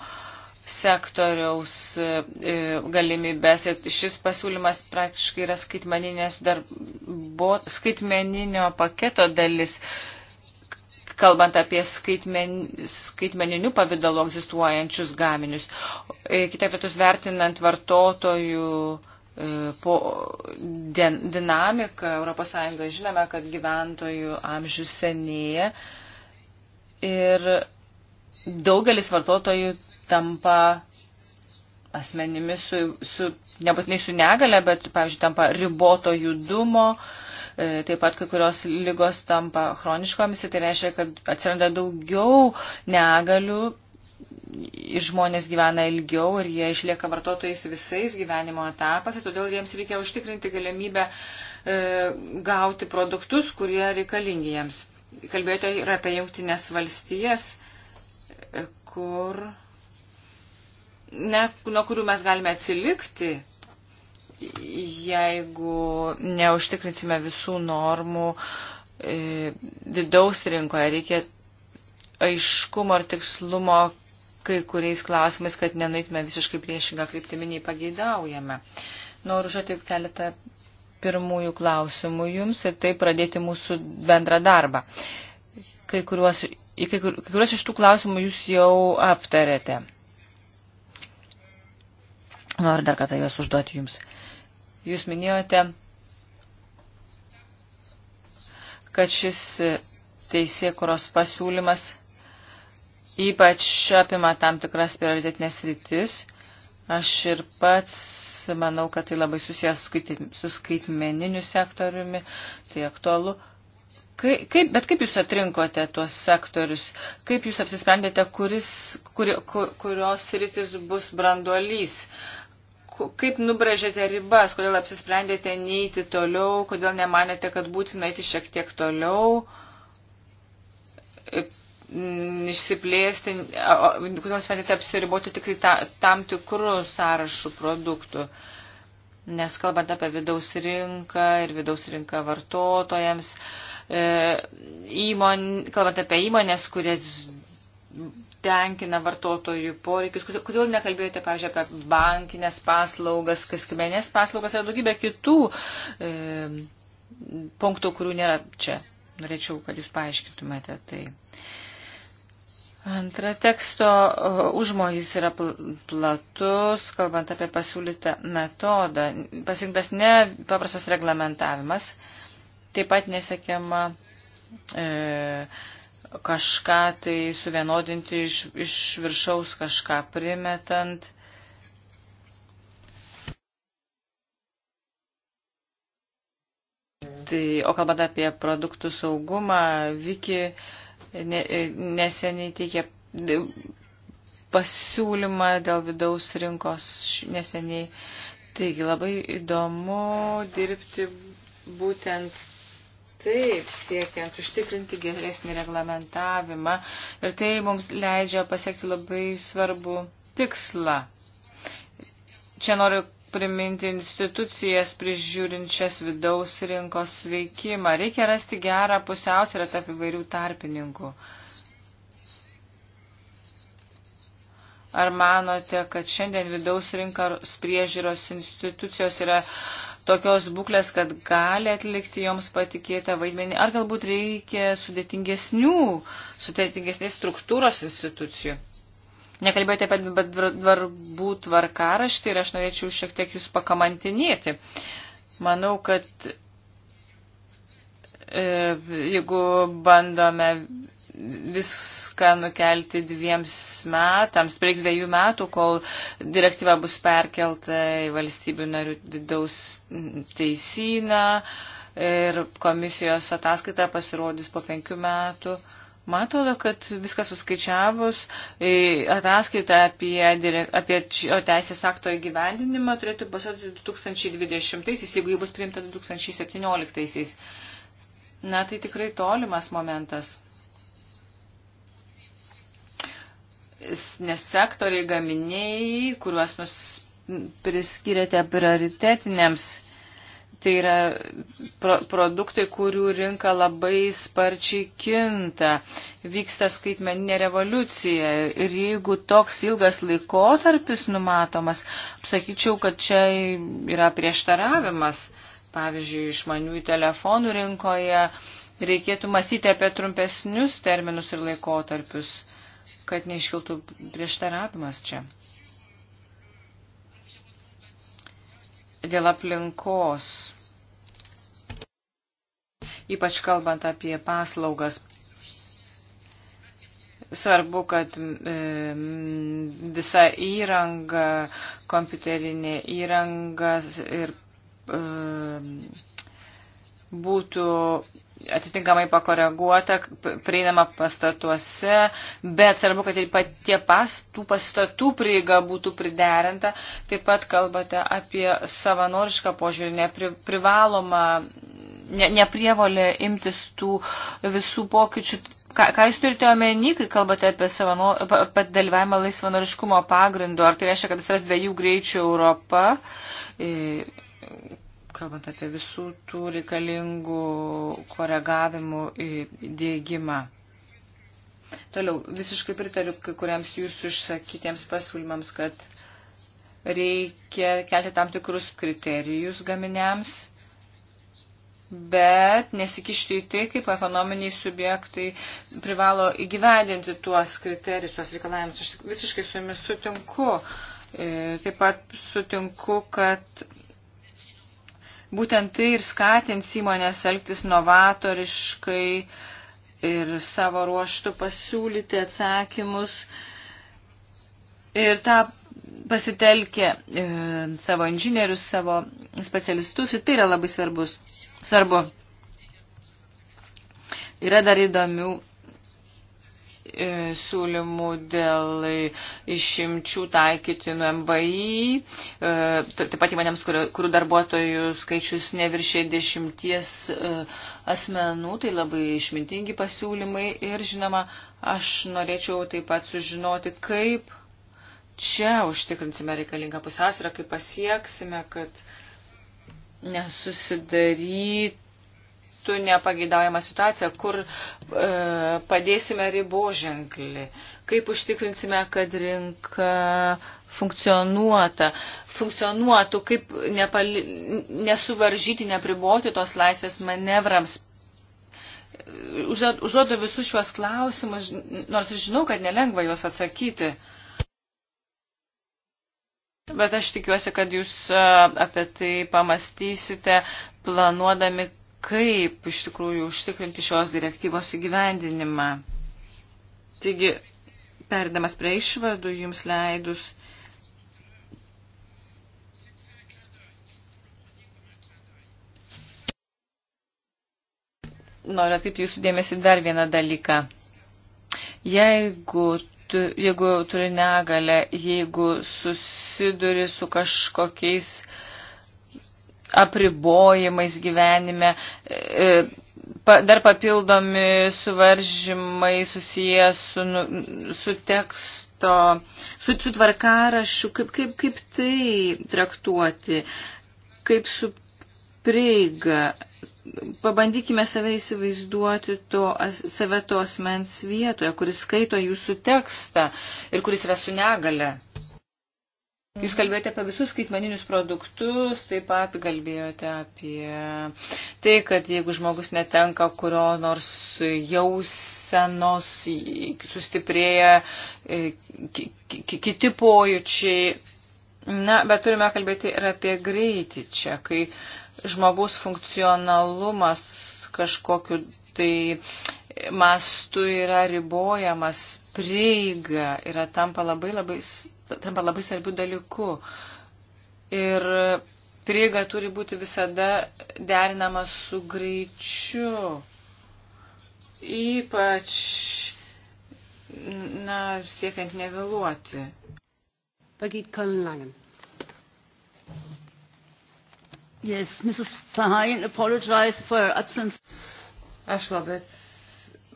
sektoriaus e, e, galimybės. Šis pasiūlymas praktiškai yra skaitmeninės darbo, skaitmeninio paketo dalis, kalbant apie skaitmen, skaitmeninių pavydalų egzistuojančius gaminius. E, kita vietus vertinant vartotojų po din, dinamiką ES žinome, kad gyventojų amžius senėja ir daugelis vartotojų tampa asmenimis su, su nebūtinai su negale, bet, pavyzdžiui, tampa riboto judumo, e, taip pat kai kurios lygos tampa chroniškomis, tai reiškia, kad atsiranda daugiau negalių, žmonės gyvena ilgiau ir jie išlieka vartotojais visais gyvenimo etapose, todėl jiems reikia užtikrinti galimybę e, gauti produktus, kurie reikalingi jiems. Kalbėjote ir apie jungtinės valstijas. E, kur, ne, nuo kurių mes galime atsilikti, jeigu neužtikrinsime visų normų e, vidaus rinkoje. Reikia aiškumo ir tikslumo kai kuriais klausimais, kad nenaitume visiškai priešingą kryptimį nei pageidaujame. Noriu žodžiu keletą pirmųjų klausimų jums ir tai pradėti mūsų bendrą darbą. E, kai kuriuos, į kai, kur, kai kuriuos iš tų klausimų jūs jau aptarėte. Noriu dar kartą juos užduoti jums. Jūs minėjote, kad šis teisėkuros pasiūlymas ypač apima tam tikras prioritetinės rytis. Aš ir pats manau, kad tai labai susijęs su skaitmeniniu sektoriumi, tai aktualu. Uh, Kaip, bet kaip jūs atrinkote tuos sektorius? Kaip jūs apsisprendėte, kuris, kur, kur, kurios rytis bus branduolys? Kaip nubražėte ribas? Kodėl apsisprendėte neiti toliau? Kodėl nemanėte, kad būtina eiti šiek tiek toliau? E, išsiplėsti? Kodėl nusprendėte apsiriboti tik tai ta, tam tikrų sąrašų produktų? Uh, Nes kalbant apie vidaus rinką ir vidaus rinką vartotojams, e, įmon, kalbant apie įmonės, kurias tenkina vartotojų poreikius, kodėl nekalbėjote, pavyzdžiui, apie bankinės paslaugas, kaskmenės paslaugas ir daugybę kitų e, punktų, kurių nėra čia. Norėčiau, kad jūs paaiškintumėte tai. E, Antra teksto uh, užmojis yra platus, kalbant apie pasiūlytą metodą. Pasirinktas ne paprastas reglamentavimas, taip pat nesiekiama e, kažką tai suvienodinti iš, iš viršaus kažką primetant. Tai, o kalbant apie produktų saugumą, Viki. E, neseniai teikė pasiūlymą dėl vidaus rinkos neseniai. Taigi labai įdomu dirbti būtent taip, siekiant užtikrinti geresnį reglamentavimą. Ir tai mums leidžia pasiekti labai svarbų tikslą. Čia noriu priminti institucijas prižiūrinčias vidaus rinkos veikimą. Reikia rasti gerą pusiausvyrą tarp įvairių tarpininkų. Ar manote, kad šiandien vidaus rinkos priežiūros institucijos yra tokios būklės, kad gali atlikti joms patikėtą vaidmenį, ar galbūt reikia sudėtingesnių, sudėtingesnės struktūros institucijų? Nekalbėjote apie dvarbų tvarkaraštį ir aš norėčiau šiek tiek jūs pakamantinėti. Manau, kad e, jeigu bandome viską nukelti dviems metams, prieks dviejų metų, kol direktyva bus perkelta į valstybių narių vidaus teisyną ir komisijos ataskaita pasirodys po penkių metų. E, Man atrodo, kad viskas suskaičiavus, ataskaita apie, apie šio teisės akto įgyvendinimą turėtų pasirodyti 2020-aisiais, jeigu jį bus priimta 2017-aisiais. Na, tai tikrai tolimas momentas. Nes sektoriai gaminiai, kuriuos nus priskiriate prioritetiniams Tai yra pro produktai, kurių rinka labai sparčiai kinta, vyksta skaitmeninė revoliucija ir jeigu toks ilgas laikotarpis numatomas, sakyčiau, kad čia yra prieštaravimas, pavyzdžiui, išmaniųjų telefonų rinkoje reikėtų mąstyti apie trumpesnius terminus ir laikotarpius, kad neiškiltų prieštaravimas čia. Dėl aplinkos ypač kalbant apie paslaugas. Svarbu, kad e, visa įranga, kompiuterinė įranga ir e, būtų atitinkamai pakoreguota, prieinama pastatuose, bet svarbu, kad ir patie pastų pastatų prieiga būtų priderinta. Taip pat kalbate apie savanorišką požiūrį, nepri, privalomą, ne, neprievolę imtis tų visų pokyčių. Ką, ką jūs turite omeny, kai kalbate apie, savano, apie dalyvavimą laisvanoriškumo pagrindu? Ar tai reiškia, kad atsiras dviejų greičių Europa? E, kalbant apie visų tų reikalingų koregavimų dėgymą. Toliau, visiškai pritariu kai kuriams jūsų išsakytiems pasiūlymams, kad reikia kelti tam tikrus kriterijus gaminiams, bet nesikišti į tai, kaip ekonominiai subjektai privalo įgyvendinti tuos kriterijus, tuos reikalavimus. Aš visiškai su jumis sutinku. E, taip pat sutinku, kad Būtent tai ir skatins įmonės elgtis novatoriškai ir savo ruoštų pasiūlyti atsakymus. Ir tą pasitelkė e, savo inžinierius, savo specialistus ir tai yra labai svarbus. Svarbu. Yra dar įdomių E, siūlymų dėl išimčių taikyti nuo MVI, e, taip pat įmonėms, kurių darbuotojų skaičius neviršė dešimties e, asmenų, tai labai išmintingi pasiūlymai ir, žinoma, aš norėčiau taip pat sužinoti, kaip čia užtikrinsime reikalingą pusiausvyrą, kaip pasieksime, kad nesusidaryt su nepageidaujama situacija, kur e, padėsime riboženklį, kaip užtikrinsime, kad rinka funkcionuota, funkcionuotų, kaip nepali, nesuvaržyti, nepriboti tos laisvės manevrams. Užduodu visus šiuos klausimus, nors žinau, kad nelengva juos atsakyti. Bet aš tikiuosi, kad jūs e, apie tai pamastysite, planuodami kaip iš tikrųjų užtikrinti šios direktyvos įgyvendinimą. Taigi, perdamas prie išvadų, jums leidus noriu atkreipti jūsų dėmesį dar vieną dalyką. Jeigu, tu, jeigu turi negalę, jeigu susiduri su kažkokiais uh, apribojimais gyvenime, e, dar papildomi suvaržymai susijęs su, nu, su teksto, su, su tvarkarašiu, kaip, kaip, kaip tai traktuoti, kaip su prieiga. Pabandykime save įsivaizduoti to, save to asmens vietoje, kuris skaito jūsų tekstą ir kuris yra su negale. Jūs kalbėjote apie visus skaitmeninius produktus, taip pat kalbėjote apie tai, kad jeigu žmogus netenka kurio nors jausenos, sustiprėja e, kiti pojūčiai. Na, bet turime kalbėti ir apie greitį čia, kai žmogaus funkcionalumas kažkokiu tai mastų yra ribojamas, prieiga yra tampa labai, labai, tampa labai svarbių dalykų. Ir prieiga turi būti visada derinama su greičiu. Ypač, na, siekiant nevėluoti. Pagit Kalnlagen. Yes, Mrs. Fahain apologized for her absence. Aš labai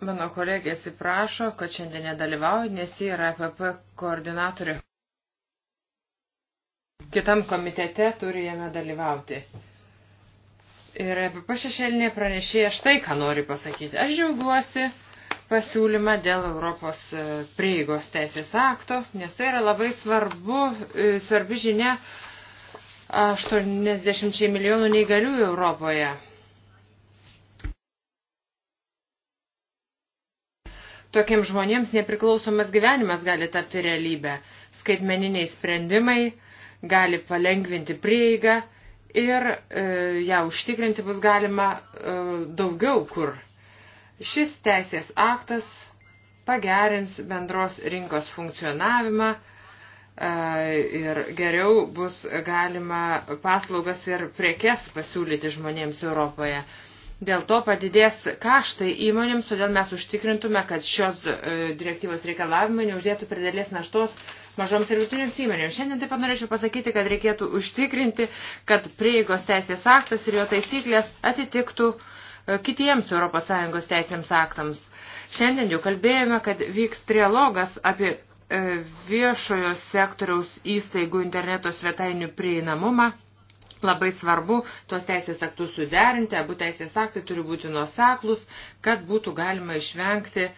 Mano kolegė atsiprašo, kad šiandien nedalyvauja, nes jį yra APP e koordinatorių. Kitam komitete turi jame dalyvauti. Ir APP e šešėlinė pranešėja štai, ką nori pasakyti. Aš džiaugiuosi pasiūlymą dėl Europos e, prieigos teisės akto, nes tai yra labai svarbu, svarbi žinia 80 milijonų neįgaliųjų Europoje. Tokiems žmonėms nepriklausomas gyvenimas gali tapti realybę. Skaitmeniniai sprendimai gali palengvinti prieigą ir e, ją užtikrinti bus galima e, daugiau kur. Šis teisės aktas pagerins bendros rinkos funkcionavimą e, ir geriau bus galima paslaugas ir prekes pasiūlyti žmonėms Europoje. Dėl to padidės kaštai įmonėms, todėl mes užtikrintume, kad šios e, direktyvos reikalavimai neuždėtų pridėlės naštos mažoms ir vidutinėms įmonėms. Šiandien taip pat norėčiau pasakyti, kad reikėtų užtikrinti, kad prieigos teisės aktas ir jo taisyklės atitiktų e, kitiems ES teisėms aktams. Šiandien jau kalbėjome, kad vyks trialogas apie e, viešojo sektoriaus įstaigų interneto svetainių prieinamumą Labai svarbu tuos teisės aktus suderinti, abu teisės aktai turi būti nuoseklus, kad būtų galima išvengti e,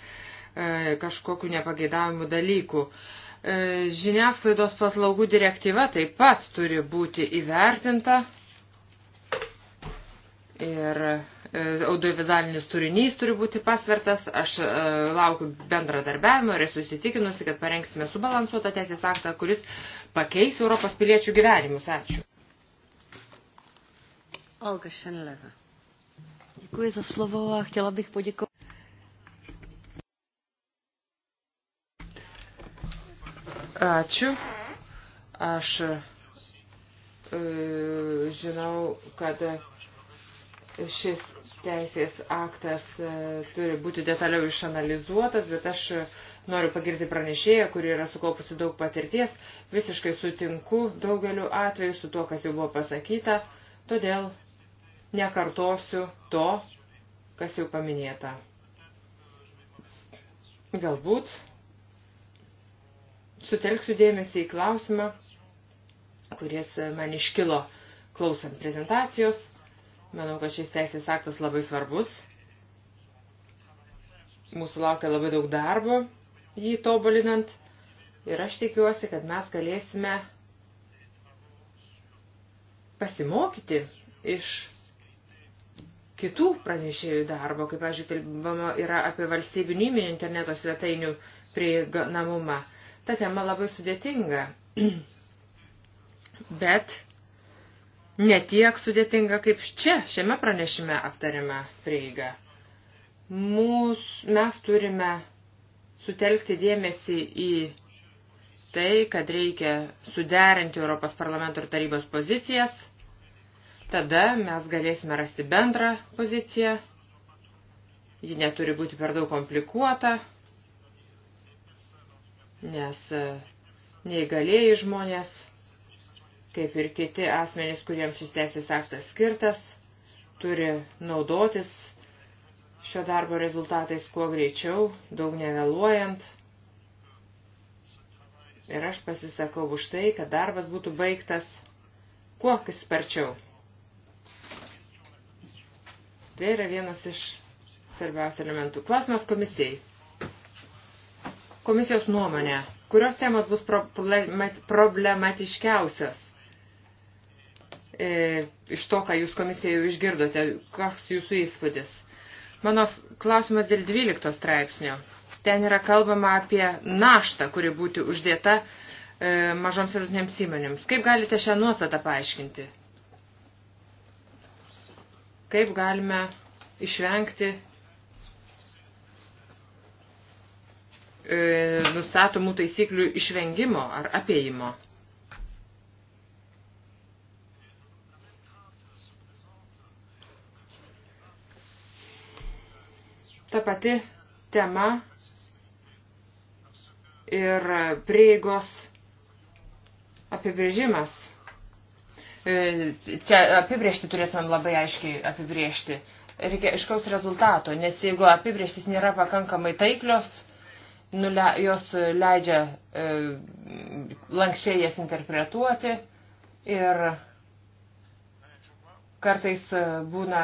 kažkokių nepageidavimų dalykų. E, žiniasklaidos paslaugų direktyva taip pat turi būti įvertinta ir e, audiovizualinis turinys turi būti pasvertas. Aš e, laukiu bendradarbiavimo ir esu įsitikinusi, kad parengsime subalansuotą teisės aktą, kuris pakeis Europos piliečių gyvenimus. Ačiū. Olga Šenleva. Děkuji za slovo a chtěla bych poděkovat. Ačiū. Aš e, žinau, kad šis teisės aktas e, turi būti detaliau išanalizuotas, bet aš noriu pagirti pranešėją, kuri yra sukaupusi daug patirties. Visiškai sutinku daugeliu atveju su tuo, kas jau buvo pasakyta. Todėl Nekartosiu to, kas jau paminėta. Galbūt sutelksiu dėmesį į klausimą, kuris man iškilo klausant prezentacijos. Manau, kad šis teisės aktas labai svarbus. Mūsų laukia labai daug darbo jį tobulinant ir aš tikiuosi, kad mes galėsime pasimokyti iš kitų pranešėjų darbo, kaip, pavyzdžiui, kalbama yra apie valstybinių įmonių interneto svetainių prieinamumą. Ta tema labai sudėtinga, bet netiek sudėtinga, kaip čia, šiame pranešime aptarime prieigą. Mūs, mes turime sutelkti dėmesį į tai, kad reikia suderinti Europos parlamento ir tarybos pozicijas – Tada mes galėsime rasti bendrą poziciją. Ji neturi būti per daug komplikuota, nes e, neįgalėjai žmonės, kaip ir kiti asmenys, kuriems šis teisės aktas skirtas, turi naudotis šio darbo rezultatais kuo greičiau, daug nevėluojant. Ir aš pasisakau už tai, kad darbas būtų baigtas kuo sparčiau. Tai yra vienas iš svarbiausių elementų. Klausimas komisijai. Komisijos nuomonė. Kurios temos bus problematiškiausias? E, iš to, ką jūs komisijoje jau išgirdote, koks jūsų įspūdis? Mano klausimas dėl 12 straipsnio. Ten yra kalbama apie naštą, kuri būtų uždėta e, mažoms ir rutinėms įmonėms. Kaip galite šią nuostatą paaiškinti? kaip galime išvengti e, nustatomų taisyklių išvengimo ar apėjimo. Ta pati tema ir prieigos apibrėžimas. E, čia apibriežti turėtumėm labai aiškiai apibriežti. Reikia iškaus rezultato, nes jeigu apibriežtis nėra pakankamai taiklios, nule, jos leidžia e, lankščiai jas interpretuoti ir kartais būna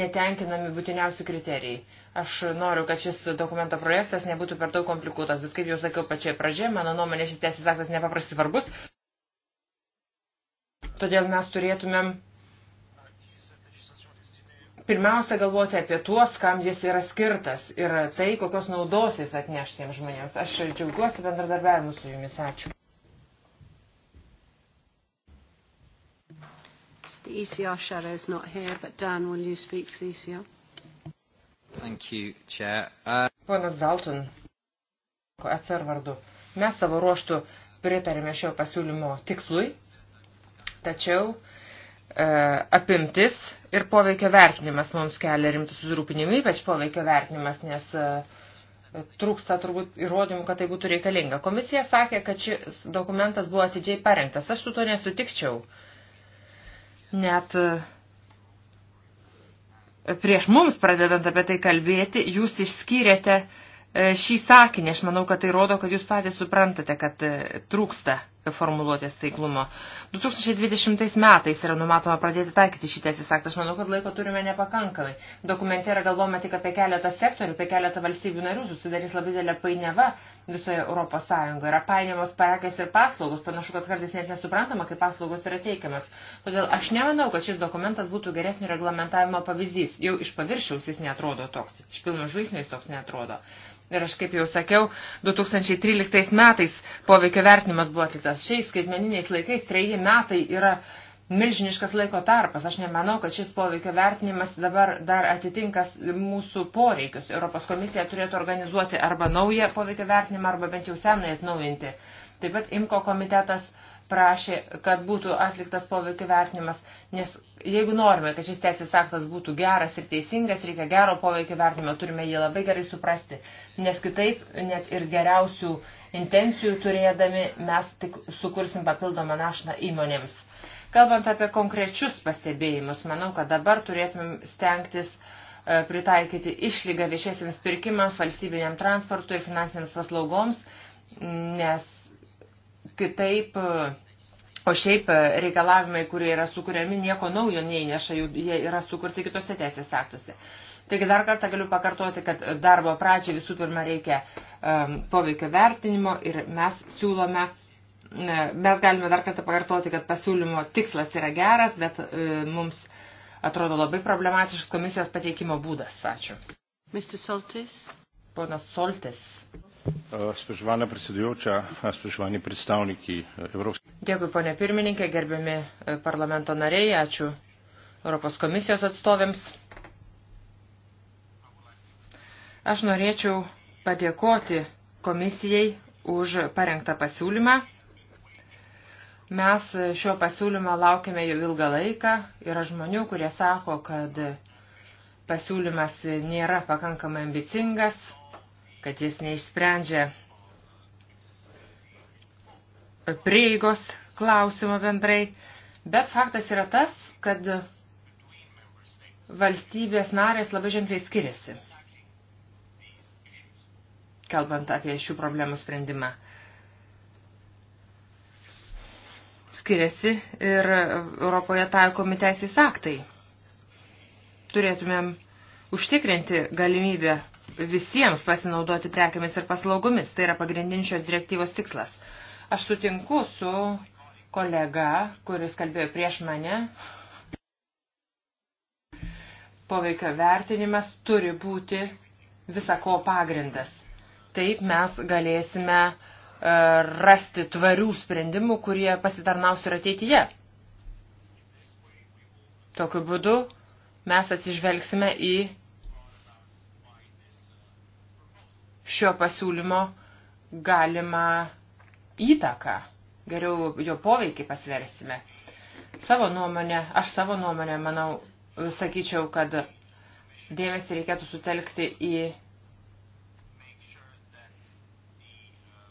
netenkinami būtiniausi kriterijai. Aš noriu, kad šis dokumento projektas nebūtų per daug komplikuotas, bet kaip jau sakiau pačioje pradžioje, mano nuomonė šis teisės aktas nepaprastai svarbus. Todėl mes turėtumėm pirmiausia galvoti apie tuos, kam jis yra skirtas ir tai, kokios naudos jis atneš tiems žmonėms. Aš džiaugiuosi bendradarbiavimu su jumis. Ačiū. The ECR shadow is not here, but Dan, will you speak for the ECR? Thank you, Chair. Uh... Ponas Dalton, atsar vardu. Mes savo ruoštų pritarėme šio pasiūlymo tikslui Tačiau e, apimtis ir poveikio vertinimas mums kelia rimtų susirūpinimų, ypač poveikio vertinimas, nes e, trūksta turbūt įrodymų, kad tai būtų reikalinga. Komisija sakė, kad šis dokumentas buvo atidžiai parengtas. Aš su to nesutikčiau. Net e, prieš mums pradedant apie tai kalbėti, jūs išskyrėte šį sakinį. Aš manau, kad tai rodo, kad jūs patys suprantate, kad trūksta formuluotės taiklumo. 2020 metais yra numatoma pradėti taikyti šį teisės aktą. Aš manau, kad laiko turime nepakankamai. Dokumente yra galvojama tik apie keletą sektorių, apie keletą valstybių narių. Susidarys labai didelė painiava visoje Europos Sąjungoje. Yra painiamos parekės ir paslaugos. Panašu, kad kartais net nesuprantama, kaip paslaugos yra teikiamas. Todėl aš nemanau, kad šis dokumentas būtų geresnio reglamentavimo pavyzdys. Jau iš paviršiaus jis netrodo toks. Iš pilno žvilgsnio jis toks netrodo. Ir aš kaip jau sakiau, 2013 metais poveikio vertinimas buvo atliktas. Šiais skaitmeniniais laikais treji metai yra milžiniškas laiko tarpas. Aš nemanau, kad šis poveikio vertinimas dabar dar atitinka mūsų poreikius. Europos komisija turėtų organizuoti arba naują poveikio vertinimą, arba bent jau senai atnaujinti. Taip pat IMKO komitetas uh, prašė, kad būtų atliktas poveikio vertinimas, nes jeigu norime, kad šis teisės aktas būtų geras ir teisingas, reikia gero poveikio vertinimo, turime jį labai gerai suprasti, nes kitaip net ir geriausių intencijų turėdami mes tik sukursim papildomą naštą įmonėms. Kalbant apie konkrečius pastebėjimus, manau, kad dabar turėtumėm stengtis e, pritaikyti išlygą viešiesiams pirkimams, valstybiniam transportui ir finansiniams paslaugoms, nes Kitaip, o šiaip reikalavimai, kurie yra sukūriami, nieko naujo neįneša, jie yra sukurti kitose teisės aktuose. Taigi dar kartą galiu pakartoti, kad darbo pradžiai visų pirma reikia um, poveikio vertinimo ir mes siūlome, mes galime dar kartą pakartoti, kad pasiūlymo tikslas yra geras, bet um, mums atrodo labai problematiškas komisijos pateikimo būdas. Ačiū. Mr. Soltis. Ponas Soltis. Uh, spoštovana predsedujoča, uh, spoštovani predstavniki uh, Evropske. Dėkui, ponė pirmininkė, gerbiami parlamento nariai, ačiū Europos komisijos atstovėms. Aš norėčiau padėkoti komisijai už parengtą pasiūlymą. Mes šio pasiūlymo laukime jau ilgą laiką. Yra žmonių, kurie sako, kad pasiūlymas nėra pakankamai ambicingas, kad jis neišsprendžia prieigos klausimo bendrai, bet faktas yra tas, kad valstybės narės labai ženkliai skiriasi, kalbant apie šių problemų sprendimą. Skiriasi ir Europoje taikomi teisės aktai. Turėtumėm užtikrinti galimybę visiems pasinaudoti prekiamis ir paslaugomis. Tai yra pagrindinis šios direktyvos tikslas. Aš sutinku su kolega, kuris kalbėjo prieš mane. Poveikio vertinimas turi būti visako pagrindas. Taip mes galėsime e, rasti tvarių sprendimų, kurie pasitarnaus ir ateityje. Tokiu būdu mes atsižvelgsime į šio pasiūlymo galimą įtaką, geriau jo poveikį pasversime. Savo nuomonę, aš savo nuomonę, manau, sakyčiau, kad dėmesį reikėtų sutelkti į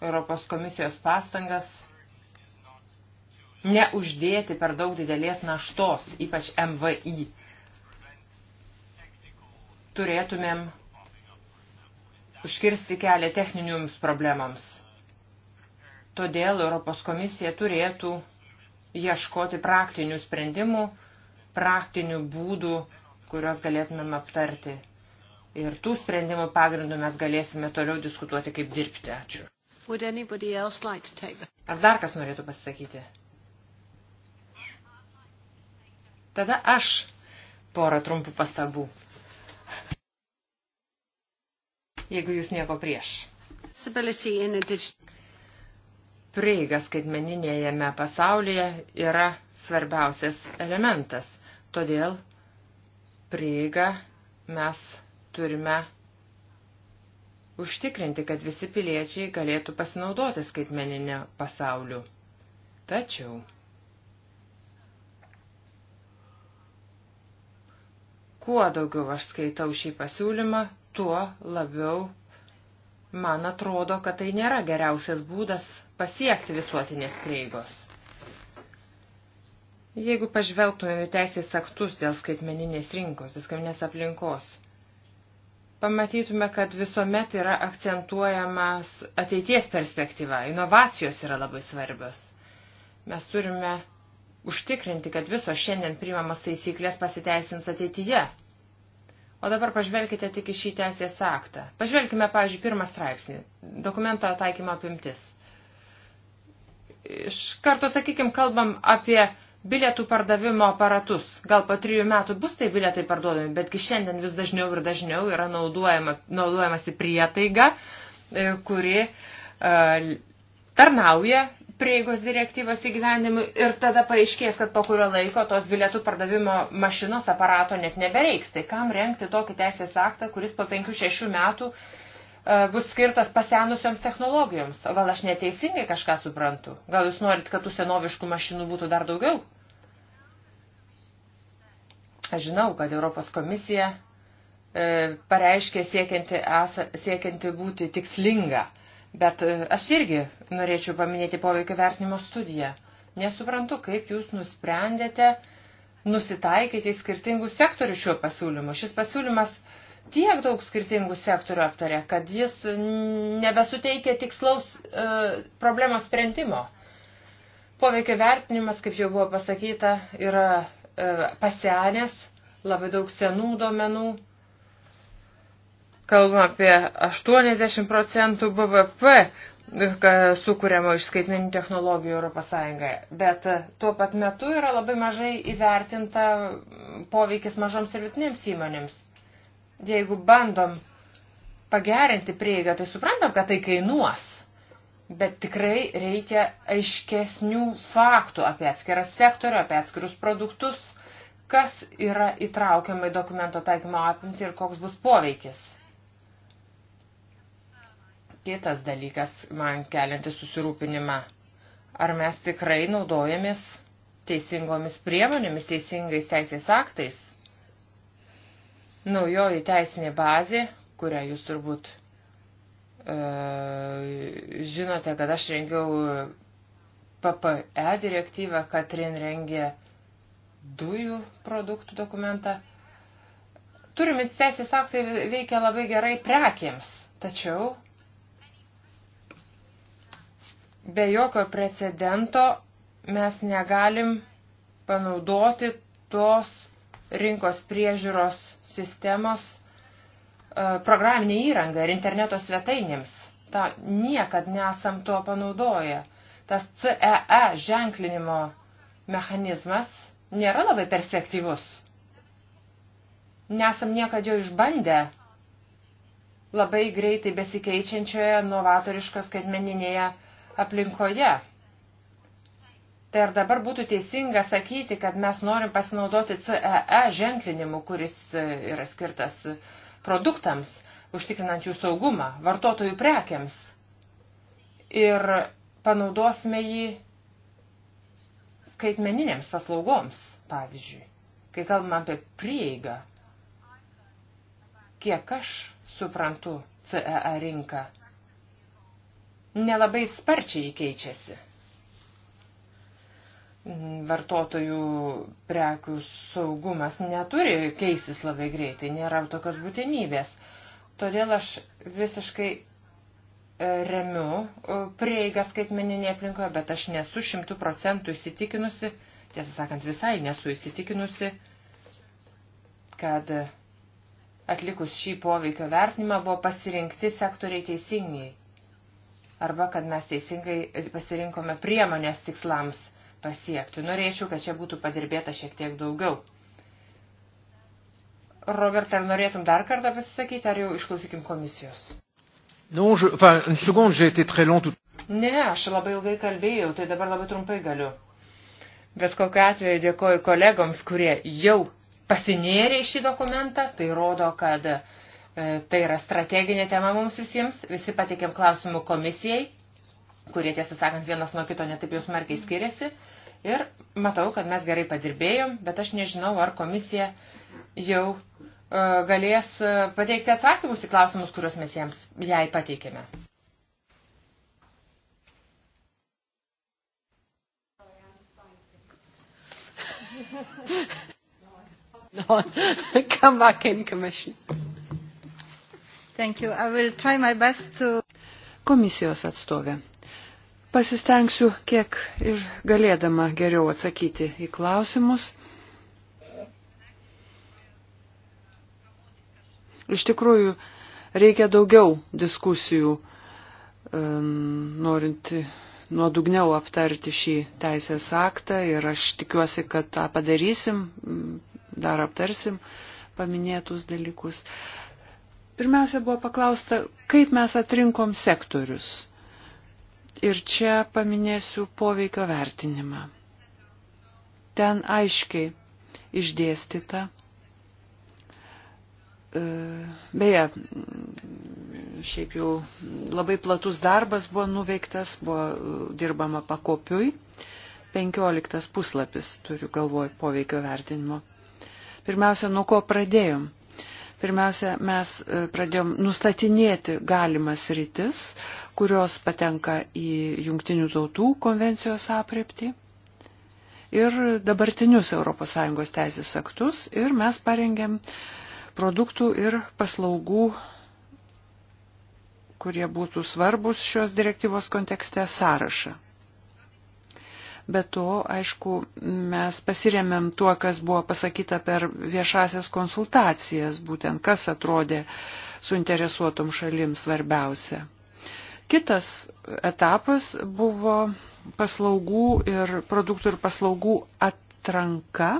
Europos komisijos pastangas neuždėti per daug didelės naštos, ypač MVI. Turėtumėm užkirsti kelią techniniams problemams. Todėl Europos komisija turėtų ieškoti praktinių sprendimų, praktinių būdų, kuriuos galėtumėm aptarti. Ir tų sprendimų pagrindų mes galėsime toliau diskutuoti, kaip dirbti. Ačiū. Ar dar kas norėtų pasisakyti? Tada aš porą trumpų pastabų jeigu jūs nieko prieš. Prieiga skaitmeninėjame pasaulyje yra svarbiausias elementas, todėl prieigą mes turime užtikrinti, kad visi piliečiai galėtų pasinaudoti skaitmeninio pasauliu. Tačiau kuo daugiau aš skaitau šį pasiūlymą, tuo labiau man atrodo, kad tai nėra geriausias būdas pasiekti visuotinės prieigos. Jeigu pažvelgtumėm į teisės aktus dėl skaitmeninės rinkos, diskriminės aplinkos, pamatytume, kad visuomet yra akcentuojamas ateities perspektyva, inovacijos yra labai svarbios. Mes turime užtikrinti, kad visos šiandien priimamos taisyklės pasiteisins ateityje. O dabar pažvelkite tik į šį teisės aktą. Pažvelkime, pavyzdžiui, pirmą straipsnį. Dokumento taikymo apimtis. Iš karto, sakykime, kalbam apie bilietų pardavimo aparatus. Gal po trijų metų bus tai bilietai parduodami, betgi šiandien vis dažniau ir dažniau yra naudojama, naudojamasi prietaiga, e, kuri e, tarnauja prieigos direktyvos įgyvendimui ir tada paaiškės, kad po kurio laiko tos bilietų pardavimo mašinos aparato net nebereiks. Tai kam renkti tokį teisės aktą, kuris po 5-6 metų e, bus skirtas pasenusioms technologijoms? O gal aš neteisingai kažką suprantu? Gal jūs norit, kad tų senoviškų mašinų būtų dar daugiau? Aš žinau, kad Europos komisija e, pareiškė siekianti, siekianti būti tikslinga Bet e, aš irgi norėčiau paminėti poveikio vertinimo studiją. Nesuprantu, kaip jūs nusprendėte nusitaikyti į skirtingų sektorių šiuo pasiūlymu. Šis pasiūlymas tiek daug skirtingų sektorių aptarė, kad jis nebesuteikia tikslaus e, problemos sprendimo. Poveikio vertinimas, kaip jau buvo pasakyta, yra e, pasenęs, labai daug senų duomenų Kalbam apie 80 procentų BVP e, sukūriamo iš skaitmeninių technologijų ES. Bet e, tuo pat metu yra labai mažai įvertinta poveikis mažoms ir vidutinėms įmonėms. Jeigu bandom pagerinti prieigą, tai suprantam, kad tai kainuos. Bet tikrai reikia aiškesnių faktų apie atskirą sektorių, apie atskirus produktus, kas yra įtraukiama į dokumento taikymo apimti ir koks bus poveikis. Kitas dalykas man keliantis susirūpinimą. Ar mes tikrai naudojamės teisingomis priemonėmis, teisingais teisės aktais? Naujoji teisinė bazė, kurią jūs turbūt e, žinote, kad aš rengiau PPE direktyvą, Katrin rengė dujų produktų dokumentą. Turimi teisės aktai veikia labai gerai prekiams, tačiau be jokio precedento mes negalim panaudoti tos rinkos priežiūros sistemos e, programinė įranga ir interneto svetainėms. Ta, niekad nesam to panaudoję. Tas CEE e ženklinimo mechanizmas nėra labai perspektyvus. Nesam niekad jo išbandę labai greitai besikeičiančioje novatoriško skaitmeninėje aplinkoje. Tai ar dabar būtų teisinga sakyti, kad mes norim pasinaudoti CEE e ženklinimu, kuris e, yra skirtas produktams, užtikrinant jų saugumą, vartotojų prekiams. Ir panaudosime jį skaitmeninėms paslaugoms, pavyzdžiui, kai kalbame apie prieigą. Kiek aš suprantu CEE e rinką? nelabai sparčiai keičiasi. Vartotojų prekių saugumas neturi keistis labai greitai, nėra tokios būtinybės. Todėl aš visiškai e, remiu e, prieigą skaitmeninėje aplinkoje, bet aš nesu šimtų procentų įsitikinusi, tiesą sakant, visai nesu įsitikinusi, kad atlikus šį poveikio vertinimą buvo pasirinkti sektoriai teisingai arba kad mes teisingai pasirinkome priemonės tikslams pasiekti. Norėčiau, kad čia būtų padirbėta šiek tiek daugiau. Robert, ar norėtum dar kartą pasisakyti, ar jau išklausykim komisijos? Non, nu, je, enfin, une seconde, j'ai été très long tout... Ne, aš labai ilgai kalbėjau, tai dabar labai trumpai galiu. Bet kokiu atveju dėkoju kolegoms, kurie jau pasinėrė į šį dokumentą, tai rodo, kad uh, E, tai yra strateginė tema mums visiems. Visi pateikėm klausimų komisijai, kurie tiesą sakant vienas nuo kito netaip jau smarkiai skiriasi. Ir matau, kad mes gerai padirbėjom, bet aš nežinau, ar komisija jau e, galės e, pateikti atsakymus į klausimus, kuriuos mes jiems, jai pateikėme. no, come back in commission. To... Komisijos atstovė. Pasistengsiu, kiek ir galėdama geriau atsakyti į klausimus. Iš tikrųjų, reikia daugiau diskusijų, um, norint nuodugniau aptarti šį teisės aktą ir aš tikiuosi, kad tą padarysim, dar aptarsim paminėtus dalykus. Pirmiausia buvo paklausta, kaip mes atrinkom sektorius. Ir čia paminėsiu poveikio vertinimą. Ten aiškiai išdėstyta. E, beje, šiaip jau labai platus darbas buvo nuveiktas, buvo e, dirbama pakopiui. 15 puslapis, turiu galvoj, poveikio vertinimo. Pirmiausia, nuo ko pradėjom. Pirmiausia, mes e, pradėjom nustatinėti galimas rytis, kurios patenka į Junktinių tautų konvencijos apriepti ir dabartinius ES teisės aktus ir mes parengėm produktų ir paslaugų, kurie būtų svarbus šios direktyvos kontekste sąrašą. Be to, aišku, mes pasiremėm tuo, kas buvo pasakyta per viešasias konsultacijas, būtent kas atrodė suinteresuotom šalim svarbiausia. Kitas etapas buvo paslaugų ir produktų ir paslaugų atranka,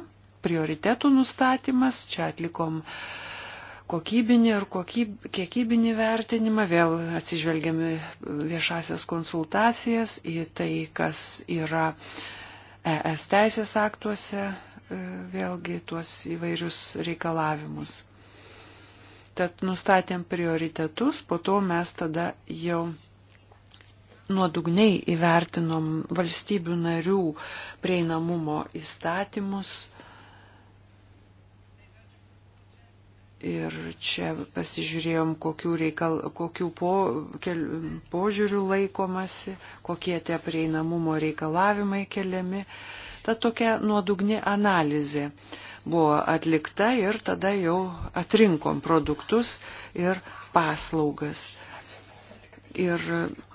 prioritetų nustatymas. Čia atlikom uh, kokybinį ir kokyb, kiekybinį vertinimą, vėl atsižvelgiami viešasias konsultacijas į tai, kas yra ES teisės aktuose, e, vėlgi tuos įvairius reikalavimus. Tad nustatėm prioritetus, po to mes tada jau nuodugniai įvertinom valstybių narių prieinamumo įstatymus, Ir čia pasižiūrėjom, kokių, reikal, kokių po, kel, požiūrių laikomasi, kokie tie prieinamumo reikalavimai keliami. Ta tokia nuodugni analizė buvo atlikta ir tada jau atrinkom produktus ir paslaugas. Ir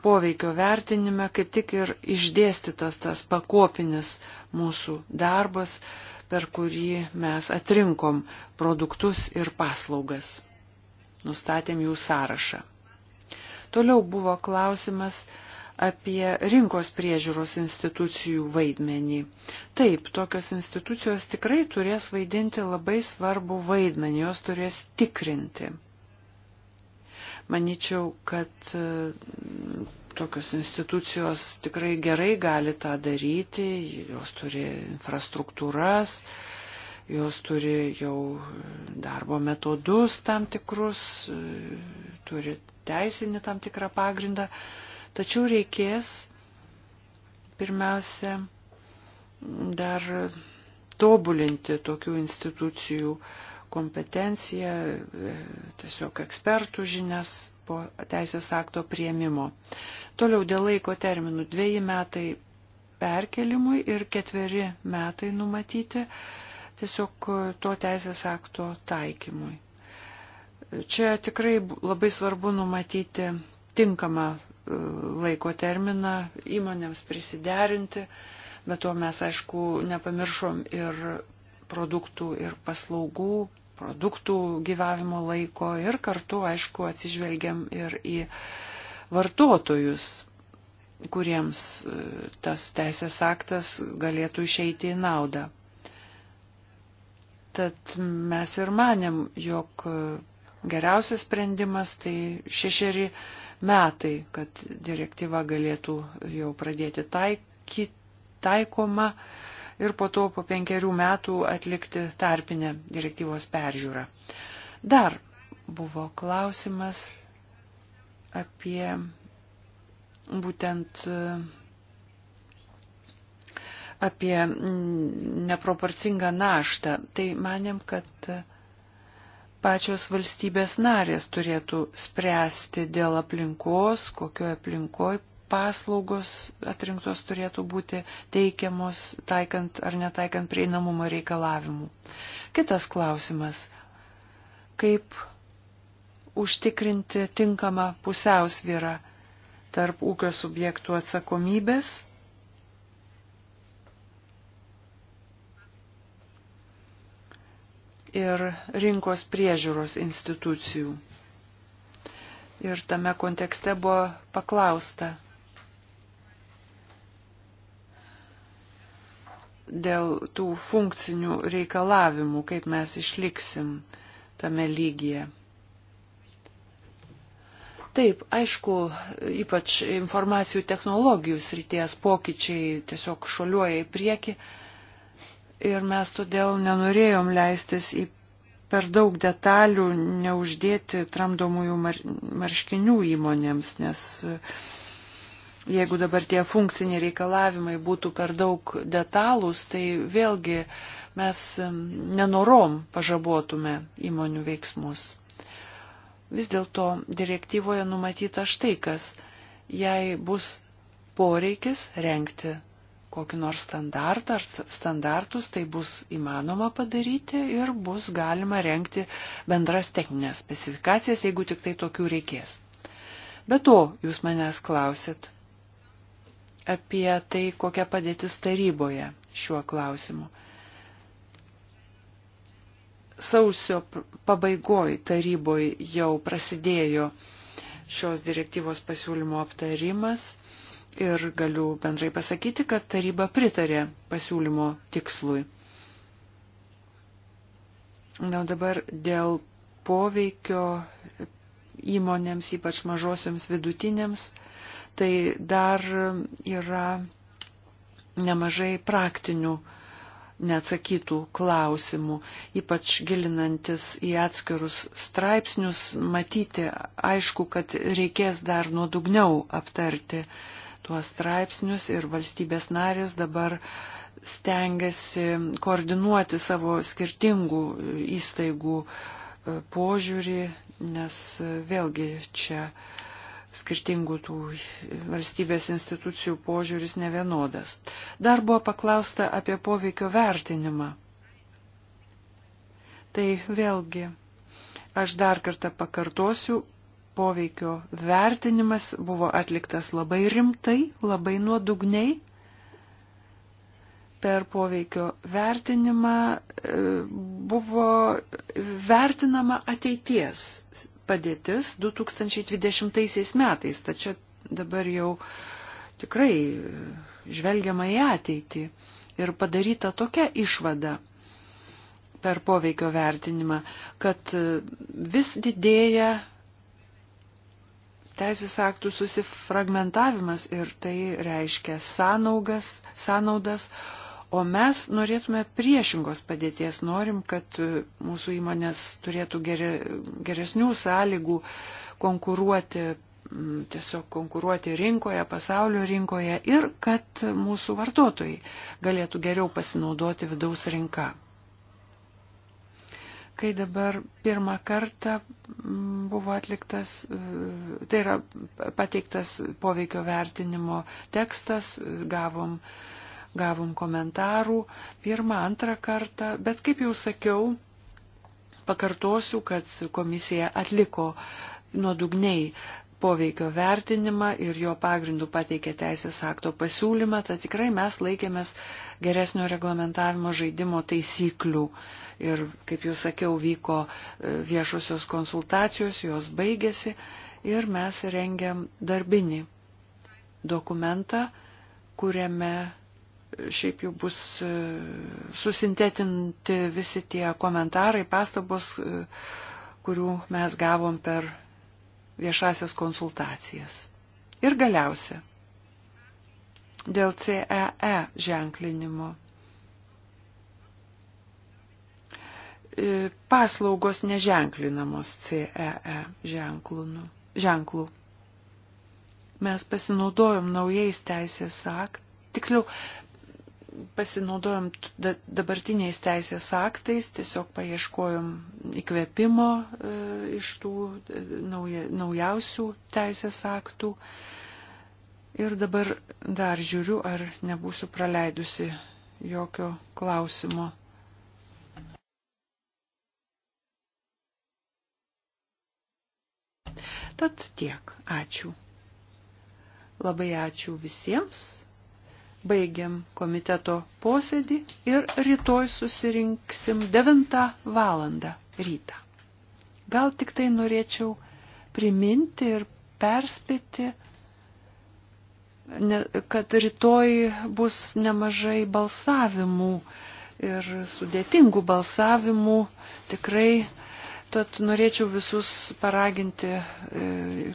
poveikio vertinime kaip tik ir išdėstytas tas pakopinis mūsų darbas, per kurį mes atrinkom produktus ir paslaugas. Nustatėm jų sąrašą. Toliau buvo klausimas apie rinkos priežiūros institucijų vaidmenį. Taip, tokios institucijos tikrai turės vaidinti labai svarbų vaidmenį, jos turės tikrinti. Maničiau, kad tokios institucijos tikrai gerai gali tą daryti, jos turi infrastruktūras, jos turi jau darbo metodus tam tikrus, turi teisinį tam tikrą pagrindą, tačiau reikės pirmiausia dar tobulinti tokių institucijų kompetenciją, tiesiog ekspertų žinias, po teisės akto prieimimo. Toliau dėl laiko terminų dviejai metai perkelimui ir ketveri metai numatyti tiesiog to teisės akto taikymui. Čia tikrai labai svarbu numatyti tinkamą e, laiko terminą įmonėms prisiderinti, bet to mes, aišku, nepamiršom ir produktų ir paslaugų produktų gyvavimo laiko ir kartu, aišku, atsižvelgiam ir į vartotojus, kuriems e, tas teisės aktas galėtų išeiti į naudą. Tad mes ir manėm, jog geriausias sprendimas tai šešeri metai, kad direktyva galėtų jau pradėti taikyti, taikoma ir po to po penkerių metų atlikti tarpinę direktyvos peržiūrą. Dar buvo klausimas apie būtent apie neproporcingą naštą. Tai manėm, kad pačios valstybės narės turėtų spręsti dėl aplinkos, kokioje aplinkoje paslaugos atrinktos turėtų būti teikiamos taikant ar netaikant prieinamumo reikalavimų. Kitas klausimas. Kaip užtikrinti tinkamą pusiausvyrą tarp ūkio subjektų atsakomybės ir rinkos priežiūros institucijų. Ir tame kontekste buvo paklausta, dėl tų funkcinių reikalavimų, kaip mes išliksim tame lygyje. Taip, aišku, ypač informacijų technologijų srities pokyčiai tiesiog šoliuoja į priekį ir mes todėl nenorėjom leistis į per daug detalių neuždėti tramdomųjų mar marškinių įmonėms, nes uh, jeigu dabar tie funkciniai reikalavimai būtų per daug detalūs, tai vėlgi mes nenorom pažabotume įmonių veiksmus. Vis dėlto direktyvoje numatyta štai kas, jei bus poreikis renkti kokį nors standartą ar standartus, tai bus įmanoma padaryti ir bus galima renkti bendras techninės specifikacijas, jeigu tik tai tokių reikės. Be to, jūs manęs klausit, apie tai, kokia padėtis taryboje šiuo klausimu. Sausio pabaigoj taryboj jau prasidėjo šios direktyvos pasiūlymo aptarimas ir galiu bendrai pasakyti, kad taryba pritarė pasiūlymo tikslui. Na dabar dėl poveikio įmonėms, ypač mažosiams vidutinėms tai dar yra nemažai praktinių neatsakytų klausimų, ypač gilinantis į atskirus straipsnius, matyti aišku, kad reikės dar nuodugniau aptarti tuos straipsnius ir valstybės narės dabar stengiasi koordinuoti savo skirtingų įstaigų požiūrį, nes vėlgi čia uh, skirtingų tų valstybės institucijų požiūris nevienodas. Dar buvo paklausta apie poveikio vertinimą. Tai vėlgi, aš dar kartą pakartosiu, poveikio vertinimas buvo atliktas labai rimtai, labai nuodugniai. Per poveikio vertinimą e, buvo vertinama ateities padėtis 2020 metais, tačiau dabar jau tikrai žvelgiama į ateitį ir padaryta tokia išvada per poveikio vertinimą, kad vis didėja teisės aktų susifragmentavimas ir tai reiškia sąnaugas, sąnaudas, sąnaudas O mes norėtume priešingos padėties, norim, kad mūsų įmonės turėtų geresnių sąlygų konkuruoti, tiesiog konkuruoti rinkoje, pasaulio rinkoje ir kad mūsų vartotojai galėtų geriau pasinaudoti vidaus rinką. Kai dabar pirmą kartą buvo atliktas, e, tai yra pateiktas poveikio vertinimo tekstas, gavom uh, gavom komentarų pirmą, antrą kartą, bet kaip jau sakiau, pakartosiu, kad komisija atliko nuodugniai poveikio vertinimą ir jo pagrindų pateikė teisės akto pasiūlymą, tad tikrai mes laikėmės geresnio reglamentavimo žaidimo taisyklių. Ir, kaip jau sakiau, vyko e, viešosios konsultacijos, jos baigėsi ir mes rengiam darbinį dokumentą, kuriame šiaip jau bus e, susintetinti visi tie komentarai, pastabos, e, kurių mes gavom per viešasias konsultacijas. Ir galiausia, dėl CEE e ženklinimo. Paslaugos neženklinamos CEE ženklų. Mes pasinaudojom naujais teisės aktais tiksliau pasinaudojom dabartiniais teisės aktais, tiesiog paieškojom įkvėpimo e, iš tų e, naujausių teisės aktų. Ir dabar dar žiūriu, ar nebūsiu praleidusi jokio klausimo. Tad tiek. Ačiū. Labai ačiū visiems baigiam komiteto posėdį ir rytoj susirinksim 9 valandą rytą. Gal tik tai norėčiau priminti ir perspėti, kad rytoj bus nemažai balsavimų ir sudėtingų balsavimų tikrai. Tad norėčiau visus paraginti e,